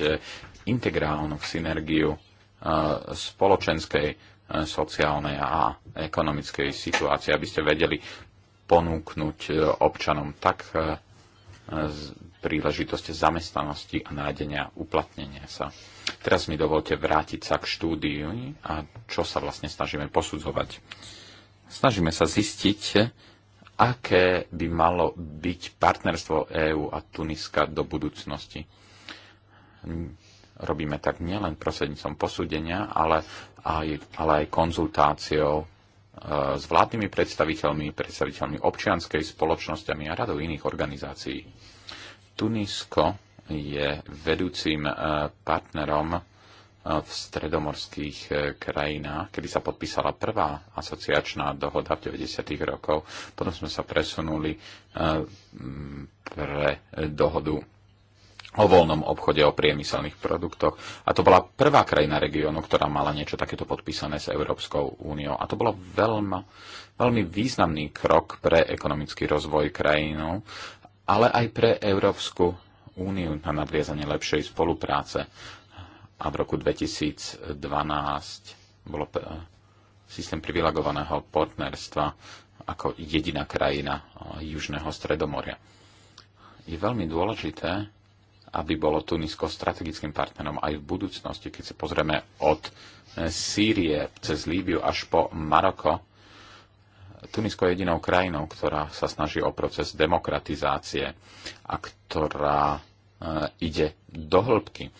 integrálnu synergiu e, spoločenskej, sociálnej a ekonomickej situácie, aby ste vedeli ponúknuť občanom tak príležitosti zamestnanosti a nájdenia uplatnenia sa. Teraz mi dovolte vrátiť sa k štúdiu a čo sa vlastne snažíme posudzovať. Snažíme sa zistiť, aké by malo byť partnerstvo EÚ a Tuniska do budúcnosti. Robíme tak nielen prosednícom posúdenia, ale aj, ale aj konzultáciou s vládnymi predstaviteľmi, predstaviteľmi občianskej spoločnosťami a radov iných organizácií. Tunisko je vedúcim eh, partnerom eh, v stredomorských eh, krajinách, kedy sa podpísala prvá asociačná dohoda v 90. rokoch. Potom sme sa presunuli pre dohodu o voľnom obchode, o priemyselných produktoch. A to bola prvá krajina regiónu, ktorá mala niečo takéto podpísané s Európskou úniou. A to bolo veľmi, veľmi významný krok pre ekonomický rozvoj krajinu, ale aj pre Európsku úniu na nadviezanie lepšej spolupráce. A v roku 2012 bolo eh, systém privilegovaného partnerstva ako jediná krajina eh, Južného Stredomoria. Je veľmi dôležité, aby bolo Tunisko strategickým partnerom aj v budúcnosti. Keď sa pozrieme od e, Sýrie cez Líbiu až po Maroko, Tunisko je jedinou krajinou, ktorá sa snaží o proces demokratizácie a ktorá e, ide do hĺbky. E,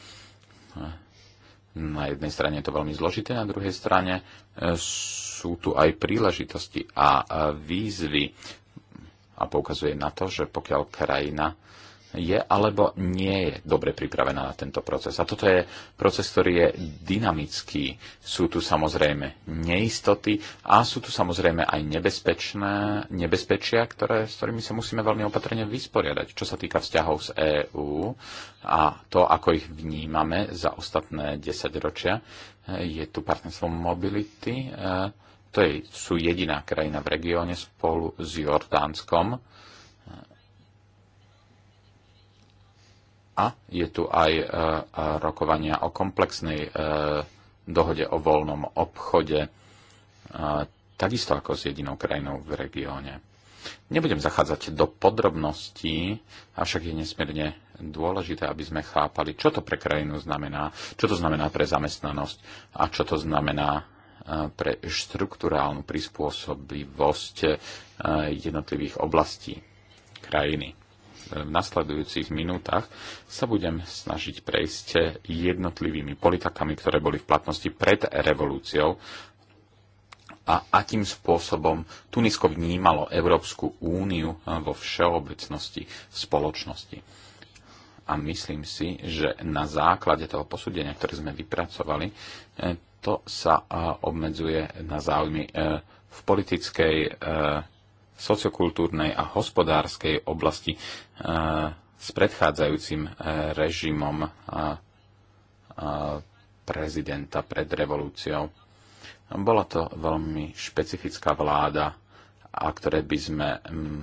na jednej strane je to veľmi zložité, na druhej strane sú tu aj príležitosti a výzvy a poukazuje na to, že pokiaľ krajina je alebo nie je dobre pripravená na tento proces. A toto je proces, ktorý je dynamický. Sú tu samozrejme neistoty a sú tu samozrejme aj nebezpečné, nebezpečia, ktoré, s ktorými sa musíme veľmi opatrne vysporiadať, čo sa týka vzťahov z EÚ a to, ako ich vnímame za ostatné 10 ročia. Je tu partnerstvo mobility, e, to je, sú jediná krajina v regióne spolu s Jordánskom, a je tu aj e, e, rokovania o komplexnej e, dohode o voľnom obchode, takisto ako s jedinou krajinou v regióne. Nebudem zachádzať do podrobností, avšak je nesmierne dôležité, aby sme chápali, čo to pre krajinu znamená, čo to znamená pre zamestnanosť a čo to znamená pre štruktúrálnu prispôsobivosť jednotlivých oblastí krajiny v nasledujúcich minútach sa budem snažiť prejsť jednotlivými politikami, ktoré boli v platnosti pred revolúciou a akým spôsobom Tunisko vnímalo Európsku úniu vo všeobecnosti v spoločnosti. A myslím si, že na základe toho posúdenia, ktoré sme vypracovali, e, to sa obmedzuje na záujmy e, v politickej e, sociokultúrnej a hospodárskej oblasti e, s predchádzajúcim e, režimom e, prezidenta pred revolúciou. Bola to veľmi špecifická vláda, a ktoré by sme mm,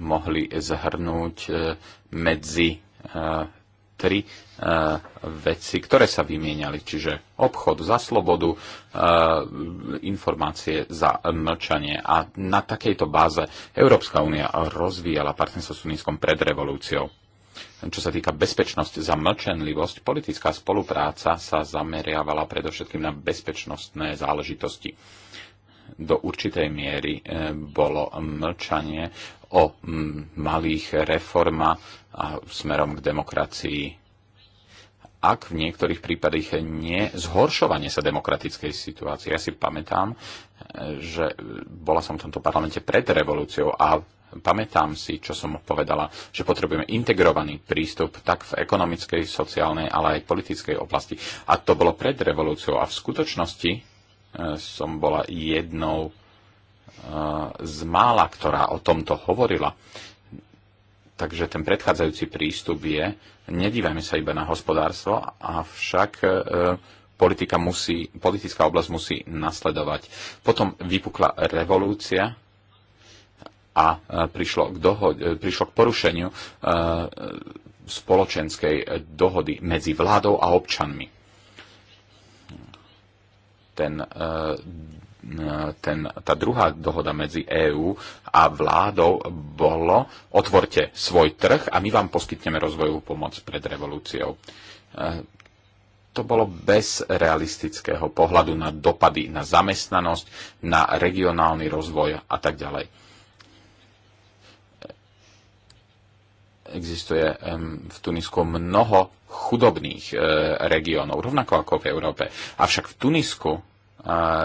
mohli zhrnúť medzi tri e, veci, ktoré sa vymieniali, čiže obchod za slobodu, e, informácie za mlčanie. A na takejto báze Európska únia rozvíjala partnerstvo s Unískom pred revolúciou. Čo sa týka bezpečnosť za mlčenlivosť, politická spolupráca sa zameriavala predovšetkým na bezpečnostné záležitosti. Do určitej miery e, bolo mlčanie o malých reformách a smerom k demokracii. Ak v niektorých prípadoch nie zhoršovanie sa demokratickej situácie. Ja si pamätám, že bola som v tomto parlamente pred revolúciou a pamätám si, čo som povedala, že potrebujeme integrovaný prístup tak v ekonomickej, sociálnej, ale aj politickej oblasti. A to bolo pred revolúciou a v skutočnosti e, som bola jednou e, z mála, ktorá o tomto hovorila. Takže ten predchádzajúci prístup je, nedívame sa iba na hospodárstvo, avšak e, politika musí, politická oblasť musí nasledovať. Potom vypukla revolúcia a e, prišlo k, doho- e, prišlo k porušeniu spoločenskej dohody medzi vládou a občanmi. Ten Eh, ten, tá druhá dohoda medzi EÚ a vládou bolo otvorte svoj trh a my vám poskytneme rozvojovú pomoc pred revolúciou. Eh, to bolo bez realistického pohľadu na dopady na zamestnanosť, na regionálny rozvoj a tak ďalej. Existuje v Tunisku mnoho chudobných eh, regiónov, rovnako ako v Európe. Avšak v Tunisku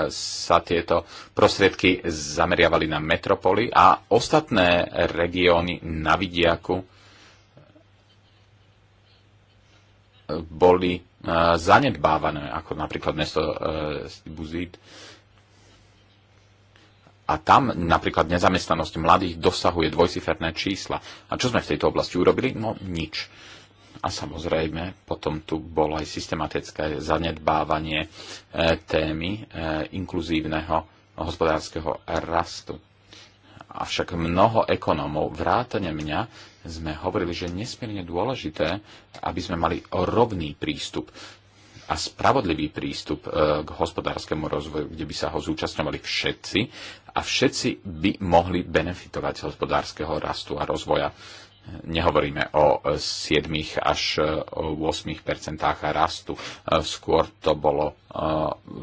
sa tieto prostriedky zameriavali na metropoly a ostatné regióny na vidiaku boli e, zanedbávané, ako napríklad mesto e, Buzid. A tam napríklad nezamestnanosť mladých dosahuje dvojciferné čísla. A čo sme v tejto oblasti urobili? No nič a samozrejme, potom tu bolo aj systematické zanedbávanie e, témy e, inkluzívneho hospodárskeho rastu. Avšak mnoho ekonómov, vrátane mňa, sme hovorili, že nesmierne dôležité, aby sme mali rovný prístup a spravodlivý prístup e, k hospodárskemu rozvoju, kde by sa ho zúčastňovali všetci a všetci by mohli benefitovať z hospodárskeho rastu a rozvoja nehovoríme o 7 až 8 percentách rastu. Skôr to bolo eh,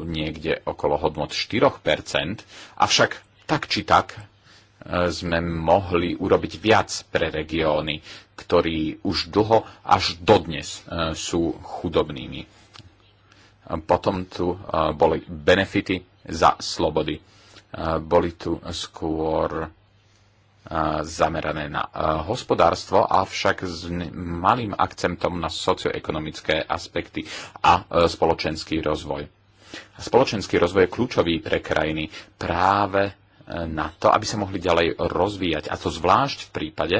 niekde okolo hodnot 4 percent. Avšak tak či tak eh, sme mohli urobiť viac pre regióny, ktorí už dlho až dodnes eh, sú chudobnými. Potom tu boli benefity za slobody. Boli tu skôr zamerané na e, hospodárstvo, avšak s malým akcentom na socioekonomické aspekty a e, spoločenský rozvoj. Spoločenský rozvoj je kľúčový pre krajiny práve e, na to, aby sa mohli ďalej rozvíjať. A to zvlášť v prípade,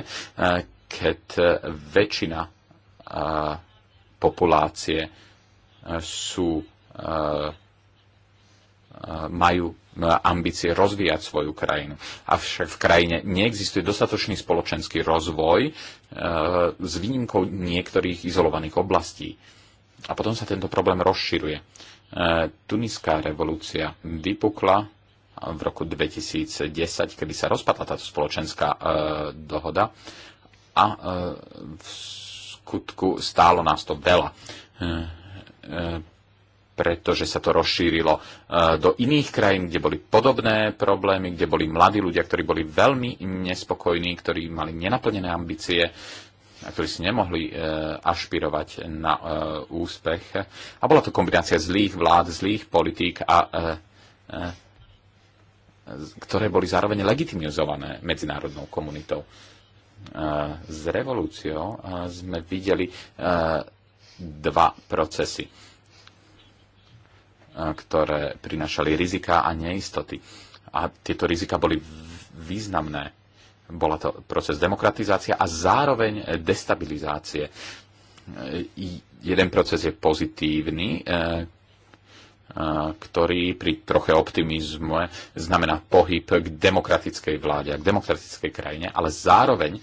keď väčšina populácie sú, majú ambície rozvíjať svoju krajinu. Avšak v krajine neexistuje dostatočný spoločenský rozvoj e, s výnimkou niektorých izolovaných oblastí. A potom sa tento problém rozširuje. E, Tuniská revolúcia vypukla v roku 2010, kedy sa rozpadla táto spoločenská e, dohoda a e, v skutku stálo nás to veľa. e, e pretože sa to rozšírilo e, do iných krajín, kde boli podobné problémy, kde boli mladí ľudia, ktorí boli veľmi nespokojní, ktorí mali nenaplnené ambície a ktorí si nemohli e, ašpirovať na e, úspech. A bola to kombinácia zlých vlád, zlých politík a ktoré boli zároveň legitimizované medzinárodnou komunitou. S revolúciou sme videli dva procesy ktoré prinašali rizika a neistoty. A tieto rizika boli významné. Bola to proces demokratizácia a zároveň destabilizácie. Jeden proces je pozitívny, e, e, ktorý pri troche optimizmu znamená pohyb k demokratickej vláde a k demokratickej krajine, ale zároveň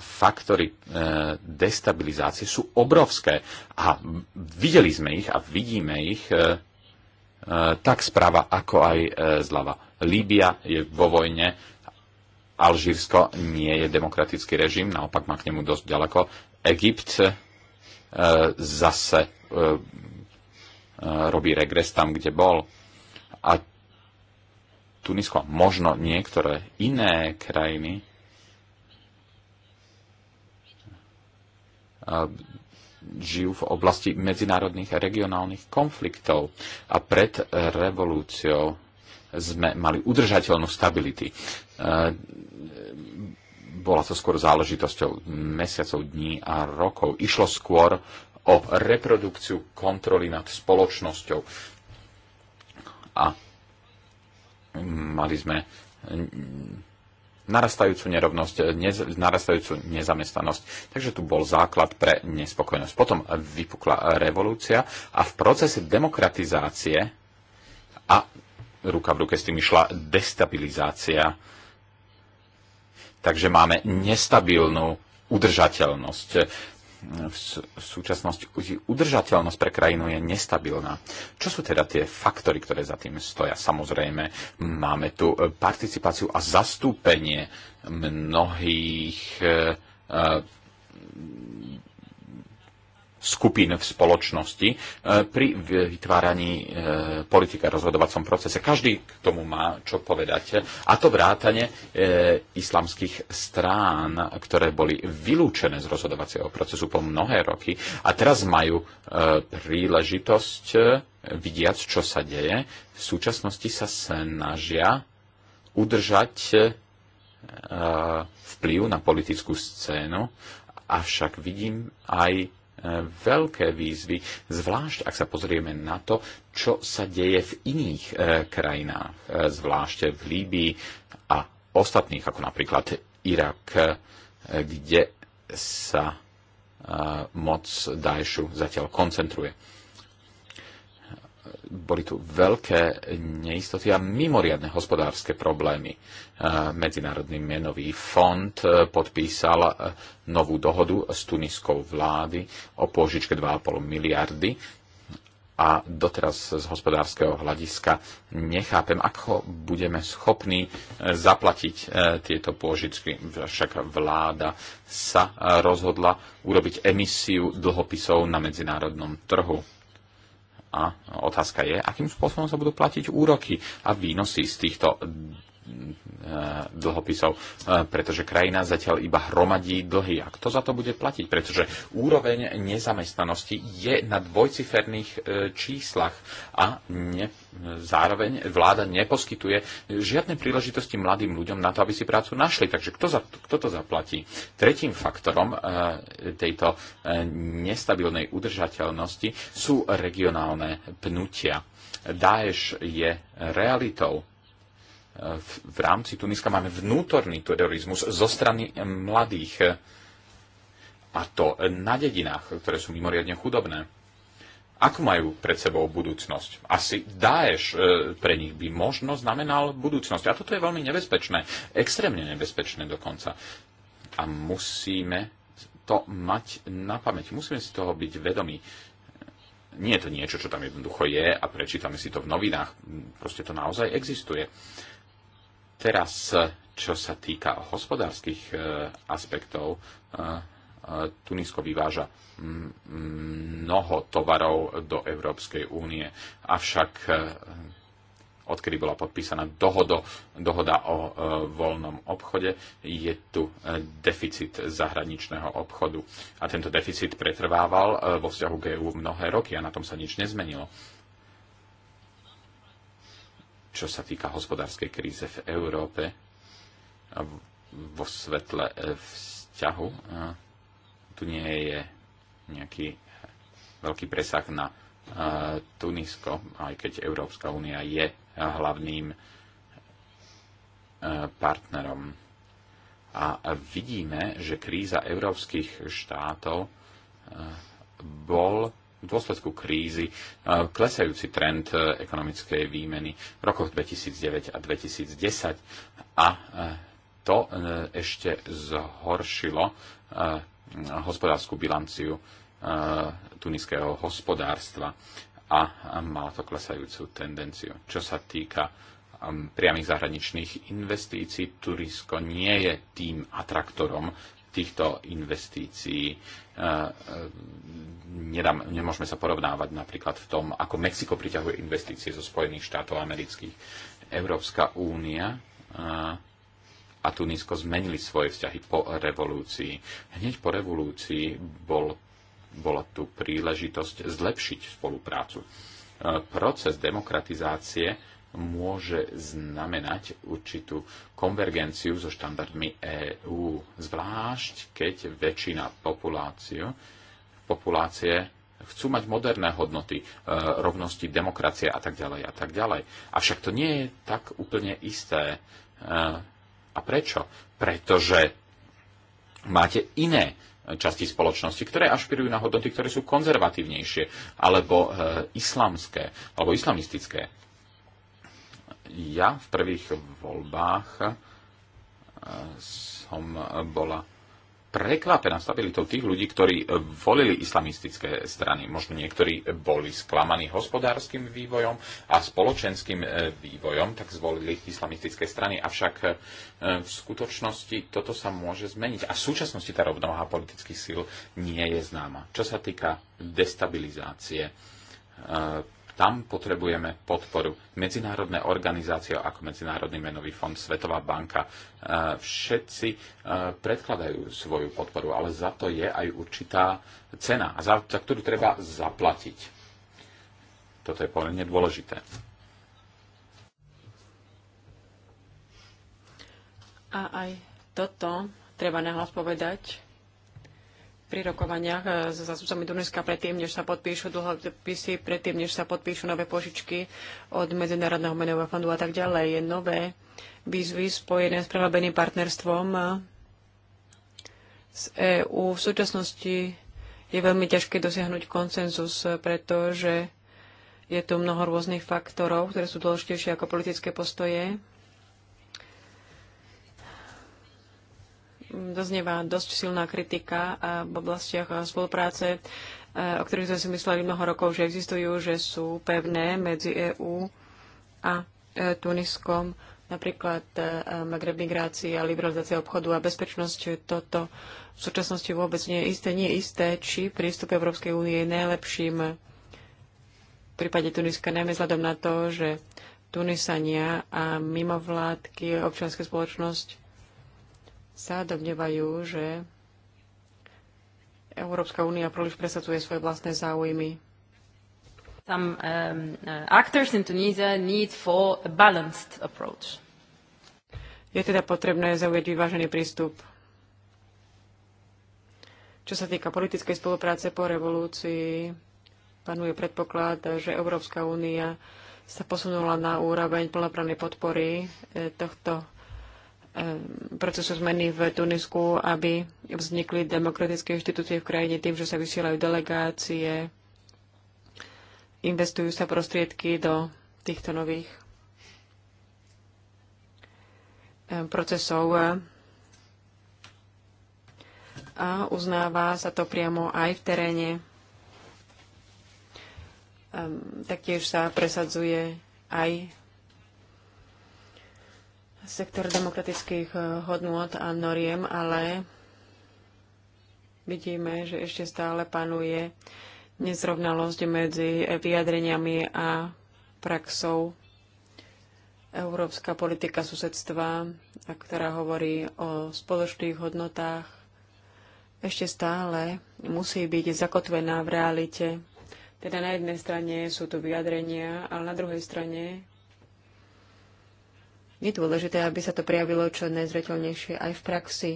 faktory e, destabilizácie sú obrovské a videli sme ich a vidíme ich e, e, tak správa, ako aj zľava. Líbia je vo vojne, Alžírsko nie je demokratický režim, naopak má k nemu dosť ďaleko. Egypt zase robí regres tam, kde bol. A Tunisko, možno niektoré iné krajiny žijú v oblasti medzinárodných a regionálnych konfliktov. A pred revolúciou sme mali udržateľnú stability. E, bola to skôr záležitosťou mesiacov, dní a rokov. Išlo skôr o reprodukciu kontroly nad spoločnosťou. A mali sme narastajúcu nerovnosť, nez, narastajúcu nezamestnanosť. Takže tu bol základ pre nespokojnosť. Potom vypukla revolúcia a v procese demokratizácie a ruka v ruke s tým išla destabilizácia. Takže máme nestabilnú udržateľnosť v súčasnosti udržateľnosť pre krajinu je nestabilná. Čo sú teda tie faktory, ktoré za tým stoja? Samozrejme, máme tu e, participáciu a zastúpenie mnohých e, e, skupín v spoločnosti e, pri vytváraní e, politika rozhodovacom procese. Každý k tomu má čo povedať. A to vrátane e, islamských strán, ktoré boli vylúčené z rozhodovacieho procesu po mnohé roky a teraz majú príležitosť vidiac, čo sa deje. V súčasnosti sa snažia udržať vplyv na politickú scénu, avšak vidím aj veľké výzvy, zvlášť ak sa pozrieme na to, čo sa deje v iných e, krajinách, e, zvlášť v Líbii a ostatných, ako napríklad Irak, e, kde sa moc Daešu zatiaľ koncentruje boli tu veľké neistoty a mimoriadne hospodárske problémy. E, Medzinárodný menový fond e, podpísal e, novú dohodu s tuniskou vlády o pôžičke 2,5 miliardy a doteraz z hospodárskeho hľadiska nechápem, ako budeme schopní zaplatiť tieto pôžičky. Však vláda sa rozhodla urobiť emisiu dlhopisov na medzinárodnom trhu a otázka je, akým spôsobom sa budú platiť úroky a výnosy z týchto Eh, dlhopisov, eh, pretože krajina zatiaľ iba hromadí dlhy. A kto za to bude platiť? Pretože úroveň nezamestnanosti je na dvojciferných eh, číslach a ne, zároveň vláda neposkytuje žiadne príležitosti mladým ľuďom na to, aby si prácu našli. Takže kto, za, kto to zaplatí? Tretím faktorom tejto nestabilnej udržateľnosti sú regionálne pnutia. Daesh je realitou v, v rámci Tuniska máme vnútorný terorizmus zo strany mladých. A to na dedinách, ktoré sú mimoriadne chudobné. Ako majú pred sebou budúcnosť? Asi dáš e, pre nich by možno znamenal budúcnosť. A toto je veľmi nebezpečné. Extrémne nebezpečné dokonca. A musíme to mať na pamäť. Musíme si toho byť vedomí. Nie je to niečo, čo tam jednoducho je a prečítame si to v novinách. Proste to naozaj existuje. Teraz, čo sa týka hospodárskych e, aspektov, e, e, Tunisko vyváža mnoho tovarov do Európskej únie. Avšak odkedy bola podpísaná dohodo, dohoda o e, voľnom obchode, je tu deficit zahraničného obchodu. A tento deficit pretrvával e, vo vzťahu k EU mnohé roky a na tom sa nič nezmenilo čo sa týka hospodárskej kríze v Európe vo svetle e, vzťahu. Tu nie je nejaký veľký presah na e, Tunisko, aj keď Európska únia je hlavným e, partnerom. A vidíme, že kríza európskych štátov bol v dôsledku krízy e, klesajúci trend e, ekonomickej výmeny v rokoch 2009 a 2010 a e, to ešte zhoršilo hospodárskú bilanciu tuniského hospodárstva a malo to klesajúcu tendenciu. Čo sa týka priamých zahraničných investícií, Turisko nie je tým atraktorom týchto investícií. E, e, nedám, nemôžeme sa porovnávať napríklad v tom, ako Mexiko priťahuje investície zo Spojených štátov amerických. Európska únia e, a Tunisko zmenili svoje vzťahy po revolúcii. Hneď po revolúcii bol, bola tu príležitosť zlepšiť spoluprácu. Proces demokratizácie môže znamenať určitú konvergenciu so štandardmi EÚ, zvlášť keď väčšina populácie chcú mať moderné hodnoty, e, rovnosti, demokracie a tak ďalej a tak ďalej. Avšak to nie je tak úplne isté. E, a prečo? Pretože máte iné časti spoločnosti, ktoré ašpirujú na hodnoty, ktoré sú konzervatívnejšie, alebo e, islamské, alebo islamistické ja v prvých voľbách eh, som bola prekvapená stabilitou tých ľudí, ktorí volili islamistické strany. Možno niektorí boli sklamaní hospodárskym vývojom a spoločenským eh, vývojom, tak zvolili islamistické strany. Avšak eh, v skutočnosti toto sa môže zmeniť. A v súčasnosti tá rovnováha politických síl nie je známa. Čo sa týka destabilizácie tam potrebujeme podporu. Medzinárodné organizácie ako Medzinárodný menový fond, Svetová banka, e, všetci e, predkladajú svoju podporu, ale za to je aj určitá cena, za, za ktorú treba zaplatiť. Toto je pomerne dôležité. A aj toto treba nahlas povedať pri rokovaniach e, s zástupcami Dunajska predtým, než sa podpíšu dlhopisy, predtým, než sa podpíšu nové požičky od Medzinárodného menového fondu a tak ďalej. Je nové výzvy spojené s prehlbeným partnerstvom z e, EÚ. V súčasnosti je veľmi ťažké dosiahnuť konsenzus, pretože je tu mnoho rôznych faktorov, ktoré sú dôležitejšie ako politické postoje. doznieva dosť silná kritika v oblastiach spolupráce, e, o ktorých sme si mysleli mnoho rokov, že existujú, že sú pevné medzi EÚ a e, Tuniskom. Napríklad e, Magreb migrácia, liberalizácia obchodu a bezpečnosť. Toto v súčasnosti vôbec nie je isté. Nie je isté, či prístup Európskej únie je najlepším v prípade Tuniska, najmä vzhľadom na to, že Tunisania a mimovládky, občianská spoločnosť sa domnievajú, že Európska únia príliš presadzuje svoje vlastné záujmy. Some um, uh, actors in Tunisia need for a balanced approach. Je teda potrebné zaujať vyvážený prístup. Čo sa týka politickej spolupráce po revolúcii, panuje predpoklad, že Európska únia sa posunula na úroveň plnoprávnej podpory eh, tohto Eh, procesu zmeny v Tunisku, aby vznikli demokratické inštitúcie v krajine tým, že sa vysielajú delegácie, investujú sa prostriedky do týchto nových eh, procesov a uznáva sa to priamo aj v teréne. Ehm, taktiež sa presadzuje aj sektor demokratických eh, hodnôt a noriem, ale vidíme, že ešte stále panuje nezrovnalosť medzi vyjadreniami a praxou. Európska politika susedstva, ktorá hovorí o spoločných hodnotách, ešte stále musí byť zakotvená v realite. Teda na jednej strane sú tu vyjadrenia, ale na druhej strane je dôležité, aby sa to prijavilo čo najzreteľnejšie aj v praxi.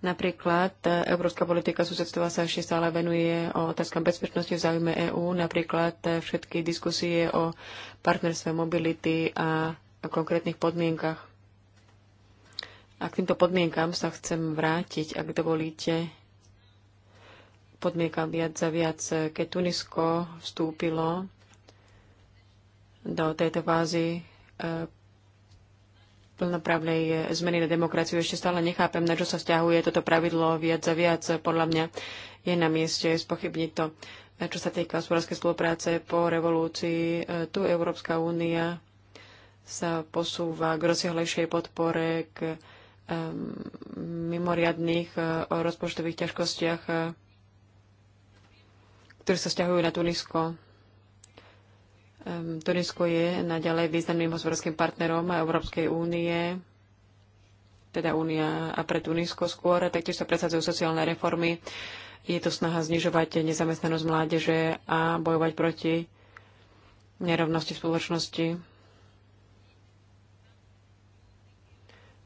Napríklad e, európska politika susedstva sa ešte stále venuje o otázkam bezpečnosti v záujme EÚ, napríklad e, všetky diskusie o partnerstve mobility a o konkrétnych podmienkach. A k týmto podmienkam sa chcem vrátiť, ak dovolíte podmienkam viac za viac. Keď Tunisko vstúpilo do tejto fázy e, plnoprávnej zmeny na demokraciu. Ešte stále nechápem, na čo sa vzťahuje toto pravidlo viac za viac. Podľa mňa je na mieste spochybniť to, čo sa týka hospodárskej spolupráce po revolúcii. E, tu Európska únia sa posúva k rozsiahlejšej podpore, k mimoriadných e, rozpočtových ťažkostiach ktoré sa vzťahujú na Tunisko. Tunisko je naďalej významným hospodárským partnerom Európskej únie, teda únia a pre Tunisko skôr. Taktiež sa presadzujú sociálne reformy. Je to snaha znižovať nezamestnanosť mládeže a bojovať proti nerovnosti v spoločnosti.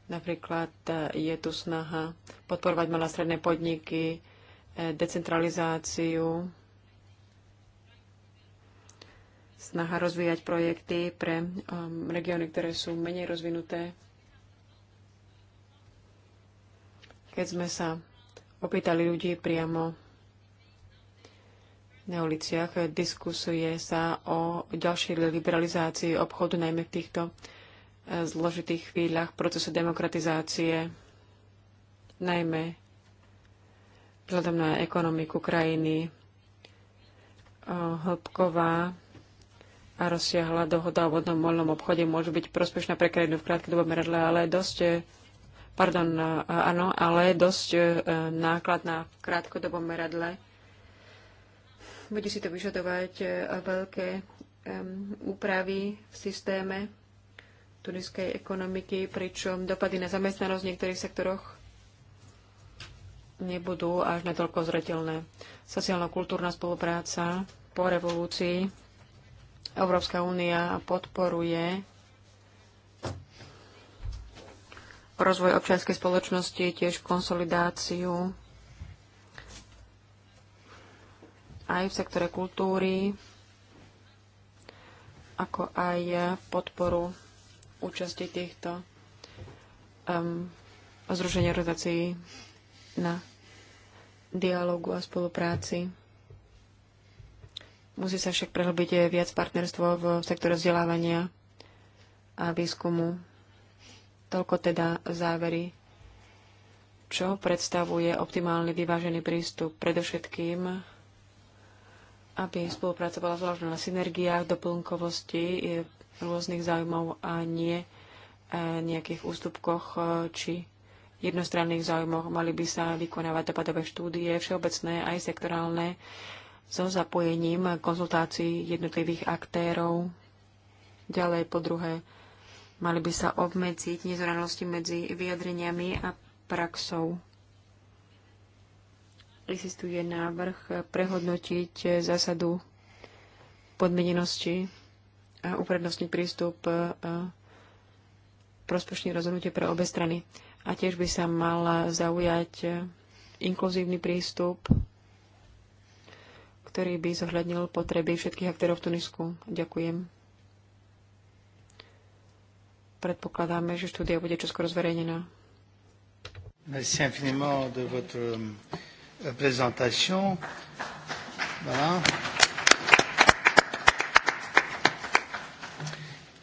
Napríklad e, je tu snaha podporovať malé stredné podniky, e, decentralizáciu snaha rozvíjať projekty pre um, regióny, ktoré sú menej rozvinuté. Keď sme sa opýtali ľudí priamo na uliciach, diskusuje sa o ďalšej liberalizácii obchodu, najmä v týchto eh, zložitých chvíľach procesu demokratizácie, najmä vzhľadom na ekonomiku krajiny. Eh, hĺbková a rozsiahla dohoda o vodnom voľnom obchode môže byť prospešná pre krajinu v krátkodobom meradle, ale dosť, e, pardon, e, áno, ale dosť e, nákladná v krátkodobom meradle. Bude si to vyžadovať veľké úpravy v systéme tuniskej ekonomiky, pričom dopady na zamestnanosť v niektorých sektoroch nebudú až natoľko zretelné. Sociálno-kultúrna spolupráca po revolúcii Európska únia podporuje rozvoj občianskej spoločnosti, tiež konsolidáciu aj v sektore kultúry, ako aj podporu účasti týchto um, zruženia organizácií na dialogu a spolupráci. Musí sa však prehlbiť viac partnerstvo v sektore vzdelávania a výskumu. Toľko teda závery, čo predstavuje optimálny vyvážený prístup predovšetkým, aby spolupracovala zvlášť na synergiách, doplnkovosti e, rôznych záujmov a nie e, nejakých ústupkoch e, či jednostranných záujmoch. Mali by sa vykonávať dopadové štúdie, všeobecné aj sektorálne, so zapojením konzultácií jednotlivých aktérov. Ďalej po druhé, mali by sa obmedziť nezranosti medzi vyjadreniami a praxou. Existuje návrh prehodnotiť zásadu podmenenosti a uprednostniť prístup e, prospešný rozhodnutie pre obe strany. A tiež by sa mal zaujať inkluzívny prístup ktorý by zohľadnil potreby všetkých aktérov v Tunisku. Ďakujem. Predpokladáme, že štúdia bude čoskoro zverejnená. Merci infiniment de votre euh, présentation. Voilà.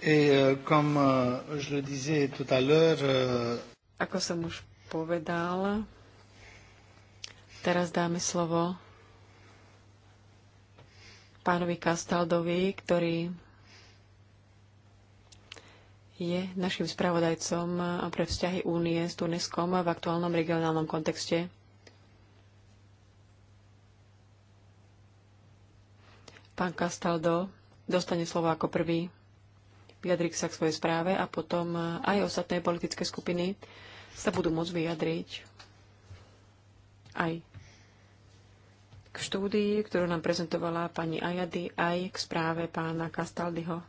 Et euh, comme euh, je le disais tout à l'heure, ako som už povedal, teraz dáme slovo pánovi Kastaldovi, ktorý je našim spravodajcom pre vzťahy únie s Tuneskom v aktuálnom regionálnom kontexte. Pán Castaldo dostane slovo ako prvý, vyjadri sa k svojej správe a potom aj ostatné politické skupiny sa budú môcť vyjadriť aj k štúdii, ktorú nám prezentovala pani Ajady, aj k správe pána Castaldiho.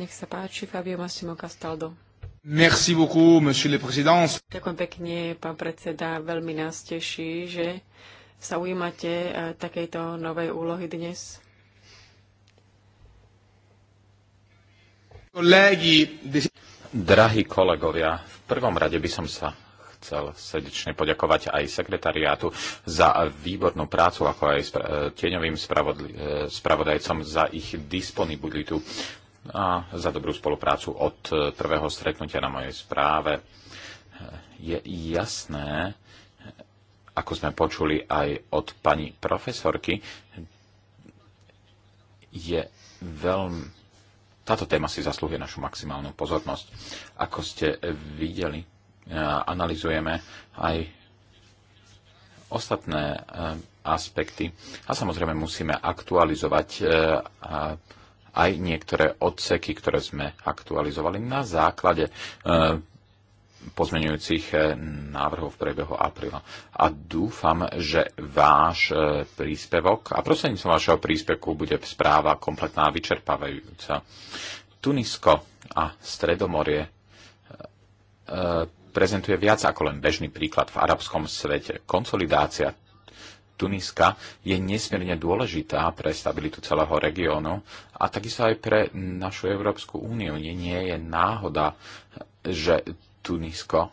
Nech sa páči, Fabio Massimo Castaldo. Merci beaucoup, monsieur le président. Ďakujem pekne, pán predseda. Veľmi nás teší, že sa ujímate eh, takejto novej úlohy dnes. Drahí kolegovia, v prvom rade by som sa chcel srdečne poďakovať aj sekretariátu za výbornú prácu, ako aj e, tieňovým e, spravodajcom za ich disponibilitu a za dobrú spoluprácu od e, prvého stretnutia na mojej správe. Je jasné, ako sme počuli aj od pani profesorky, je veľmi... Táto téma si zaslúhuje našu maximálnu pozornosť. Ako ste videli, analizujeme aj ostatné e, aspekty. A samozrejme musíme aktualizovať e, aj niektoré odseky, ktoré sme aktualizovali na základe e, pozmenujúcich návrhov v priebehu apríla. A dúfam, že váš príspevok a prostredníctvom vašeho príspevku bude správa kompletná a vyčerpávajúca. Tunisko a Stredomorie prezentuje viac ako len bežný príklad v arabskom svete. Konsolidácia Tuniska je nesmierne dôležitá pre stabilitu celého regiónu a takisto aj pre našu Európsku úniu. Nie, nie je náhoda, že Tunisko eh,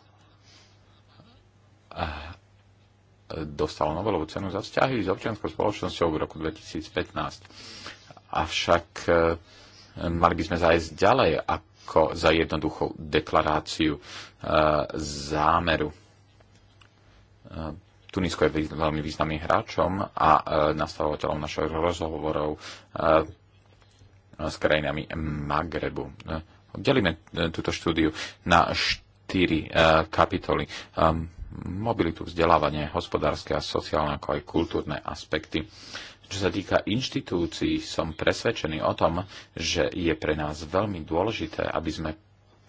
dostalo Nobelovú cenu za vzťahy s občianskou spoločnosťou v roku 2015. Avšak eh, mali by sme zájsť ďalej a ako za jednoduchú deklaráciu e, zámeru. E, Tunisko je veľmi významným hráčom a e, nastavovateľom našich rozhovorov s krajinami Magrebu. Delíme túto štúdiu na štyri kapitoly. Mobilitu, vzdelávanie, hospodárske a sociálne, ako aj kultúrne aspekty. Čo sa týka inštitúcií, som presvedčený o tom, že je pre nás veľmi dôležité, aby sme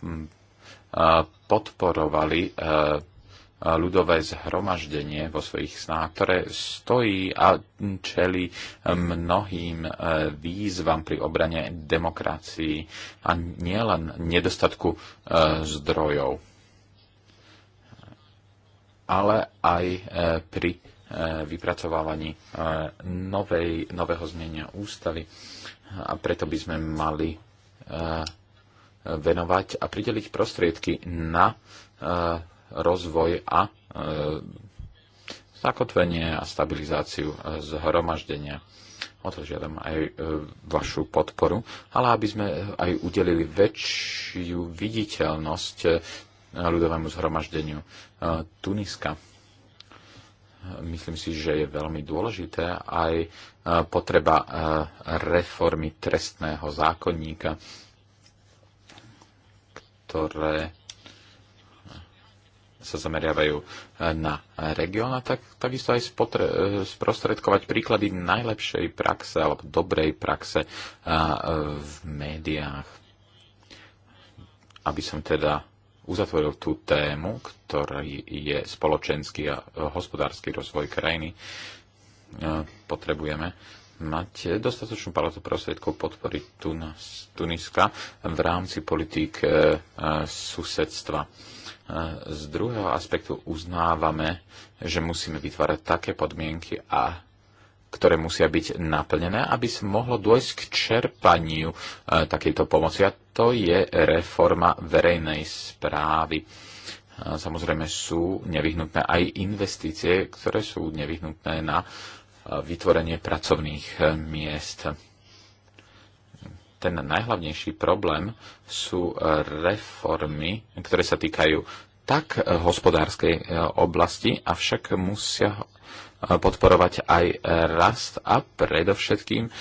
mm, podporovali e, ľudové zhromaždenie vo svojich snách, ktoré stojí a čeli mnohým e, výzvam pri obrane demokracii a nielen nedostatku e, zdrojov, ale aj pri Eh, vypracovávaní eh, novej, nového znenia ústavy a preto by sme mali eh, venovať a prideliť prostriedky na rozvoj a zakotvenie a stabilizáciu zhromaždenia. O to žiadam aj vašu podporu, ale aby sme aj udelili väčšiu viditeľnosť ľudovému zhromaždeniu Tuniska myslím si, že je veľmi dôležité aj e, potreba e, reformy trestného zákonníka, ktoré sa zameriavajú e, na región a tak, takisto aj spotre, sprostredkovať príklady najlepšej praxe alebo dobrej praxe v médiách. Aby som teda uzatvoril tú tému, ktorý je spoločenský a hospodársky rozvoj krajiny, potrebujeme mať dostatočnú paletu prostriedkov podpory Tuniska v rámci politík e, e, susedstva. E, z druhého aspektu uznávame, že musíme vytvárať také podmienky a ktoré musia byť naplnené, aby mohlo dôjsť k čerpaniu e, takejto pomoci. A to je reforma verejnej správy. E, samozrejme sú nevyhnutné aj investície, ktoré sú nevyhnutné na e, vytvorenie pracovných e, miest. Ten najhlavnejší problém sú reformy, ktoré sa týkajú tak hospodárskej oblasti, avšak musia podporovať aj rast a predovšetkým eh,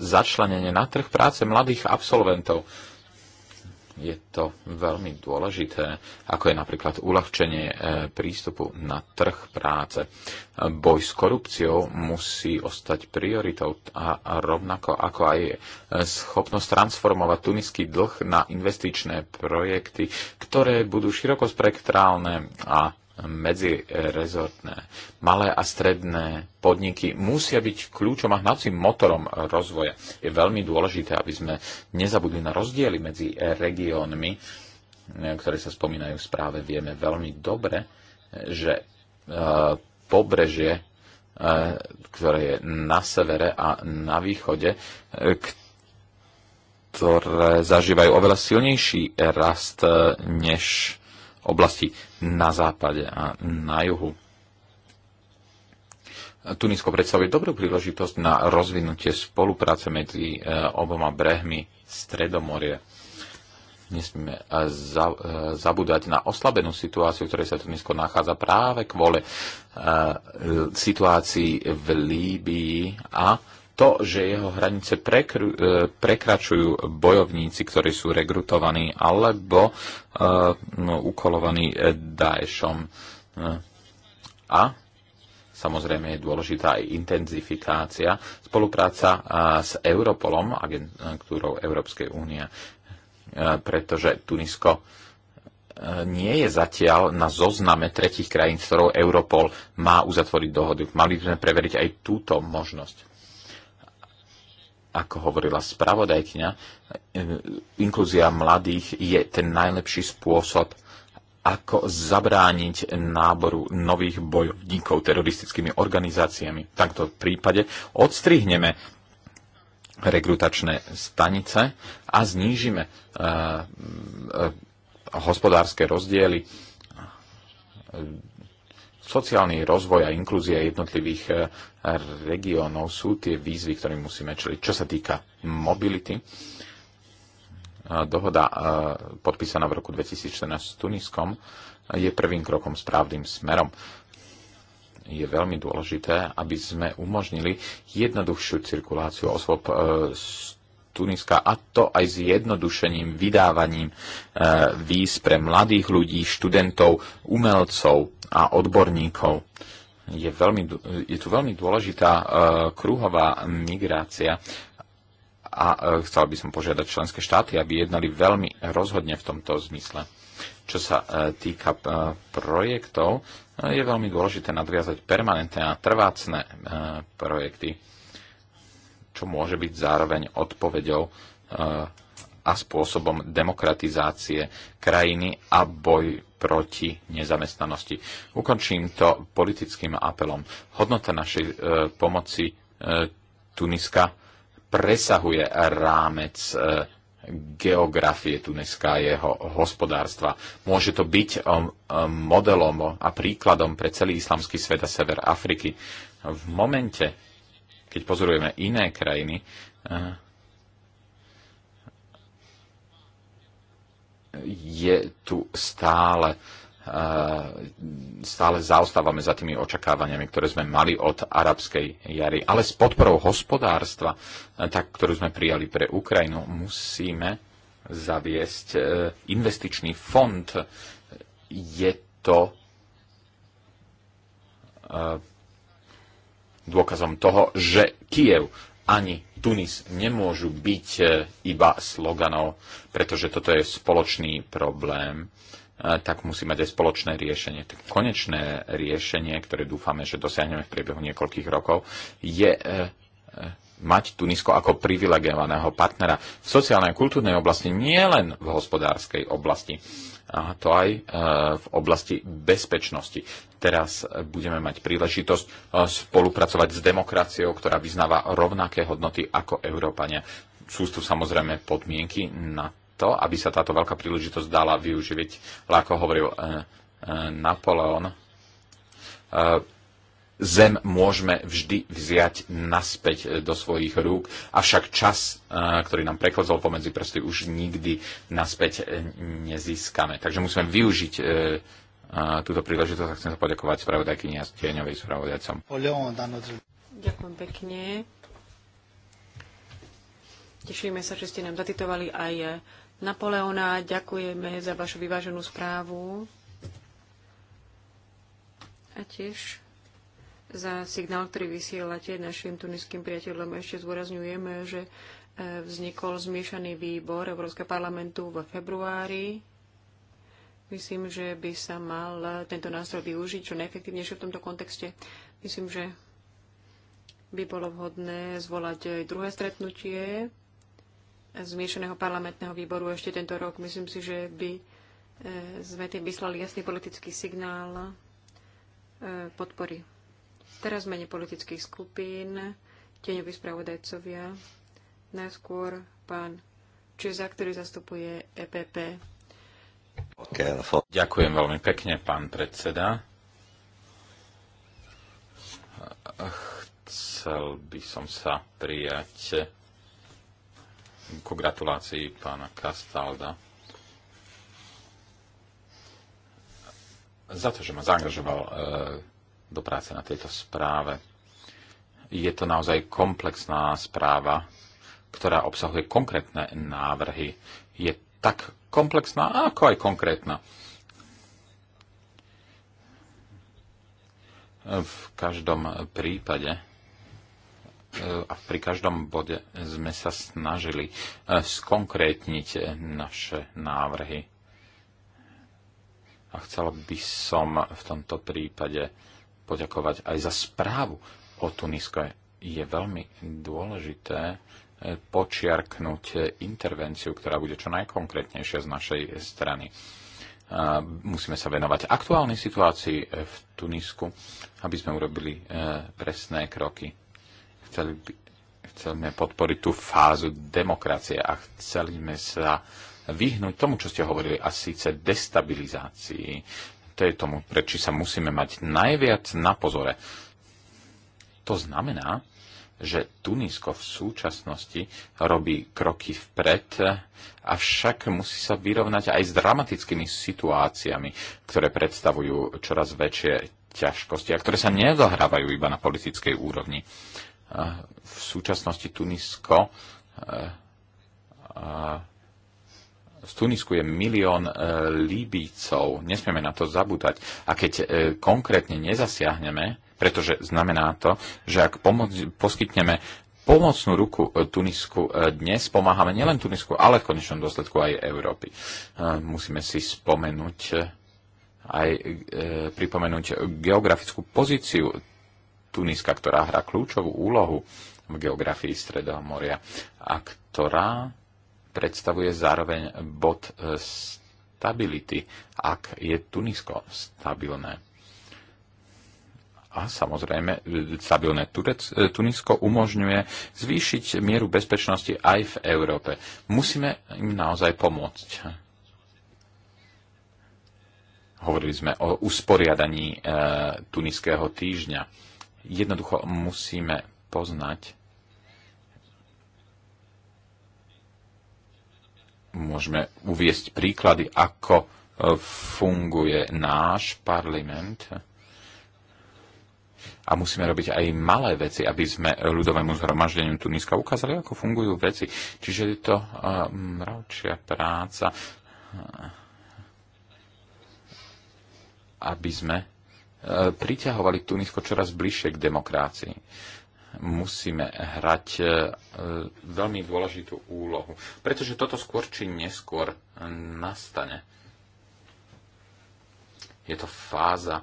začlenenie na trh práce mladých absolventov. Je to veľmi dôležité, ako je napríklad uľahčenie eh, prístupu na trh práce. Boj s korupciou musí ostať prioritou a rovnako ako aj eh, schopnosť transformovať tuniský dlh na investičné projekty, ktoré budú širokospektrálne a medzirezortné. Malé a stredné podniky musia byť kľúčom a hnacím motorom rozvoja. Je veľmi dôležité, aby sme nezabudli na rozdiely medzi regiónmi, ktoré sa spomínajú v správe. Vieme veľmi dobre, že e, pobrežie, e, ktoré je na severe a na východe, e, ktoré zažívajú oveľa silnejší rast než oblasti na západe a na juhu. Tunisko predstavuje dobrú príležitosť na rozvinutie spolupráce medzi e, oboma brehmi Stredomorie. Nesmíme e, e, zabúdať na oslabenú situáciu, ktorej sa Tunisko nachádza práve kvôli situácii v Líbii a to, že jeho hranice prekru, e, prekračujú bojovníci, ktorí sú rekrutovaní alebo uh, ukolovaní e, Daešom. A samozrejme je dôležitá aj intenzifikácia, spolupráca s Europolom, agentúrou Európskej únie, pretože Tunisko nie je zatiaľ na zozname tretich krajín, s ktorou Europol má uzatvoriť dohody. Mali by sme preveriť aj túto možnosť ako hovorila spravodajkňa, e, inklúzia mladých je ten najlepší spôsob, ako zabrániť náboru nových bojovníkov teroristickými organizáciami. V takto prípade odstrihneme rekrutačné stanice a znížime uh, uh, hospodárske rozdiely Sociálny rozvoj a inklúzia jednotlivých eh, regiónov sú tie výzvy, ktorým musíme čeliť. Čo sa týka mobility, eh, dohoda eh, podpísaná v roku 2014 s Tuniskom je prvým krokom správnym smerom. Je veľmi dôležité, aby sme umožnili jednoduchšiu cirkuláciu osôb z Tuniska a to aj s jednodušením vydávaním e, víz pre mladých ľudí, študentov, umelcov a odborníkov. Je, veľmi, je tu veľmi dôležitá e, kruhová migrácia a e, chcel by som požiadať členské štáty, aby jednali veľmi rozhodne v tomto zmysle. Čo sa týka projektov, je veľmi dôležité nadviazať permanentné a trvácne projekty čo môže byť zároveň odpoveďou eh, a spôsobom demokratizácie krajiny a boj proti nezamestnanosti. Ukončím to politickým apelom. Hodnota našej e, pomoci e, Tuniska presahuje rámec e, geografie Tuniska a jeho hospodárstva. Môže to byť modelom a príkladom pre celý islamský svet a sever Afriky. V momente, keď pozorujeme iné krajiny, eh, je tu stále eh, stále zaostávame za tými očakávaniami, ktoré sme mali od arabskej jary. Ale s podporou hospodárstva, eh, tak, ktorú sme prijali pre Ukrajinu, musíme zaviesť investičný fond. Je to dôkazom toho, že Kiev ani Tunis nemôžu byť e, iba sloganov, pretože toto je spoločný problém, e, tak musí mať aj spoločné riešenie. Tak konečné riešenie, ktoré dúfame, že dosiahneme v priebehu niekoľkých rokov, je e, mať Tunisko ako privilegovaného partnera v sociálnej a kultúrnej oblasti, nielen v hospodárskej oblasti. A to aj e, v oblasti bezpečnosti. Teraz budeme mať príležitosť e, spolupracovať s demokraciou, ktorá vyznáva rovnaké hodnoty ako Európania. Sú tu samozrejme podmienky na to, aby sa táto veľká príležitosť dala využiť. ako hovoril e, Napoleon, Zem môžeme vždy vziať naspäť do svojich rúk, avšak čas, eh, ktorý nám prechádzal pomedzi prsty, už nikdy naspäť eh, nezískame. Takže musíme využiť eh, túto príležitosť a chcem sa poďakovať spravodajkyni a tieňovej spravodajcom. Ďakujem pekne. Tešíme sa, že ste nám zatitovali aj Napoleona. Ďakujeme za vašu vyváženú správu. A tiež za signál, ktorý vysielate našim tuniským priateľom. Ešte zdôrazňujeme, že e, vznikol zmiešaný výbor Európskeho parlamentu v februári. Myslím, že by sa mal e, tento nástroj využiť čo najefektívnejšie v tomto kontexte. Myslím, že by bolo vhodné zvolať aj druhé stretnutie zmiešaného parlamentného výboru ešte tento rok. Myslím si, že by e, sme tým vyslali jasný politický signál podpory Teraz mene politických skupín, tieňoví spravodajcovia, najskôr pán Čeza, ktorý zastupuje EPP. Ďakujem veľmi pekne, pán predseda. Chcel by som sa prijať ku gratulácii pána Kastalda za to, že ma zaangažoval eh, do práce na tejto správe. Je to naozaj komplexná správa, ktorá obsahuje konkrétne návrhy. Je tak komplexná, ako aj konkrétna. V každom prípade a pri každom bode sme sa snažili e, skonkrétniť naše návrhy. A chcel by som v tomto prípade poďakovať aj za správu o Tunisko. Je veľmi dôležité eh, počiarknúť eh, intervenciu, ktorá bude čo najkonkrétnejšia z našej eh, strany. Musíme sa venovať aktuálnej situácii v Tunisku, aby sme urobili presné kroky. Chceli by, chceme podporiť tú fázu demokracie a chceli sme sa vyhnúť tomu, čo ste hovorili, a síce destabilizácii to je tomu, prečo sa musíme mať najviac na pozore. To znamená, že Tunisko v súčasnosti robí kroky vpred, avšak musí sa vyrovnať aj s dramatickými situáciami, ktoré predstavujú čoraz väčšie ťažkosti a ktoré sa nedohrávajú iba na politickej úrovni. Eh, v súčasnosti Tunisko eh, eh, v Tunisku je milión e, Líbícov, nesmieme na to zabúdať. A keď e, konkrétne nezasiahneme, pretože znamená to, že ak pomoc, poskytneme pomocnú ruku e, Tunisku e, dnes, pomáhame nielen Tunisku, ale v konečnom dôsledku aj Európy. E, musíme si spomenúť aj pripomenúť geografickú pozíciu Tuniska, ktorá hrá kľúčovú úlohu v geografii Stredomoria a ktorá predstavuje zároveň bod e, stability, ak je Tunisko stabilné. A samozrejme, e, stabilné Turec, e, Tunisko umožňuje zvýšiť mieru bezpečnosti aj v Európe. Musíme im naozaj pomôcť. Hovorili sme o usporiadaní e, tuniského týždňa. Jednoducho musíme poznať môžeme uviesť príklady, ako e, funguje náš parlament. A musíme robiť aj malé veci, aby sme ľudovému zhromaždeniu Tuniska ukázali, ako fungujú veci. Čiže je to uh, mravčia práca, e, aby sme priťahovali Tunisko čoraz bližšie k demokrácii musíme hrať e, veľmi dôležitú úlohu, pretože toto skôr či neskôr nastane. Je to fáza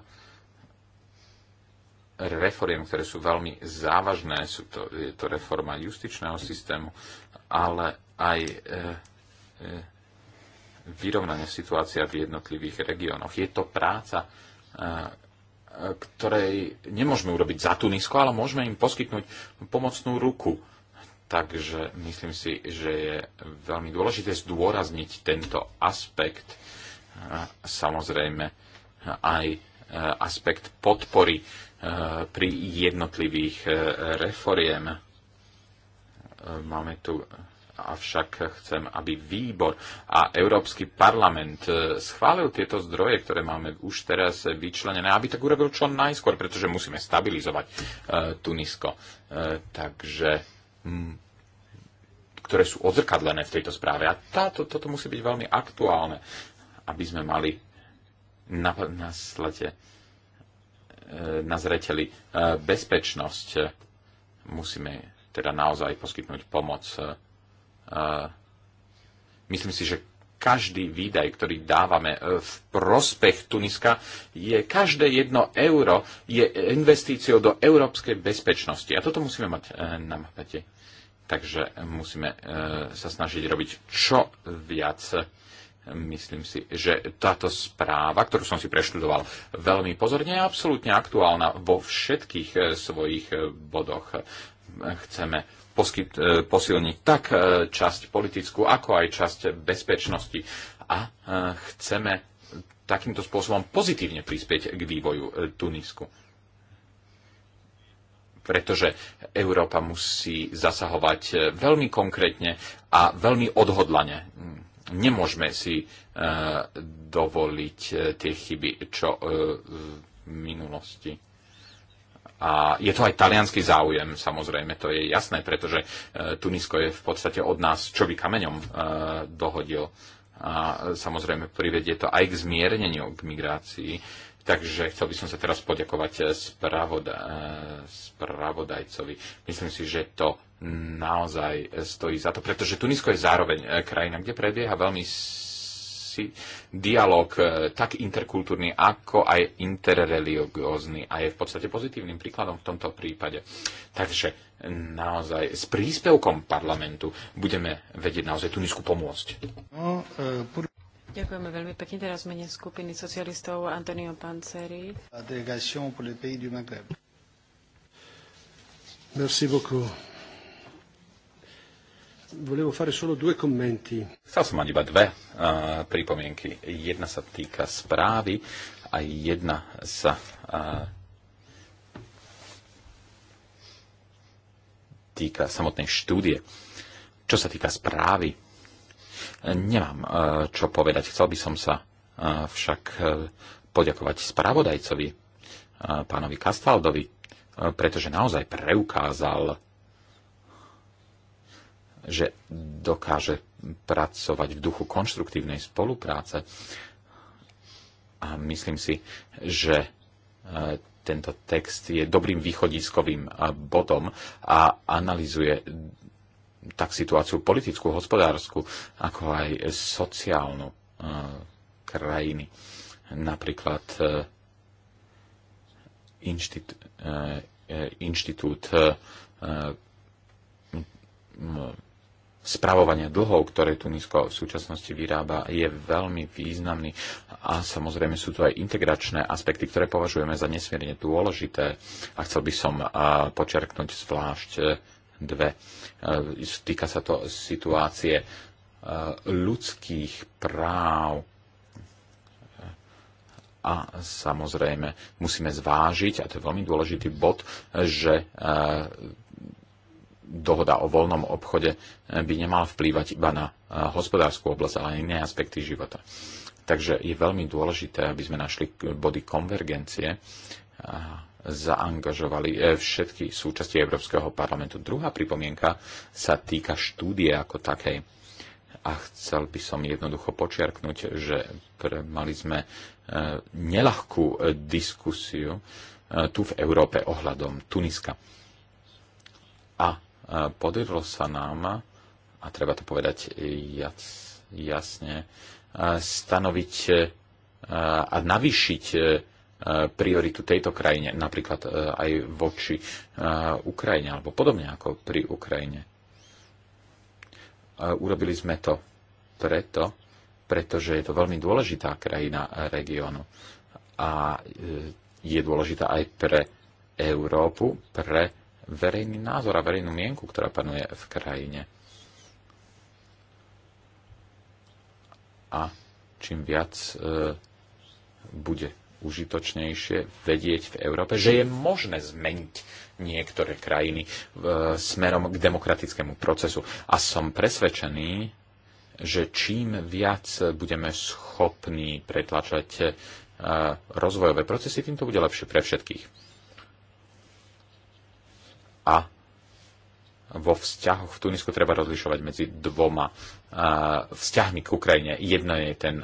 reforiem, ktoré sú veľmi závažné. Sú to, je to reforma justičného systému, ale aj e, e, vyrovnanie situácia v jednotlivých regiónoch. Je to práca e, ktorej nemôžeme urobiť za Tunisko, ale môžeme im poskytnúť pomocnú ruku. Takže myslím si, že je veľmi dôležité zdôrazniť tento aspekt, samozrejme aj e, aspekt podpory e, pri jednotlivých e, reforiem. Máme tu Avšak chcem, aby výbor a Európsky parlament e, schválil tieto zdroje, ktoré máme už teraz vyčlenené, aby tak urobil čo najskôr, pretože musíme stabilizovať uh, Tunisko. Uh, takže m, hm, ktoré sú odzrkadlené v tejto správe. A táto, toto musí byť veľmi aktuálne, aby sme mali na, na slete na zreteli bezpečnosť. Musíme teda naozaj poskytnúť pomoc myslím si, že každý výdaj, ktorý dávame e, v prospech Tuniska, je každé jedno euro je investíciou do európskej bezpečnosti. A toto musíme mať e, na mapete. Takže musíme e, sa snažiť robiť čo viac. Myslím si, že táto správa, ktorú som si preštudoval veľmi pozorne, je absolútne aktuálna vo všetkých svojich bodoch. Chceme poskyt, e, posilniť tak e, časť politickú, ako aj časť bezpečnosti. A e, chceme takýmto spôsobom pozitívne prispieť k vývoju Tunisku. Pretože Európa musí zasahovať veľmi konkrétne a veľmi odhodlane. Nemôžeme si dovoliť tie chyby, čo v minulosti a je to aj talianský záujem, samozrejme, to je jasné, pretože e, Tunisko je v podstate od nás čo by kameňom e, dohodil. A samozrejme privedie to aj k zmierneniu, k migrácii. Takže chcel by som sa teraz poďakovať e, spravoda- spravodajcovi. Myslím si, že to naozaj stojí za to, pretože Tunisko je zároveň krajina, kde prebieha veľmi si dialog e, tak interkultúrny, ako aj interreligiózny a je v podstate pozitívnym príkladom v tomto prípade. Takže naozaj s príspevkom parlamentu budeme vedieť naozaj Tunisku pomôcť. No, e, Ďakujeme veľmi pekne. Teraz mene skupiny socialistov Antonio Panceri. Merci beaucoup. Volevo fare solo due commenti. Chcel som mať iba dve uh, pripomienky. Jedna sa týka správy a jedna sa uh, týka samotnej štúdie. Čo sa týka správy, nemám uh, čo povedať. Chcel by som sa uh, však uh, poďakovať spravodajcovi, uh, pánovi Kastaldovi, uh, pretože naozaj preukázal že dokáže pracovať v duchu konštruktívnej spolupráce. A myslím si, že e, tento text je dobrým východiskovým e, bodom a analizuje tak situáciu politickú, hospodárskú, ako aj sociálnu e, krajiny. Napríklad inštitú, inštitút spravovania dlhov, ktoré Tunisko v súčasnosti vyrába, je veľmi významný a samozrejme sú tu aj integračné aspekty, ktoré považujeme za nesmierne dôležité a chcel by som počerknúť zvlášť e, dve. E, týka sa to situácie e, ľudských práv a samozrejme musíme zvážiť, a to je veľmi dôležitý bod, že dohoda o voľnom obchode eh, by nemala vplývať iba na eh, hospodárskú oblasť, ale aj iné aspekty života. Takže je veľmi dôležité, aby sme našli body konvergencie a eh, zaangažovali všetky súčasti Európskeho parlamentu. Druhá pripomienka sa týka štúdie ako takej. A chcel by som jednoducho počiarknúť, že mali sme nelahkú diskusiu tu v Európe ohľadom Tuniska. A Podarilo sa nám, a treba to povedať jasne, e, stanoviť e, a navýšiť e, prioritu tejto krajine, napríklad aj voči Ukrajine, alebo podobne ako pri Ukrajine. Urobili sme to preto, pretože je to veľmi dôležitá krajina regiónu a je dôležitá aj pre Európu, pre verejný názor a verejnú mienku, ktorá panuje v krajine. A čím viac e, bude užitočnejšie vedieť v Európe, že je možné zmeniť niektoré krajiny e, smerom k demokratickému procesu. A som presvedčený, že čím viac budeme schopní pretlačať e, rozvojové procesy, tým to bude lepšie pre všetkých a vo vzťahoch v Tunisku treba rozlišovať medzi dvoma vzťahmi k Ukrajine. Jedno je ten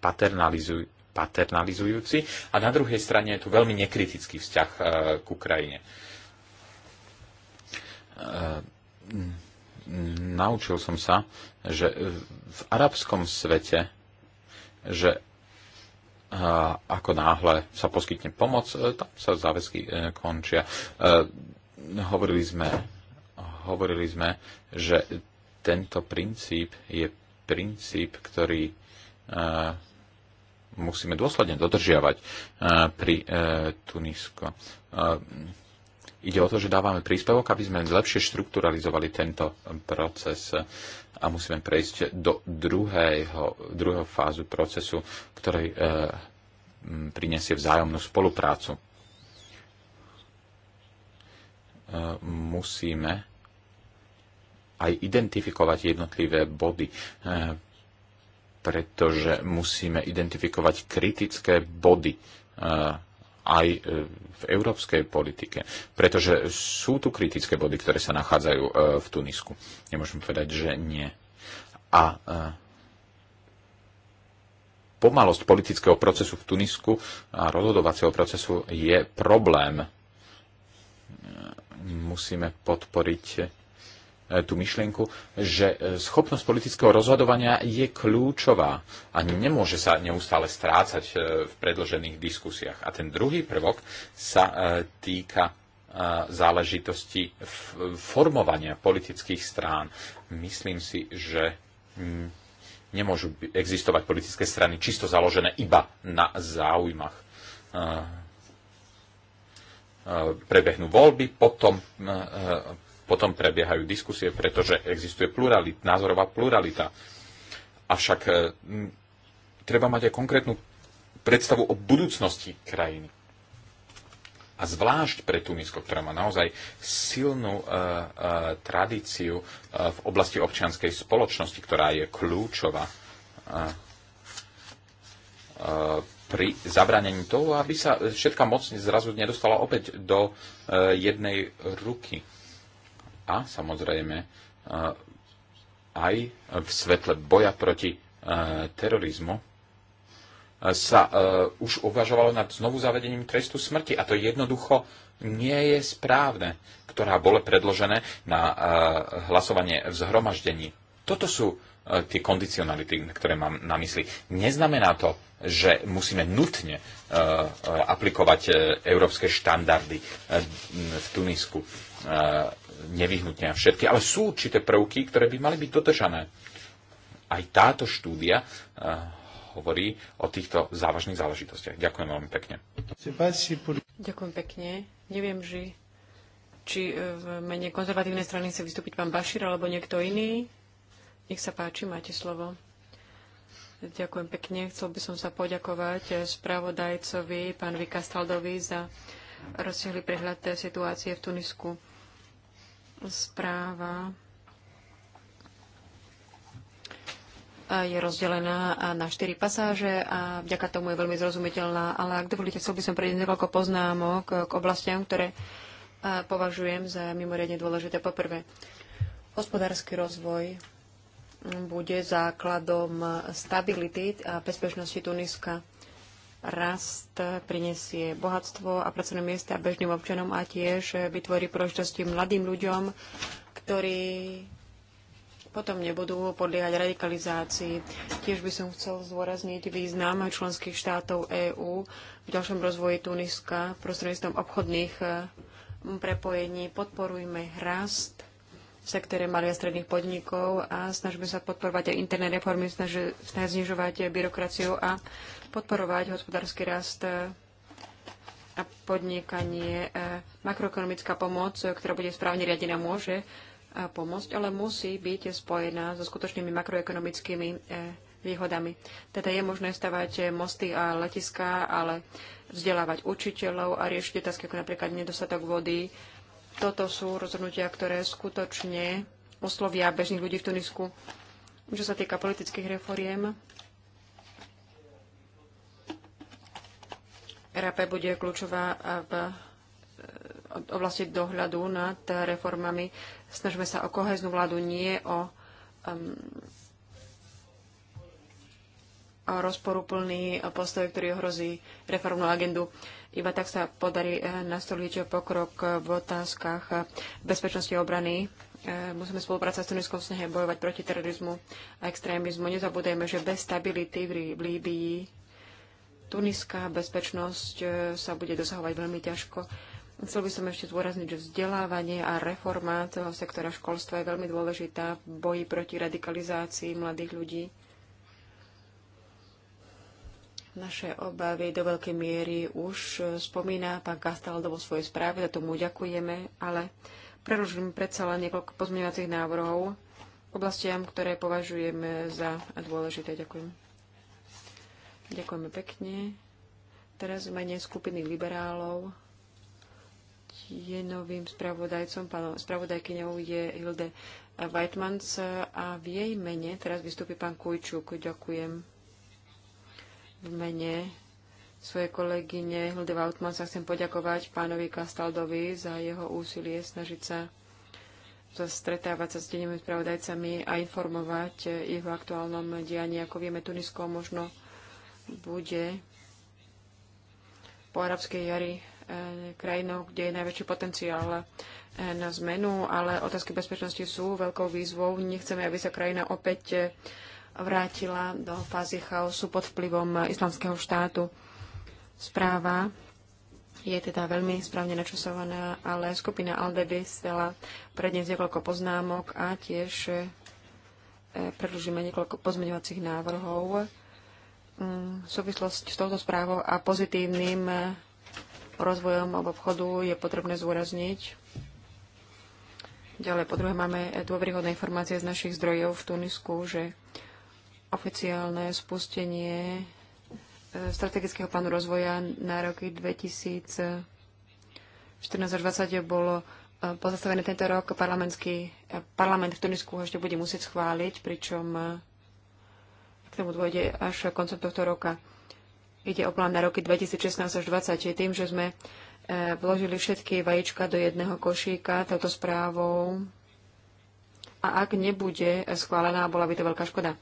paternalizuj, paternalizujúci a na druhej strane je tu veľmi nekritický vzťah k Ukrajine. Naučil som sa, že v arabskom svete, že ako náhle sa poskytne pomoc, e, tam sa záväzky e, končia e, hovorili sme, hovorili sme, že tento princíp je princíp, ktorý e, musíme dôsledne dodržiavať e, pri e, Tunisko. Ide o to, že dávame príspevok, aby sme lepšie štrukturalizovali tento proces a musíme prejsť do druhého, druhého fázu procesu, ktorý prinesie vzájomnú spoluprácu musíme aj identifikovať jednotlivé body, e, pretože musíme identifikovať kritické body e, aj e, v európskej politike. Pretože sú tu kritické body, ktoré sa nachádzajú v Tunisku. Nemôžem povedať, že nie. A pomalosť politického procesu v Tunisku a rozhodovacieho procesu je problém musíme podporiť eh, tú myšlienku, že eh, schopnosť politického rozhodovania je kľúčová a nemôže sa neustále strácať eh, v predložených diskusiách. A ten druhý prvok sa týka záležitosti formovania politických strán. Myslím si, že hm, nemôžu existovať politické strany čisto založené iba na záujmach prebehnú voľby, potom, e, potom prebiehajú diskusie, pretože existuje pluralit, názorová pluralita. Avšak e, treba mať aj konkrétnu predstavu o budúcnosti krajiny. A zvlášť pre Tunisko, ktorá má naozaj silnú uh, uh, tradíciu uh, v oblasti občianskej spoločnosti, ktorá je kľúčová. Uh, uh, pri zabranení toho, aby sa všetka moc zrazu nedostala opäť do e, jednej ruky. A samozrejme e, aj v svetle boja proti e, terorizmu sa už uvažovalo nad znovu zavedením trestu smrti. A to jednoducho nie je správne, ktorá bolo predložené na hlasovanie v zhromaždení. Toto sú E, tie kondicionality, ktoré mám na mysli. Neznamená to, že musíme nutne e, e, aplikovať európske štandardy v Tunisku nevyhnutne a všetky, ale sú určité prvky, ktoré by mali byť dodržané. Aj táto štúdia hovorí o týchto závažných záležitostiach. Ďakujem veľmi pekne. Ďakujem pekne. Neviem, že či v mene konzervatívnej strany chce vystúpiť pán Bašir alebo niekto iný. Nech sa páči, máte slovo. Ďakujem pekne. Chcel by som sa poďakovať eh, spravodajcovi, pán Vikastaldovi, za rozsiahly prehľad eh, situácie v Tunisku. Správa eh, je rozdelená na štyri pasáže a vďaka tomu je veľmi zrozumiteľná. Ale ak dovolíte, chcel by som prejsť niekoľko poznámok k oblastiam, ktoré považujem za mimoriadne dôležité. Poprvé, hospodársky rozvoj bude základom stability a bezpečnosti Tuniska. Rast prinesie bohatstvo a pracovné miesta bežným občanom a tiež vytvorí príležitosti mladým ľuďom, ktorí potom nebudú podliehať radikalizácii. Tiež by som chcel zdôrazniť význam členských štátov EÚ v ďalšom rozvoji Tuniska prostredníctvom obchodných mm, prepojení. Podporujme rast v sektore malých a stredných podnikov a snažíme sa podporovať aj interné reformy, snažíme znižovať byrokraciu a podporovať hospodársky rast a podnikanie. Makroekonomická pomoc, ktorá bude správne riadená, môže pomôcť, ale musí byť spojená so skutočnými makroekonomickými eh, výhodami. Teda je možné stavať mosty a letiská, ale vzdelávať učiteľov a riešiť otázky ako napríklad nedostatok vody, toto sú rozhodnutia, ktoré skutočne oslovia bežných ľudí v Tunisku. Čo sa týka politických reforiem, RAP bude kľúčová v eh, oblasti dohľadu nad reformami. Snažíme sa o koheznú vládu, nie o um, rozporuplný postoj, ktorý ohrozí reformnú agendu. Iba tak sa podarí eh, nastoliť pokrok v otázkach eh, bezpečnosti a obrany. Eh, musíme spolupracovať s Tuniskom snahe bojovať proti terorizmu a extrémizmu. Nezabudujeme, že bez stability v Líbii Tuniská bezpečnosť sa bude dosahovať veľmi ťažko. Chcel by som ešte zdôrazniť, že vzdelávanie a reforma toho sektora školstva je veľmi dôležitá v boji proti radikalizácii mladých ľudí naše obavy do veľkej miery už e, spomína pán Kastaldo vo svojej správe, za tomu ďakujeme, ale preložím predsa len niekoľko pozmeňovacích návrhov oblastiam, ktoré považujeme za dôležité. Ďakujem. Ďakujeme pekne. Teraz v mene skupiny liberálov je novým spravodajcom, pánom spravodajkyňou je Hilde Weitmans a v jej mene teraz vystúpi pán Kujčuk. Ďakujem. V mene svojej kolegyne Hilde Vautman sa chcem poďakovať pánovi Kastaldovi za jeho úsilie snažiť sa stretávať sa s denými spravodajcami a informovať ich v aktuálnom dianí. Ako vieme, Tunisko možno bude po arabskej jari eh, krajinou, kde je najväčší potenciál eh, na zmenu, ale otázky bezpečnosti sú veľkou výzvou. Nechceme, aby sa krajina opäť eh, vrátila do fázy chaosu pod vplyvom islamského štátu. Správa je teda veľmi správne načasovaná, ale skupina Alde stala prednes niekoľko poznámok a tiež e, predlžíme niekoľko pozmeňovacích návrhov. Mm, súvislosť s touto správou a pozitívnym e, rozvojom obchodu je potrebné zúrazniť, Ďalej, po druhé, máme dôveryhodné informácie z našich zdrojov v Tunisku, že oficiálne spustenie e, strategického plánu rozvoja na roky 2014 až 2020 bolo e, pozastavené tento rok. E, parlament v Tunisku ho ešte bude musieť schváliť, pričom k tomu dôjde až koncom tohto roka. Ide o plán na roky 2016 až 2020. Tým, že sme vložili všetky vajíčka do jedného košíka touto správou a ak nebude schválená, bola by to veľká škoda.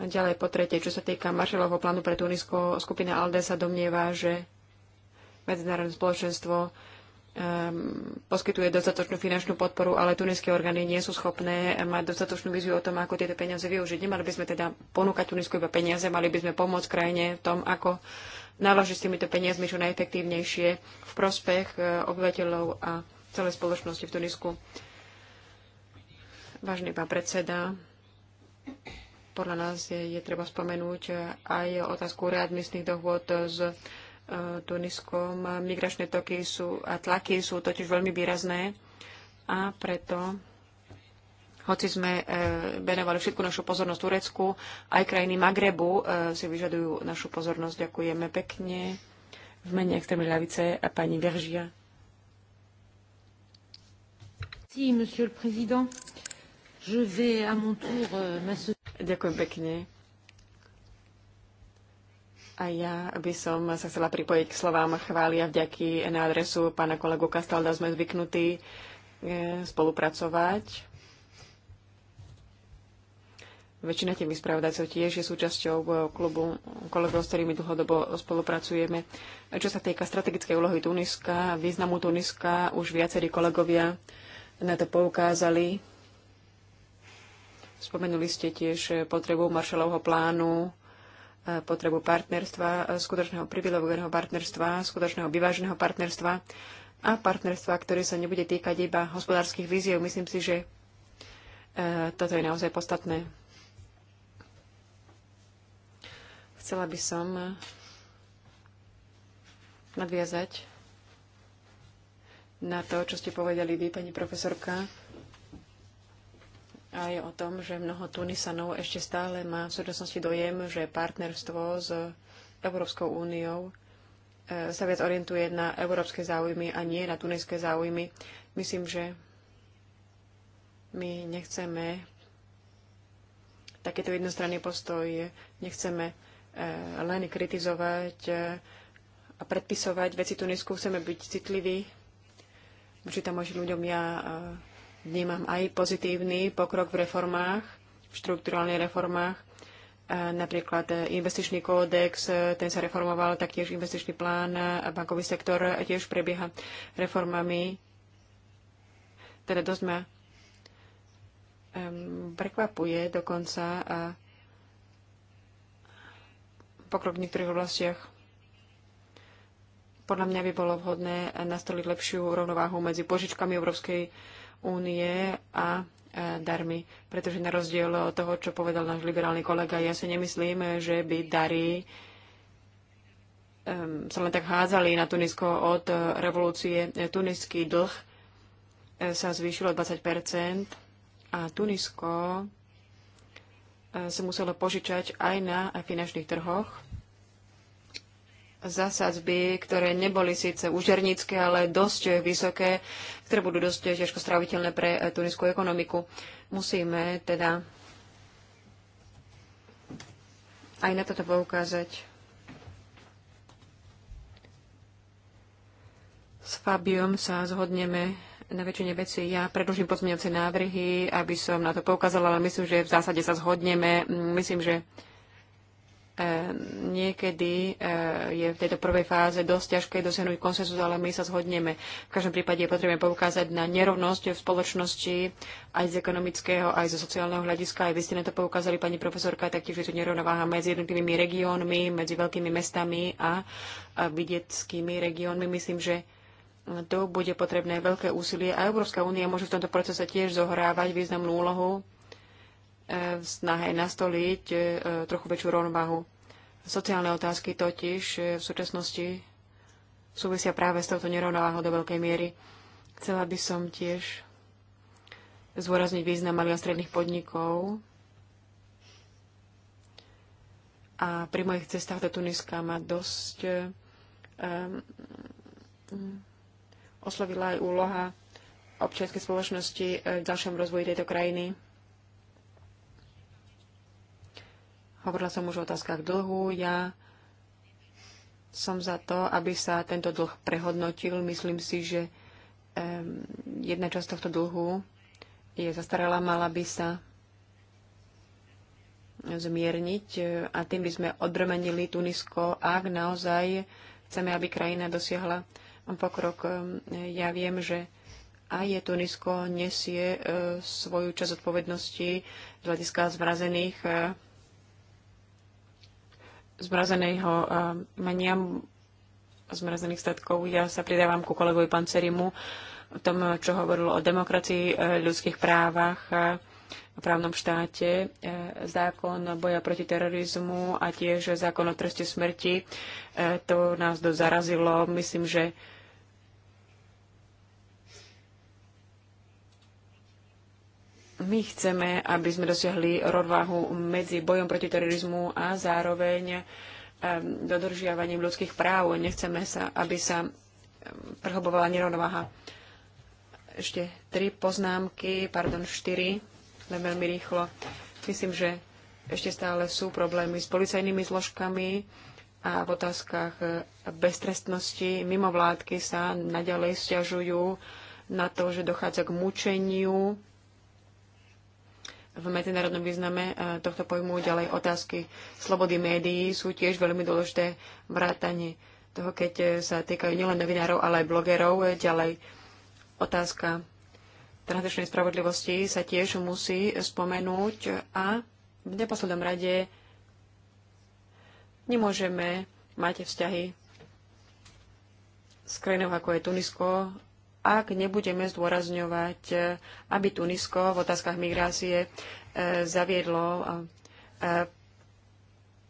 A ďalej po tretie, čo sa týka Marshallovho plánu pre Tunisko, skupina ALDE sa domnieva, že medzinárodné spoločenstvo um, poskytuje dostatočnú finančnú podporu, ale tuniské orgány nie sú schopné mať dostatočnú viziu o tom, ako tieto peniaze využiť. Nemali by sme teda ponúkať Tunisku iba peniaze, mali by sme pomôcť krajine v tom, ako naložiť s týmito peniazmi čo najefektívnejšie v prospech e, obyvateľov a celej spoločnosti v Tunisku. Vážený pán predseda, podľa nás je, je treba spomenúť eh, aj otázku readmisných dohôd s eh, Tuniskom. Migračné toky sú a tlaky sú totiž veľmi výrazné a preto hoci sme eh, venovali všetku našu pozornosť Turecku, aj krajiny Magrebu si vyžadujú našu pozornosť. Ďakujeme pekne. V mene extrémnej ľavice a pani Veržia. Si, monsieur le président, je vais à mon tour euh, m'associer. Ďakujem pekne. A ja by som sa chcela pripojiť k slovám chvály a vďaky na adresu pána kolegu Kastalda. Sme zvyknutí e, spolupracovať. Väčšina tých vyspravodajcov tiež je súčasťou klubu kolegov, s ktorými dlhodobo spolupracujeme. Čo sa týka strategickej úlohy Tuniska, významu Tuniska, už viacerí kolegovia na to poukázali Spomenuli ste tiež potrebu Marshallovho plánu, e, potrebu partnerstva, e, skutočného privilegovaného partnerstva, skutočného vyváženého partnerstva a partnerstva, ktoré sa nebude týkať iba hospodárskych víziev. Myslím si, že e, toto je naozaj podstatné. Chcela by som nadviazať na to, čo ste povedali vy, pani profesorka aj o tom, že mnoho Tunisanov ešte stále má v súčasnosti dojem, že partnerstvo s Európskou úniou e, sa viac orientuje na európske záujmy a nie na tuniské záujmy. Myslím, že my nechceme takýto jednostranný postoj, nechceme e, len kritizovať e, a predpisovať veci Tunisku, chceme byť citliví určite tam ľuďom. Ja Vnímam aj pozitívny pokrok v reformách, v štruktúrálnych reformách. E, napríklad e, investičný kódex, e, ten sa reformoval, taktiež investičný plán, bankový sektor tiež prebieha reformami. Teda dosť ma prekvapuje dokonca a pokrok v niektorých oblastiach. Podľa mňa by bolo vhodné nastoliť lepšiu rovnováhu medzi požičkami Európskej únie a e, darmi. Pretože na rozdiel od toho, čo povedal náš liberálny kolega, ja si nemyslím, že by dary um, sa len tak hádzali na Tunisko od e, revolúcie. E, tuniský dlh sa zvýšil o 20 a Tunisko sa muselo požičať aj na finančných trhoch zasadzby, ktoré neboli síce užernícke, ale dosť vysoké, ktoré budú dosť ťažko stráviteľné pre eh, tuniskú ekonomiku. Musíme teda aj na toto poukázať. S Fabiom sa zhodneme na väčšine veci. Ja predložím pozmeňovacie návrhy, aby som na to poukázala, ale myslím, že v zásade sa zhodneme. Mm, myslím, že E, niekedy e, je v tejto prvej fáze dosť ťažké dosiahnuť konsenzus, ale my sa zhodneme. V každom prípade je potrebné poukázať na nerovnosť v spoločnosti aj z ekonomického, aj zo sociálneho hľadiska. Aj vy ste na to poukázali, pani profesorka, taktiež je tu nerovnováha medzi jednotlivými regiónmi, medzi veľkými mestami a vidieckými regiónmi. Myslím, že to bude potrebné veľké úsilie a Európska únia môže v tomto procese tiež zohrávať významnú úlohu e, v snahe nastoliť trochu väčšiu rovnováhu. Sociálne otázky totiž eh, v súčasnosti súvisia práve s touto nerovnováhou do veľkej miery. Chcela by som tiež zôrazniť význam malých a stredných podnikov a pri mojich cestách do Tuniska ma dosť um, oslovila aj úloha občianskej spoločnosti eh, v ďalšom rozvoji tejto krajiny. Hovorila som už o otázkach dlhu. Ja som za to, aby sa tento dlh prehodnotil. Myslím si, že um, jedna časť tohto dlhu je zastarala, mala by sa zmierniť e, a tým by sme odremenili Tunisko, ak naozaj chceme, aby krajina dosiahla pokrok. Ja viem, že aj Tunisko nesie e, svoju časť odpovednosti z hľadiska zmrazených e, zmrazeného eh, mania, zmrazených statkov. Ja sa pridávam ku kolegovi Pancerimu o tom, čo hovoril o demokracii, eh, ľudských právach, eh, v právnom štáte, zákon boja proti terorizmu a tiež zákon o treste smrti. To nás dosť zarazilo. Myslím, že my chceme, aby sme dosiahli rovnováhu medzi bojom proti terorizmu a zároveň dodržiavaním ľudských práv. Nechceme sa, aby sa prehlbovala nerovnováha. Ešte tri poznámky, pardon, štyri, len veľmi rýchlo. Myslím, že ešte stále sú problémy s policajnými zložkami a v otázkach e, beztrestnosti mimovládky sa naďalej stiažujú na to, že dochádza k mučeniu v medzinárodnom význame e, tohto pojmu. Ďalej otázky slobody médií sú tiež veľmi dôležité vrátanie toho, keď e, sa týkajú nielen novinárov, ale aj blogerov. E, ďalej otázka transnačnej spravodlivosti sa tiež musí spomenúť a v neposlednom rade nemôžeme mať vzťahy s krajinou, ako je Tunisko, ak nebudeme zdôrazňovať, eh, aby Tunisko v otázkach migrácie eh, zaviedlo eh,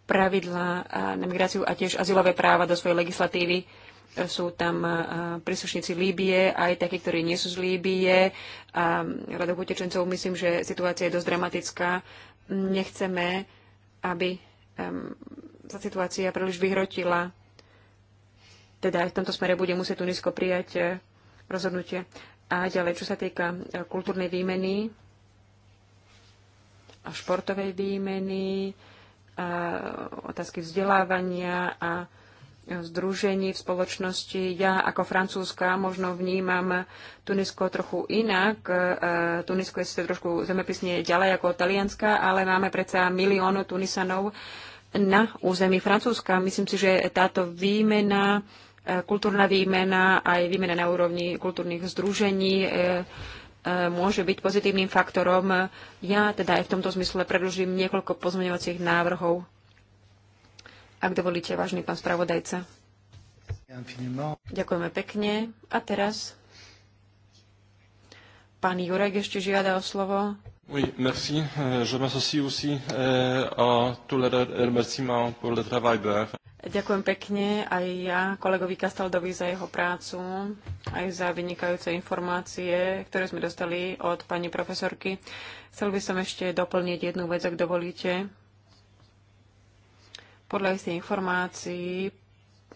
pravidla na migráciu a tiež azylové práva do svojej legislatívy. Sú tam príslušníci Líbie, aj takí, ktorí nie sú z Líbie. A radok utečencov, myslím, že situácia je dosť dramatická. Nechceme, aby sa situácia príliš vyhrotila. Teda aj v tomto smere bude musieť Tunisko prijať rozhodnutia. A ďalej, čo sa týka e, kultúrnej výmeny a športovej výmeny, a otázky vzdelávania a e, združení v spoločnosti. Ja ako francúzska možno vnímam Tunisko trochu inak. E, Tunisko je sice trošku zemepisne ďalej ako Talianska, ale máme predsa milión Tunisanov na území Francúzska. Myslím si, že táto výmena E, kultúrna výmena, aj výmena na úrovni kultúrnych združení e, e, môže byť pozitívnym faktorom. Ja teda aj v tomto zmysle predložím niekoľko pozmeňovacích návrhov. Ak dovolíte, vážny pán spravodajca. Ďakujeme pekne. A teraz pán Jurek ešte žiada o slovo. Oui, merci. Euh, je m'associe aussi euh, à tous les remerciements pour le travail de Ďakujem pekne aj ja kolegovi Kastaldovi za jeho prácu, aj za vynikajúce informácie, ktoré sme dostali od pani profesorky. Chcel by som ešte doplniť jednu vec, ak dovolíte. Podľa istých informácií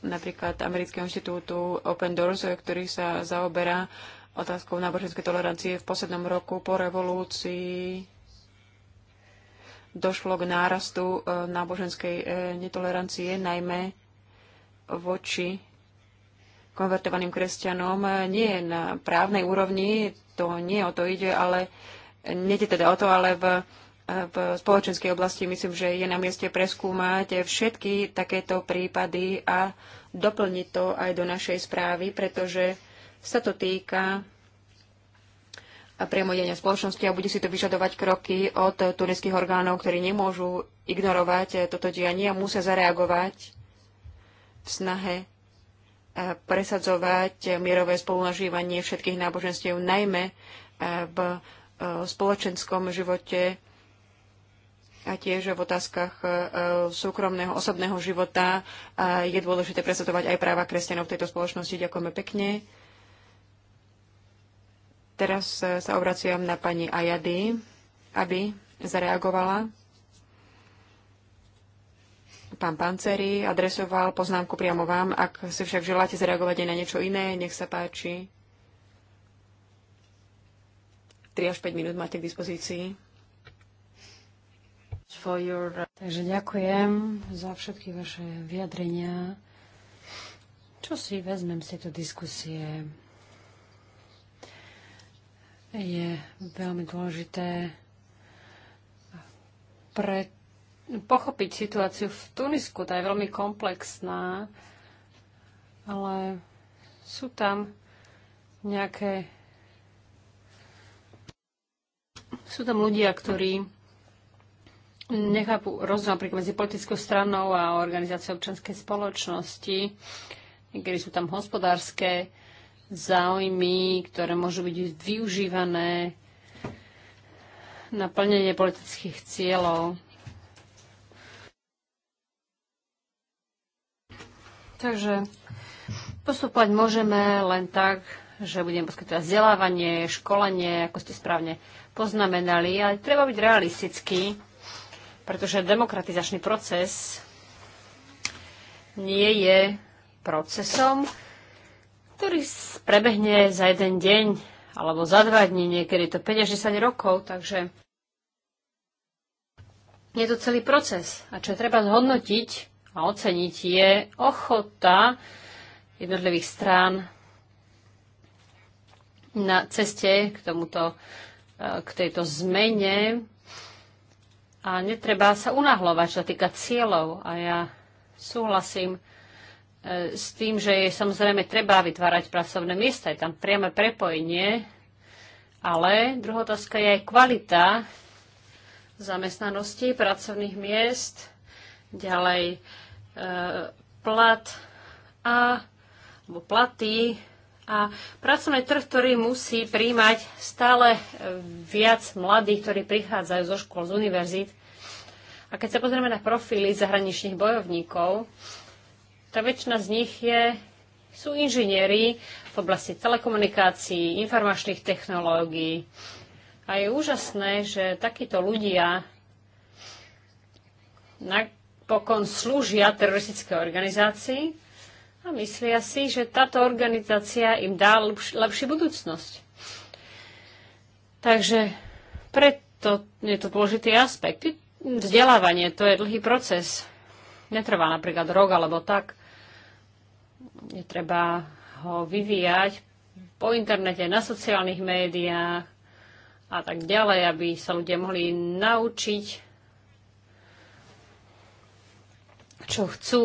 napríklad Amerického inštitútu Open Doors, ktorý sa zaoberá otázkou náboženskej tolerancie v poslednom roku po revolúcii došlo k nárastu e, náboženskej e, netolerancie, najmä voči konvertovaným kresťanom. E, nie na právnej úrovni, to nie o to ide, ale je teda o to, ale v, v spoločenskej oblasti myslím, že je na mieste preskúmať všetky takéto prípady a doplniť to aj do našej správy, pretože sa to týka priamodenia spoločnosti a bude si to vyžadovať kroky od tureckých orgánov, ktorí nemôžu ignorovať eh, toto dianie a musia zareagovať v snahe eh, presadzovať eh, mierové spolunažívanie všetkých náboženstiev, najmä v spoločenskom živote a tiež v otázkach súkromného, osobného života je dôležité presadovať aj práva kresťanov v tejto spoločnosti. Ďakujeme pekne. Teraz e, sa obraciam na pani Ajady, aby zareagovala. Pán Panceri adresoval poznámku priamo vám. Ak si však želáte zareagovať aj na niečo iné, nech sa páči. 3 až 5 minút máte k dispozícii. Takže ďakujem za všetky vaše vyjadrenia. Čo si vezmem z tejto diskusie? je veľmi dôležité pre, pochopiť situáciu v Tunisku. Tá je veľmi komplexná, ale sú tam nejaké. Sú tam ľudia, ktorí nechápu rozdiel napríklad medzi politickou stranou a organizáciou občanskej spoločnosti. Niekedy sú tam hospodárske záujmy, ktoré môžu byť využívané na plnenie politických cieľov. Takže postupovať môžeme len tak, že budeme poskytovať vzdelávanie, školenie, ako ste správne poznamenali, ale treba byť realistický, pretože demokratizačný proces nie je procesom, ktorý prebehne za jeden deň alebo za dva dní, niekedy to 5-10 rokov, takže je to celý proces. A čo treba zhodnotiť a oceniť je ochota jednotlivých strán na ceste k tomuto, eh, k tejto zmene a netreba sa unahlovať, čo sa týka cieľov. A ja súhlasím E, s tým, že je samozrejme treba vytvárať pracovné miesta, je tam priame prepojenie, ale druhá otázka je aj kvalita zamestnanosti, pracovných miest, ďalej e, plat a alebo platy a pracovný trh, ktorý musí príjmať stále viac mladých, ktorí prichádzajú zo škôl, z univerzít. A keď sa pozrieme na profily zahraničných bojovníkov, tá väčšina z nich je, sú inžinieri v oblasti telekomunikácií, informačných technológií. A je úžasné, že takíto ľudia napokon slúžia teroristické organizácii a myslia si, že táto organizácia im dá lepšiu budúcnosť. Takže preto je to dôležitý aspekt. Vzdelávanie to je dlhý proces netrvá napríklad rok alebo tak netreba treba ho vyvíjať po internete, na sociálnych médiách a tak ďalej, aby sa ľudia mohli naučiť, čo chcú.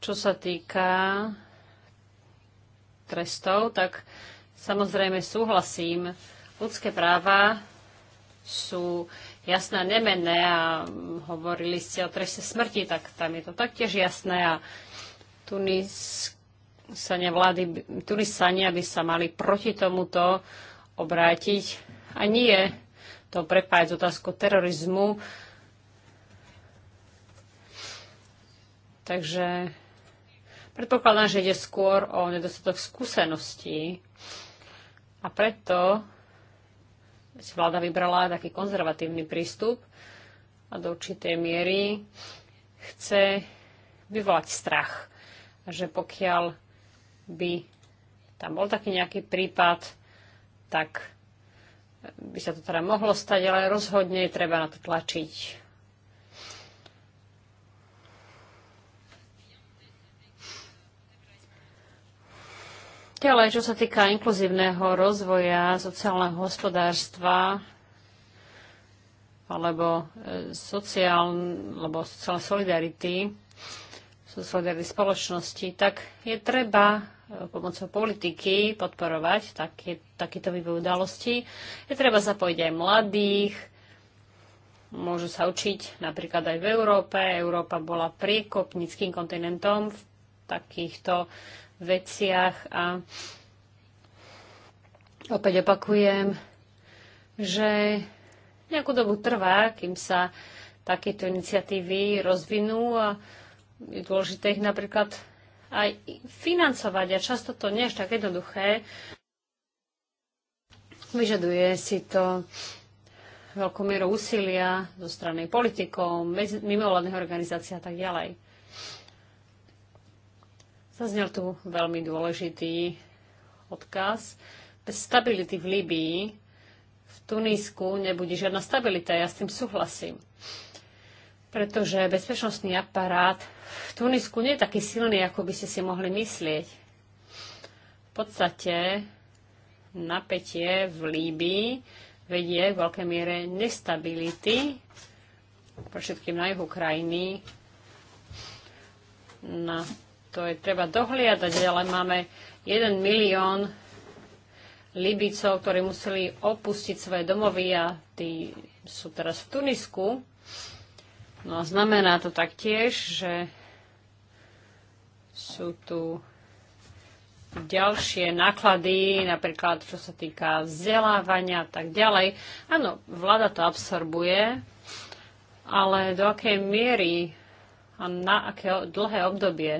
Čo sa týka trestov, tak samozrejme súhlasím. Ľudské práva sú jasné a nemenné a hovorili ste o treste smrti, tak tam je to taktiež jasné a Tunisania, vlády, Tunisania by sa mali proti tomuto obrátiť a nie to prepájať z otázku terorizmu. Takže predpokladám, že ide skôr o nedostatok skúseností a preto si vláda vybrala taký konzervatívny prístup a do určitej miery chce vyvolať strach, že pokiaľ by tam bol taký nejaký prípad, tak by sa to teda mohlo stať, ale rozhodne treba na to tlačiť Ale čo sa týka inkluzívneho rozvoja sociálneho hospodárstva alebo, e, sociál, alebo sociálnej solidarity, solidarity spoločnosti, tak je treba e, pomocou politiky podporovať také, takýto vývoj udalostí. Je treba zapojiť aj mladých, môžu sa učiť napríklad aj v Európe. Európa bola priekopníckým kontinentom v takýchto veciach a opäť opakujem, že nejakú dobu trvá, kým sa takéto iniciatívy rozvinú a je dôležité ich napríklad aj financovať a často to nie je tak jednoduché. Vyžaduje si to veľkú mieru úsilia zo strany politikov, mimovládnych organizácií a tak ďalej. Zaznel tu veľmi dôležitý odkaz. Bez stability v Libii, v Tunísku nebude žiadna stabilita. Ja s tým súhlasím. Pretože bezpečnostný aparát v Tunisku nie je taký silný, ako by ste si mohli myslieť. V podstate napätie v Líbii vedie k veľkej miere nestability, pre všetkým na juhu krajiny, na to je treba dohliadať, ale máme 1 milión Libicov, ktorí museli opustiť svoje domovy a tí sú teraz v Tunisku. No a znamená to taktiež, že sú tu ďalšie náklady, napríklad čo sa týka vzdelávania a tak ďalej. Áno, vláda to absorbuje, ale do akej miery a na aké dlhé obdobie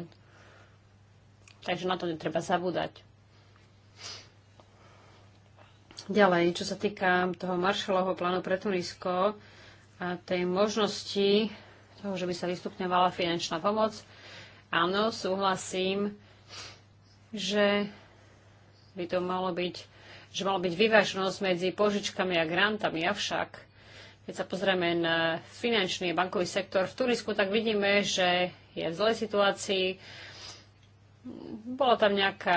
Takže na to netreba zabúdať. Ďalej, čo sa týka toho Marshallovho plánu pre Tunisko a tej možnosti toho, že by sa vystupňovala finančná pomoc, áno, súhlasím, že by to malo byť, že malo byť vyvážnosť medzi požičkami a grantami, avšak keď sa pozrieme na finančný a bankový sektor v Tunisku, tak vidíme, že je v zlej situácii, bola tam nejaká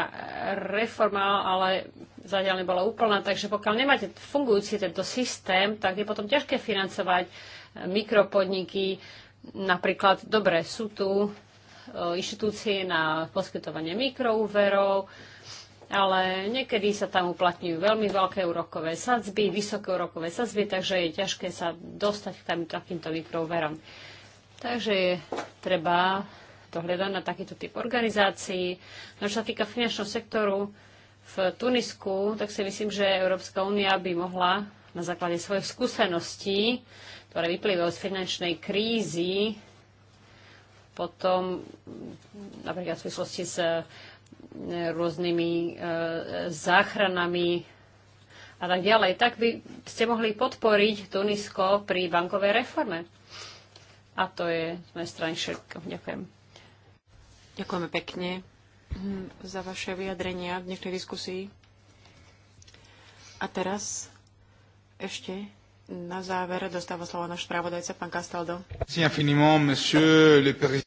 reforma, ale zatiaľ nebola úplná, takže pokiaľ nemáte fungujúci tento systém, tak je potom ťažké financovať e, mikropodniky. Napríklad, dobre, sú tu e, inštitúcie na poskytovanie mikroúverov, ale niekedy sa tam uplatňujú veľmi veľké úrokové sadzby, vysoké úrokové sadzby, takže je ťažké sa dostať k tam, takýmto mikroúverom. Takže je treba dohľadať na takýto typ organizácií. No čo sa týka finančného sektoru v Tunisku, tak si myslím, že Európska únia by mohla na základe svojich skúseností, ktoré vyplývajú z finančnej krízy, potom napríklad v súvislosti s e, rôznymi e, záchranami a tak ďalej, tak by ste mohli podporiť Tunisko pri bankovej reforme. A to je z mojej strany všetko. Ďakujem. Ďakujeme pekne hm, za vaše vyjadrenia v dnešnej diskusii. A teraz ešte na záver dostáva slovo náš správodajca, pán Castaldo.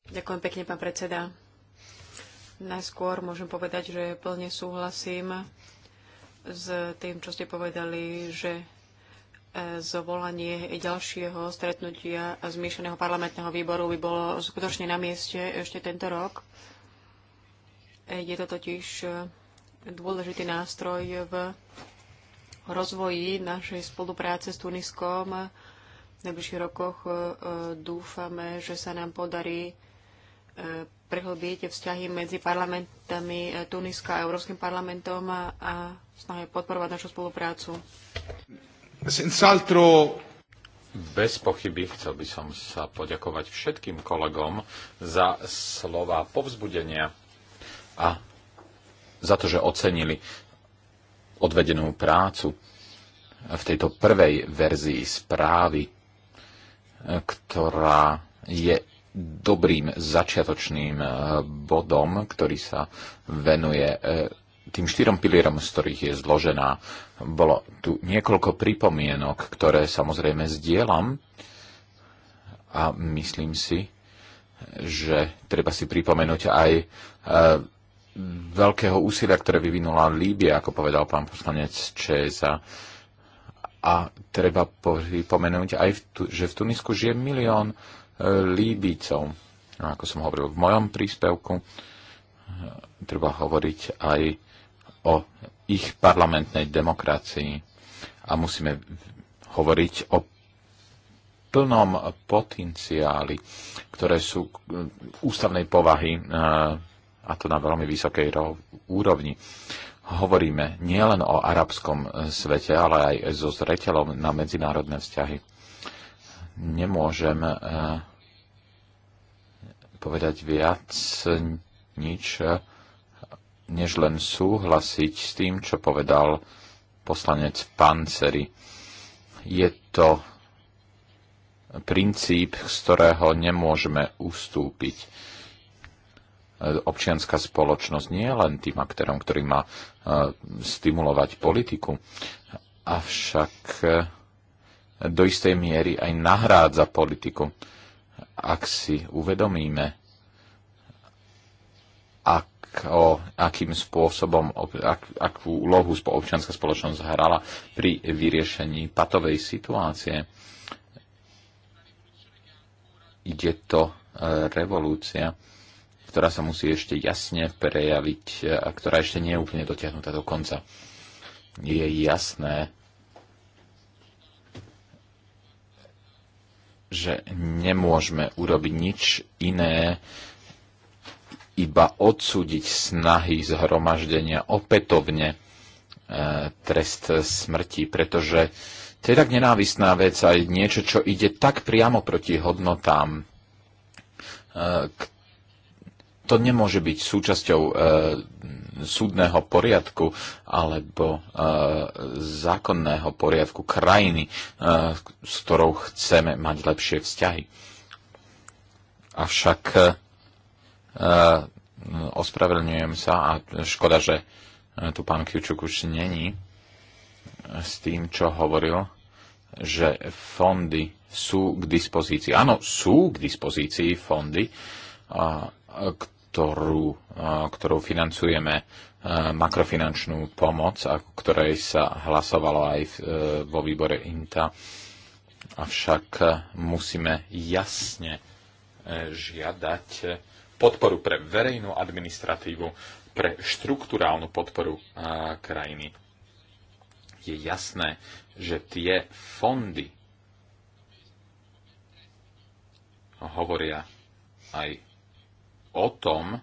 Ďakujem pekne, pán predseda. Najskôr môžem povedať, že plne súhlasím s tým, čo ste povedali, že zvolanie ďalšieho stretnutia zmiešaného parlamentného výboru by bolo skutočne na mieste ešte tento rok. Je to totiž e, dôležitý nástroj v rozvoji našej spolupráce s Tuniskom. V najbližších rokoch e, dúfame, že sa nám podarí e, prehlbiť vzťahy medzi parlamentami Tuniska a Európskym parlamentom a snahe podporovať našu spoluprácu. Senz'altro bez pochyby chcel by som sa poďakovať všetkým kolegom za slova povzbudenia a za to, že ocenili odvedenú prácu v tejto prvej verzii správy, ktorá je dobrým začiatočným bodom, ktorý sa venuje e, tým štyrom pilierom, z ktorých je zložená. Bolo tu niekoľko pripomienok, ktoré samozrejme zdieľam a myslím si, že treba si pripomenúť aj e, veľkého úsilia, ktoré vyvinula Líbia, ako povedal pán poslanec Česa. A treba pripomenúť aj, v tu, že v Tunisku žije milión e, Líbícov. A ako som hovoril v mojom príspevku, e, treba hovoriť aj o ich parlamentnej demokracii a musíme hovoriť o plnom potenciáli, ktoré sú ústavnej povahy eh, a to na veľmi vysokej úrovni. Hovoríme nielen o arabskom svete, ale aj so zreteľom na medzinárodné vzťahy. Nemôžem eh, povedať viac nič eh, než len súhlasiť s tým, čo povedal poslanec Panceri. Je to princíp, z ktorého nemôžeme ustúpiť. Občianská spoločnosť nie je len tým aktérom, ktorý má e, stimulovať politiku, avšak e, do istej miery aj nahrádza politiku. Ak si uvedomíme, ak o akým spôsobom, ak, akú úlohu občianská spoločnosť hrala pri vyriešení patovej situácie. Ide to e, revolúcia, ktorá sa musí ešte jasne prejaviť e, a ktorá ešte nie je úplne dotiahnutá do konca. Je jasné, že nemôžeme urobiť nič iné, iba odsúdiť snahy zhromaždenia opätovne e, trest smrti, pretože to je tak nenávistná vec a niečo, čo ide tak priamo proti hodnotám. E, to nemôže byť súčasťou e, súdneho poriadku alebo zákonného poriadku krajiny, s ktorou chceme mať lepšie vzťahy. Avšak Eh, ospravedlňujem sa a škoda, že eh, tu pán Kiučuk už není s tým, čo hovoril, že fondy sú k dispozícii. Áno, sú k dispozícii fondy, eh, ktorú, ktorou financujeme makrofinančnú pomoc, a ktorej sa hlasovalo aj vo výbore INTA. Avšak musíme jasne žiadať podporu pre verejnú administratívu, pre štruktúrálnu podporu a, krajiny. Je jasné, že tie fondy hovoria aj o tom,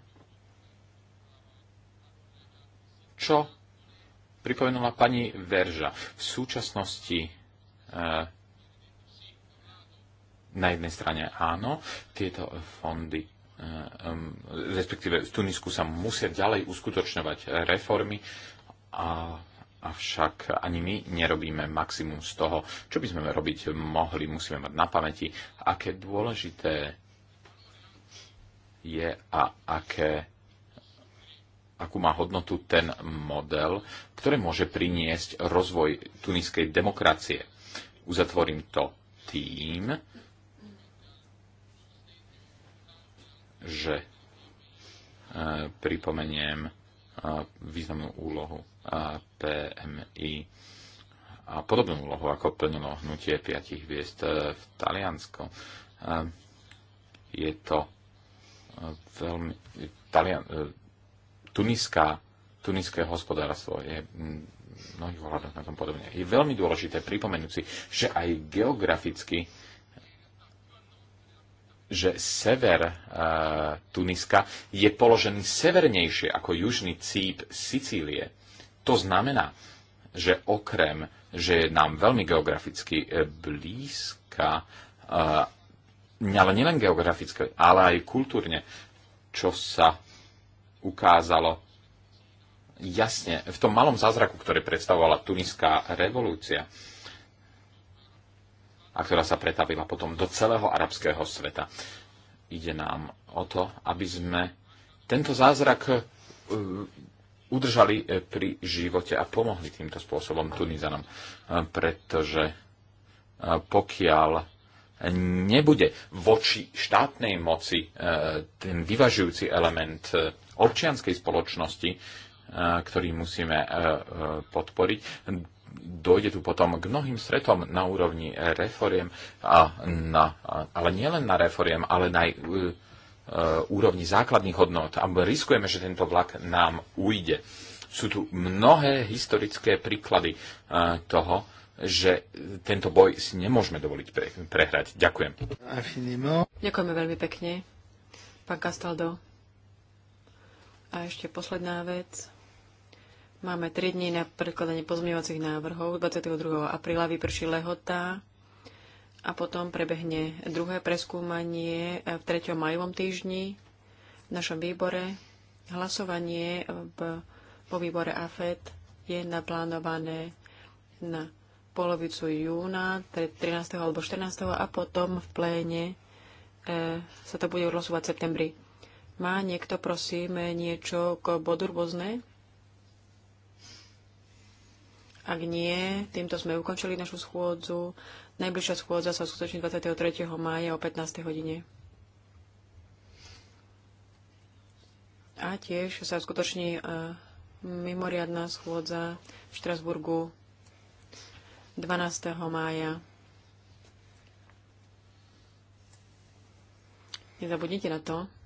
čo pripomenula pani Verža. V súčasnosti e, na jednej strane áno, tieto fondy Ehm, ehm, respektíve v Tunisku sa musia ďalej uskutočňovať reformy, a, avšak ani my nerobíme maximum z toho, čo by sme robiť mohli. Musíme mať na pamäti, aké dôležité je a aké, akú má hodnotu ten model, ktorý môže priniesť rozvoj tuniskej demokracie. Uzatvorím to tým, že e, pripomeniem e, významnú úlohu e, PMI a podobnú úlohu, ako plnilo hnutie piatich hviezd v Taliansko. Je to veľmi... Talian, tuniská, tuniské hospodárstvo je mnohých ohľadoch na tom podobne. Je veľmi dôležité pripomenúť si, že aj geograficky že sever e, Tuniska je položený severnejšie ako južný cíp Sicílie. To znamená, že okrem, že je nám veľmi geograficky eh, blízka, e, ale nielen geograficky, ale aj kultúrne, čo sa ukázalo jasne v tom malom zázraku, ktorý predstavovala tuniská revolúcia a ktorá sa pretavila potom do celého arabského sveta. Ide nám o to, aby sme tento zázrak e, udržali e, pri živote a pomohli týmto spôsobom Tunizanom, e, pretože pokiaľ nebude voči štátnej moci ten vyvažujúci element občianskej spoločnosti, ktorý musíme podporiť, dojde tu potom k mnohým stretom na úrovni reforiem, a na, ale nielen na reforiem, ale na e, e, úrovni základných hodnot a riskujeme, že tento vlak nám ujde. Sú tu mnohé historické príklady e, toho, že tento boj si nemôžeme dovoliť pre, prehrať. Ďakujem. Ďakujeme veľmi pekne, pán Castaldo. A ešte posledná vec. Máme 3 dní na predkladanie pozmeňovacích návrhov. 22. apríla vyprší lehota a potom prebehne druhé preskúmanie v 3. majovom týždni v našom výbore. Hlasovanie v, po výbore AFED je naplánované na polovicu júna, 13. alebo 14. a potom v pléne e, sa to bude odhlasovať v septembri. Má niekto, prosím, niečo k bodu rôzne? Ak nie, týmto sme ukončili našu schôdzu. Najbližšia schôdza sa skutoční 23. mája o 15. hodine. A tiež sa skutoční e, mimoriadná schôdza v Štrasburgu 12. mája. Nezabudnite na to.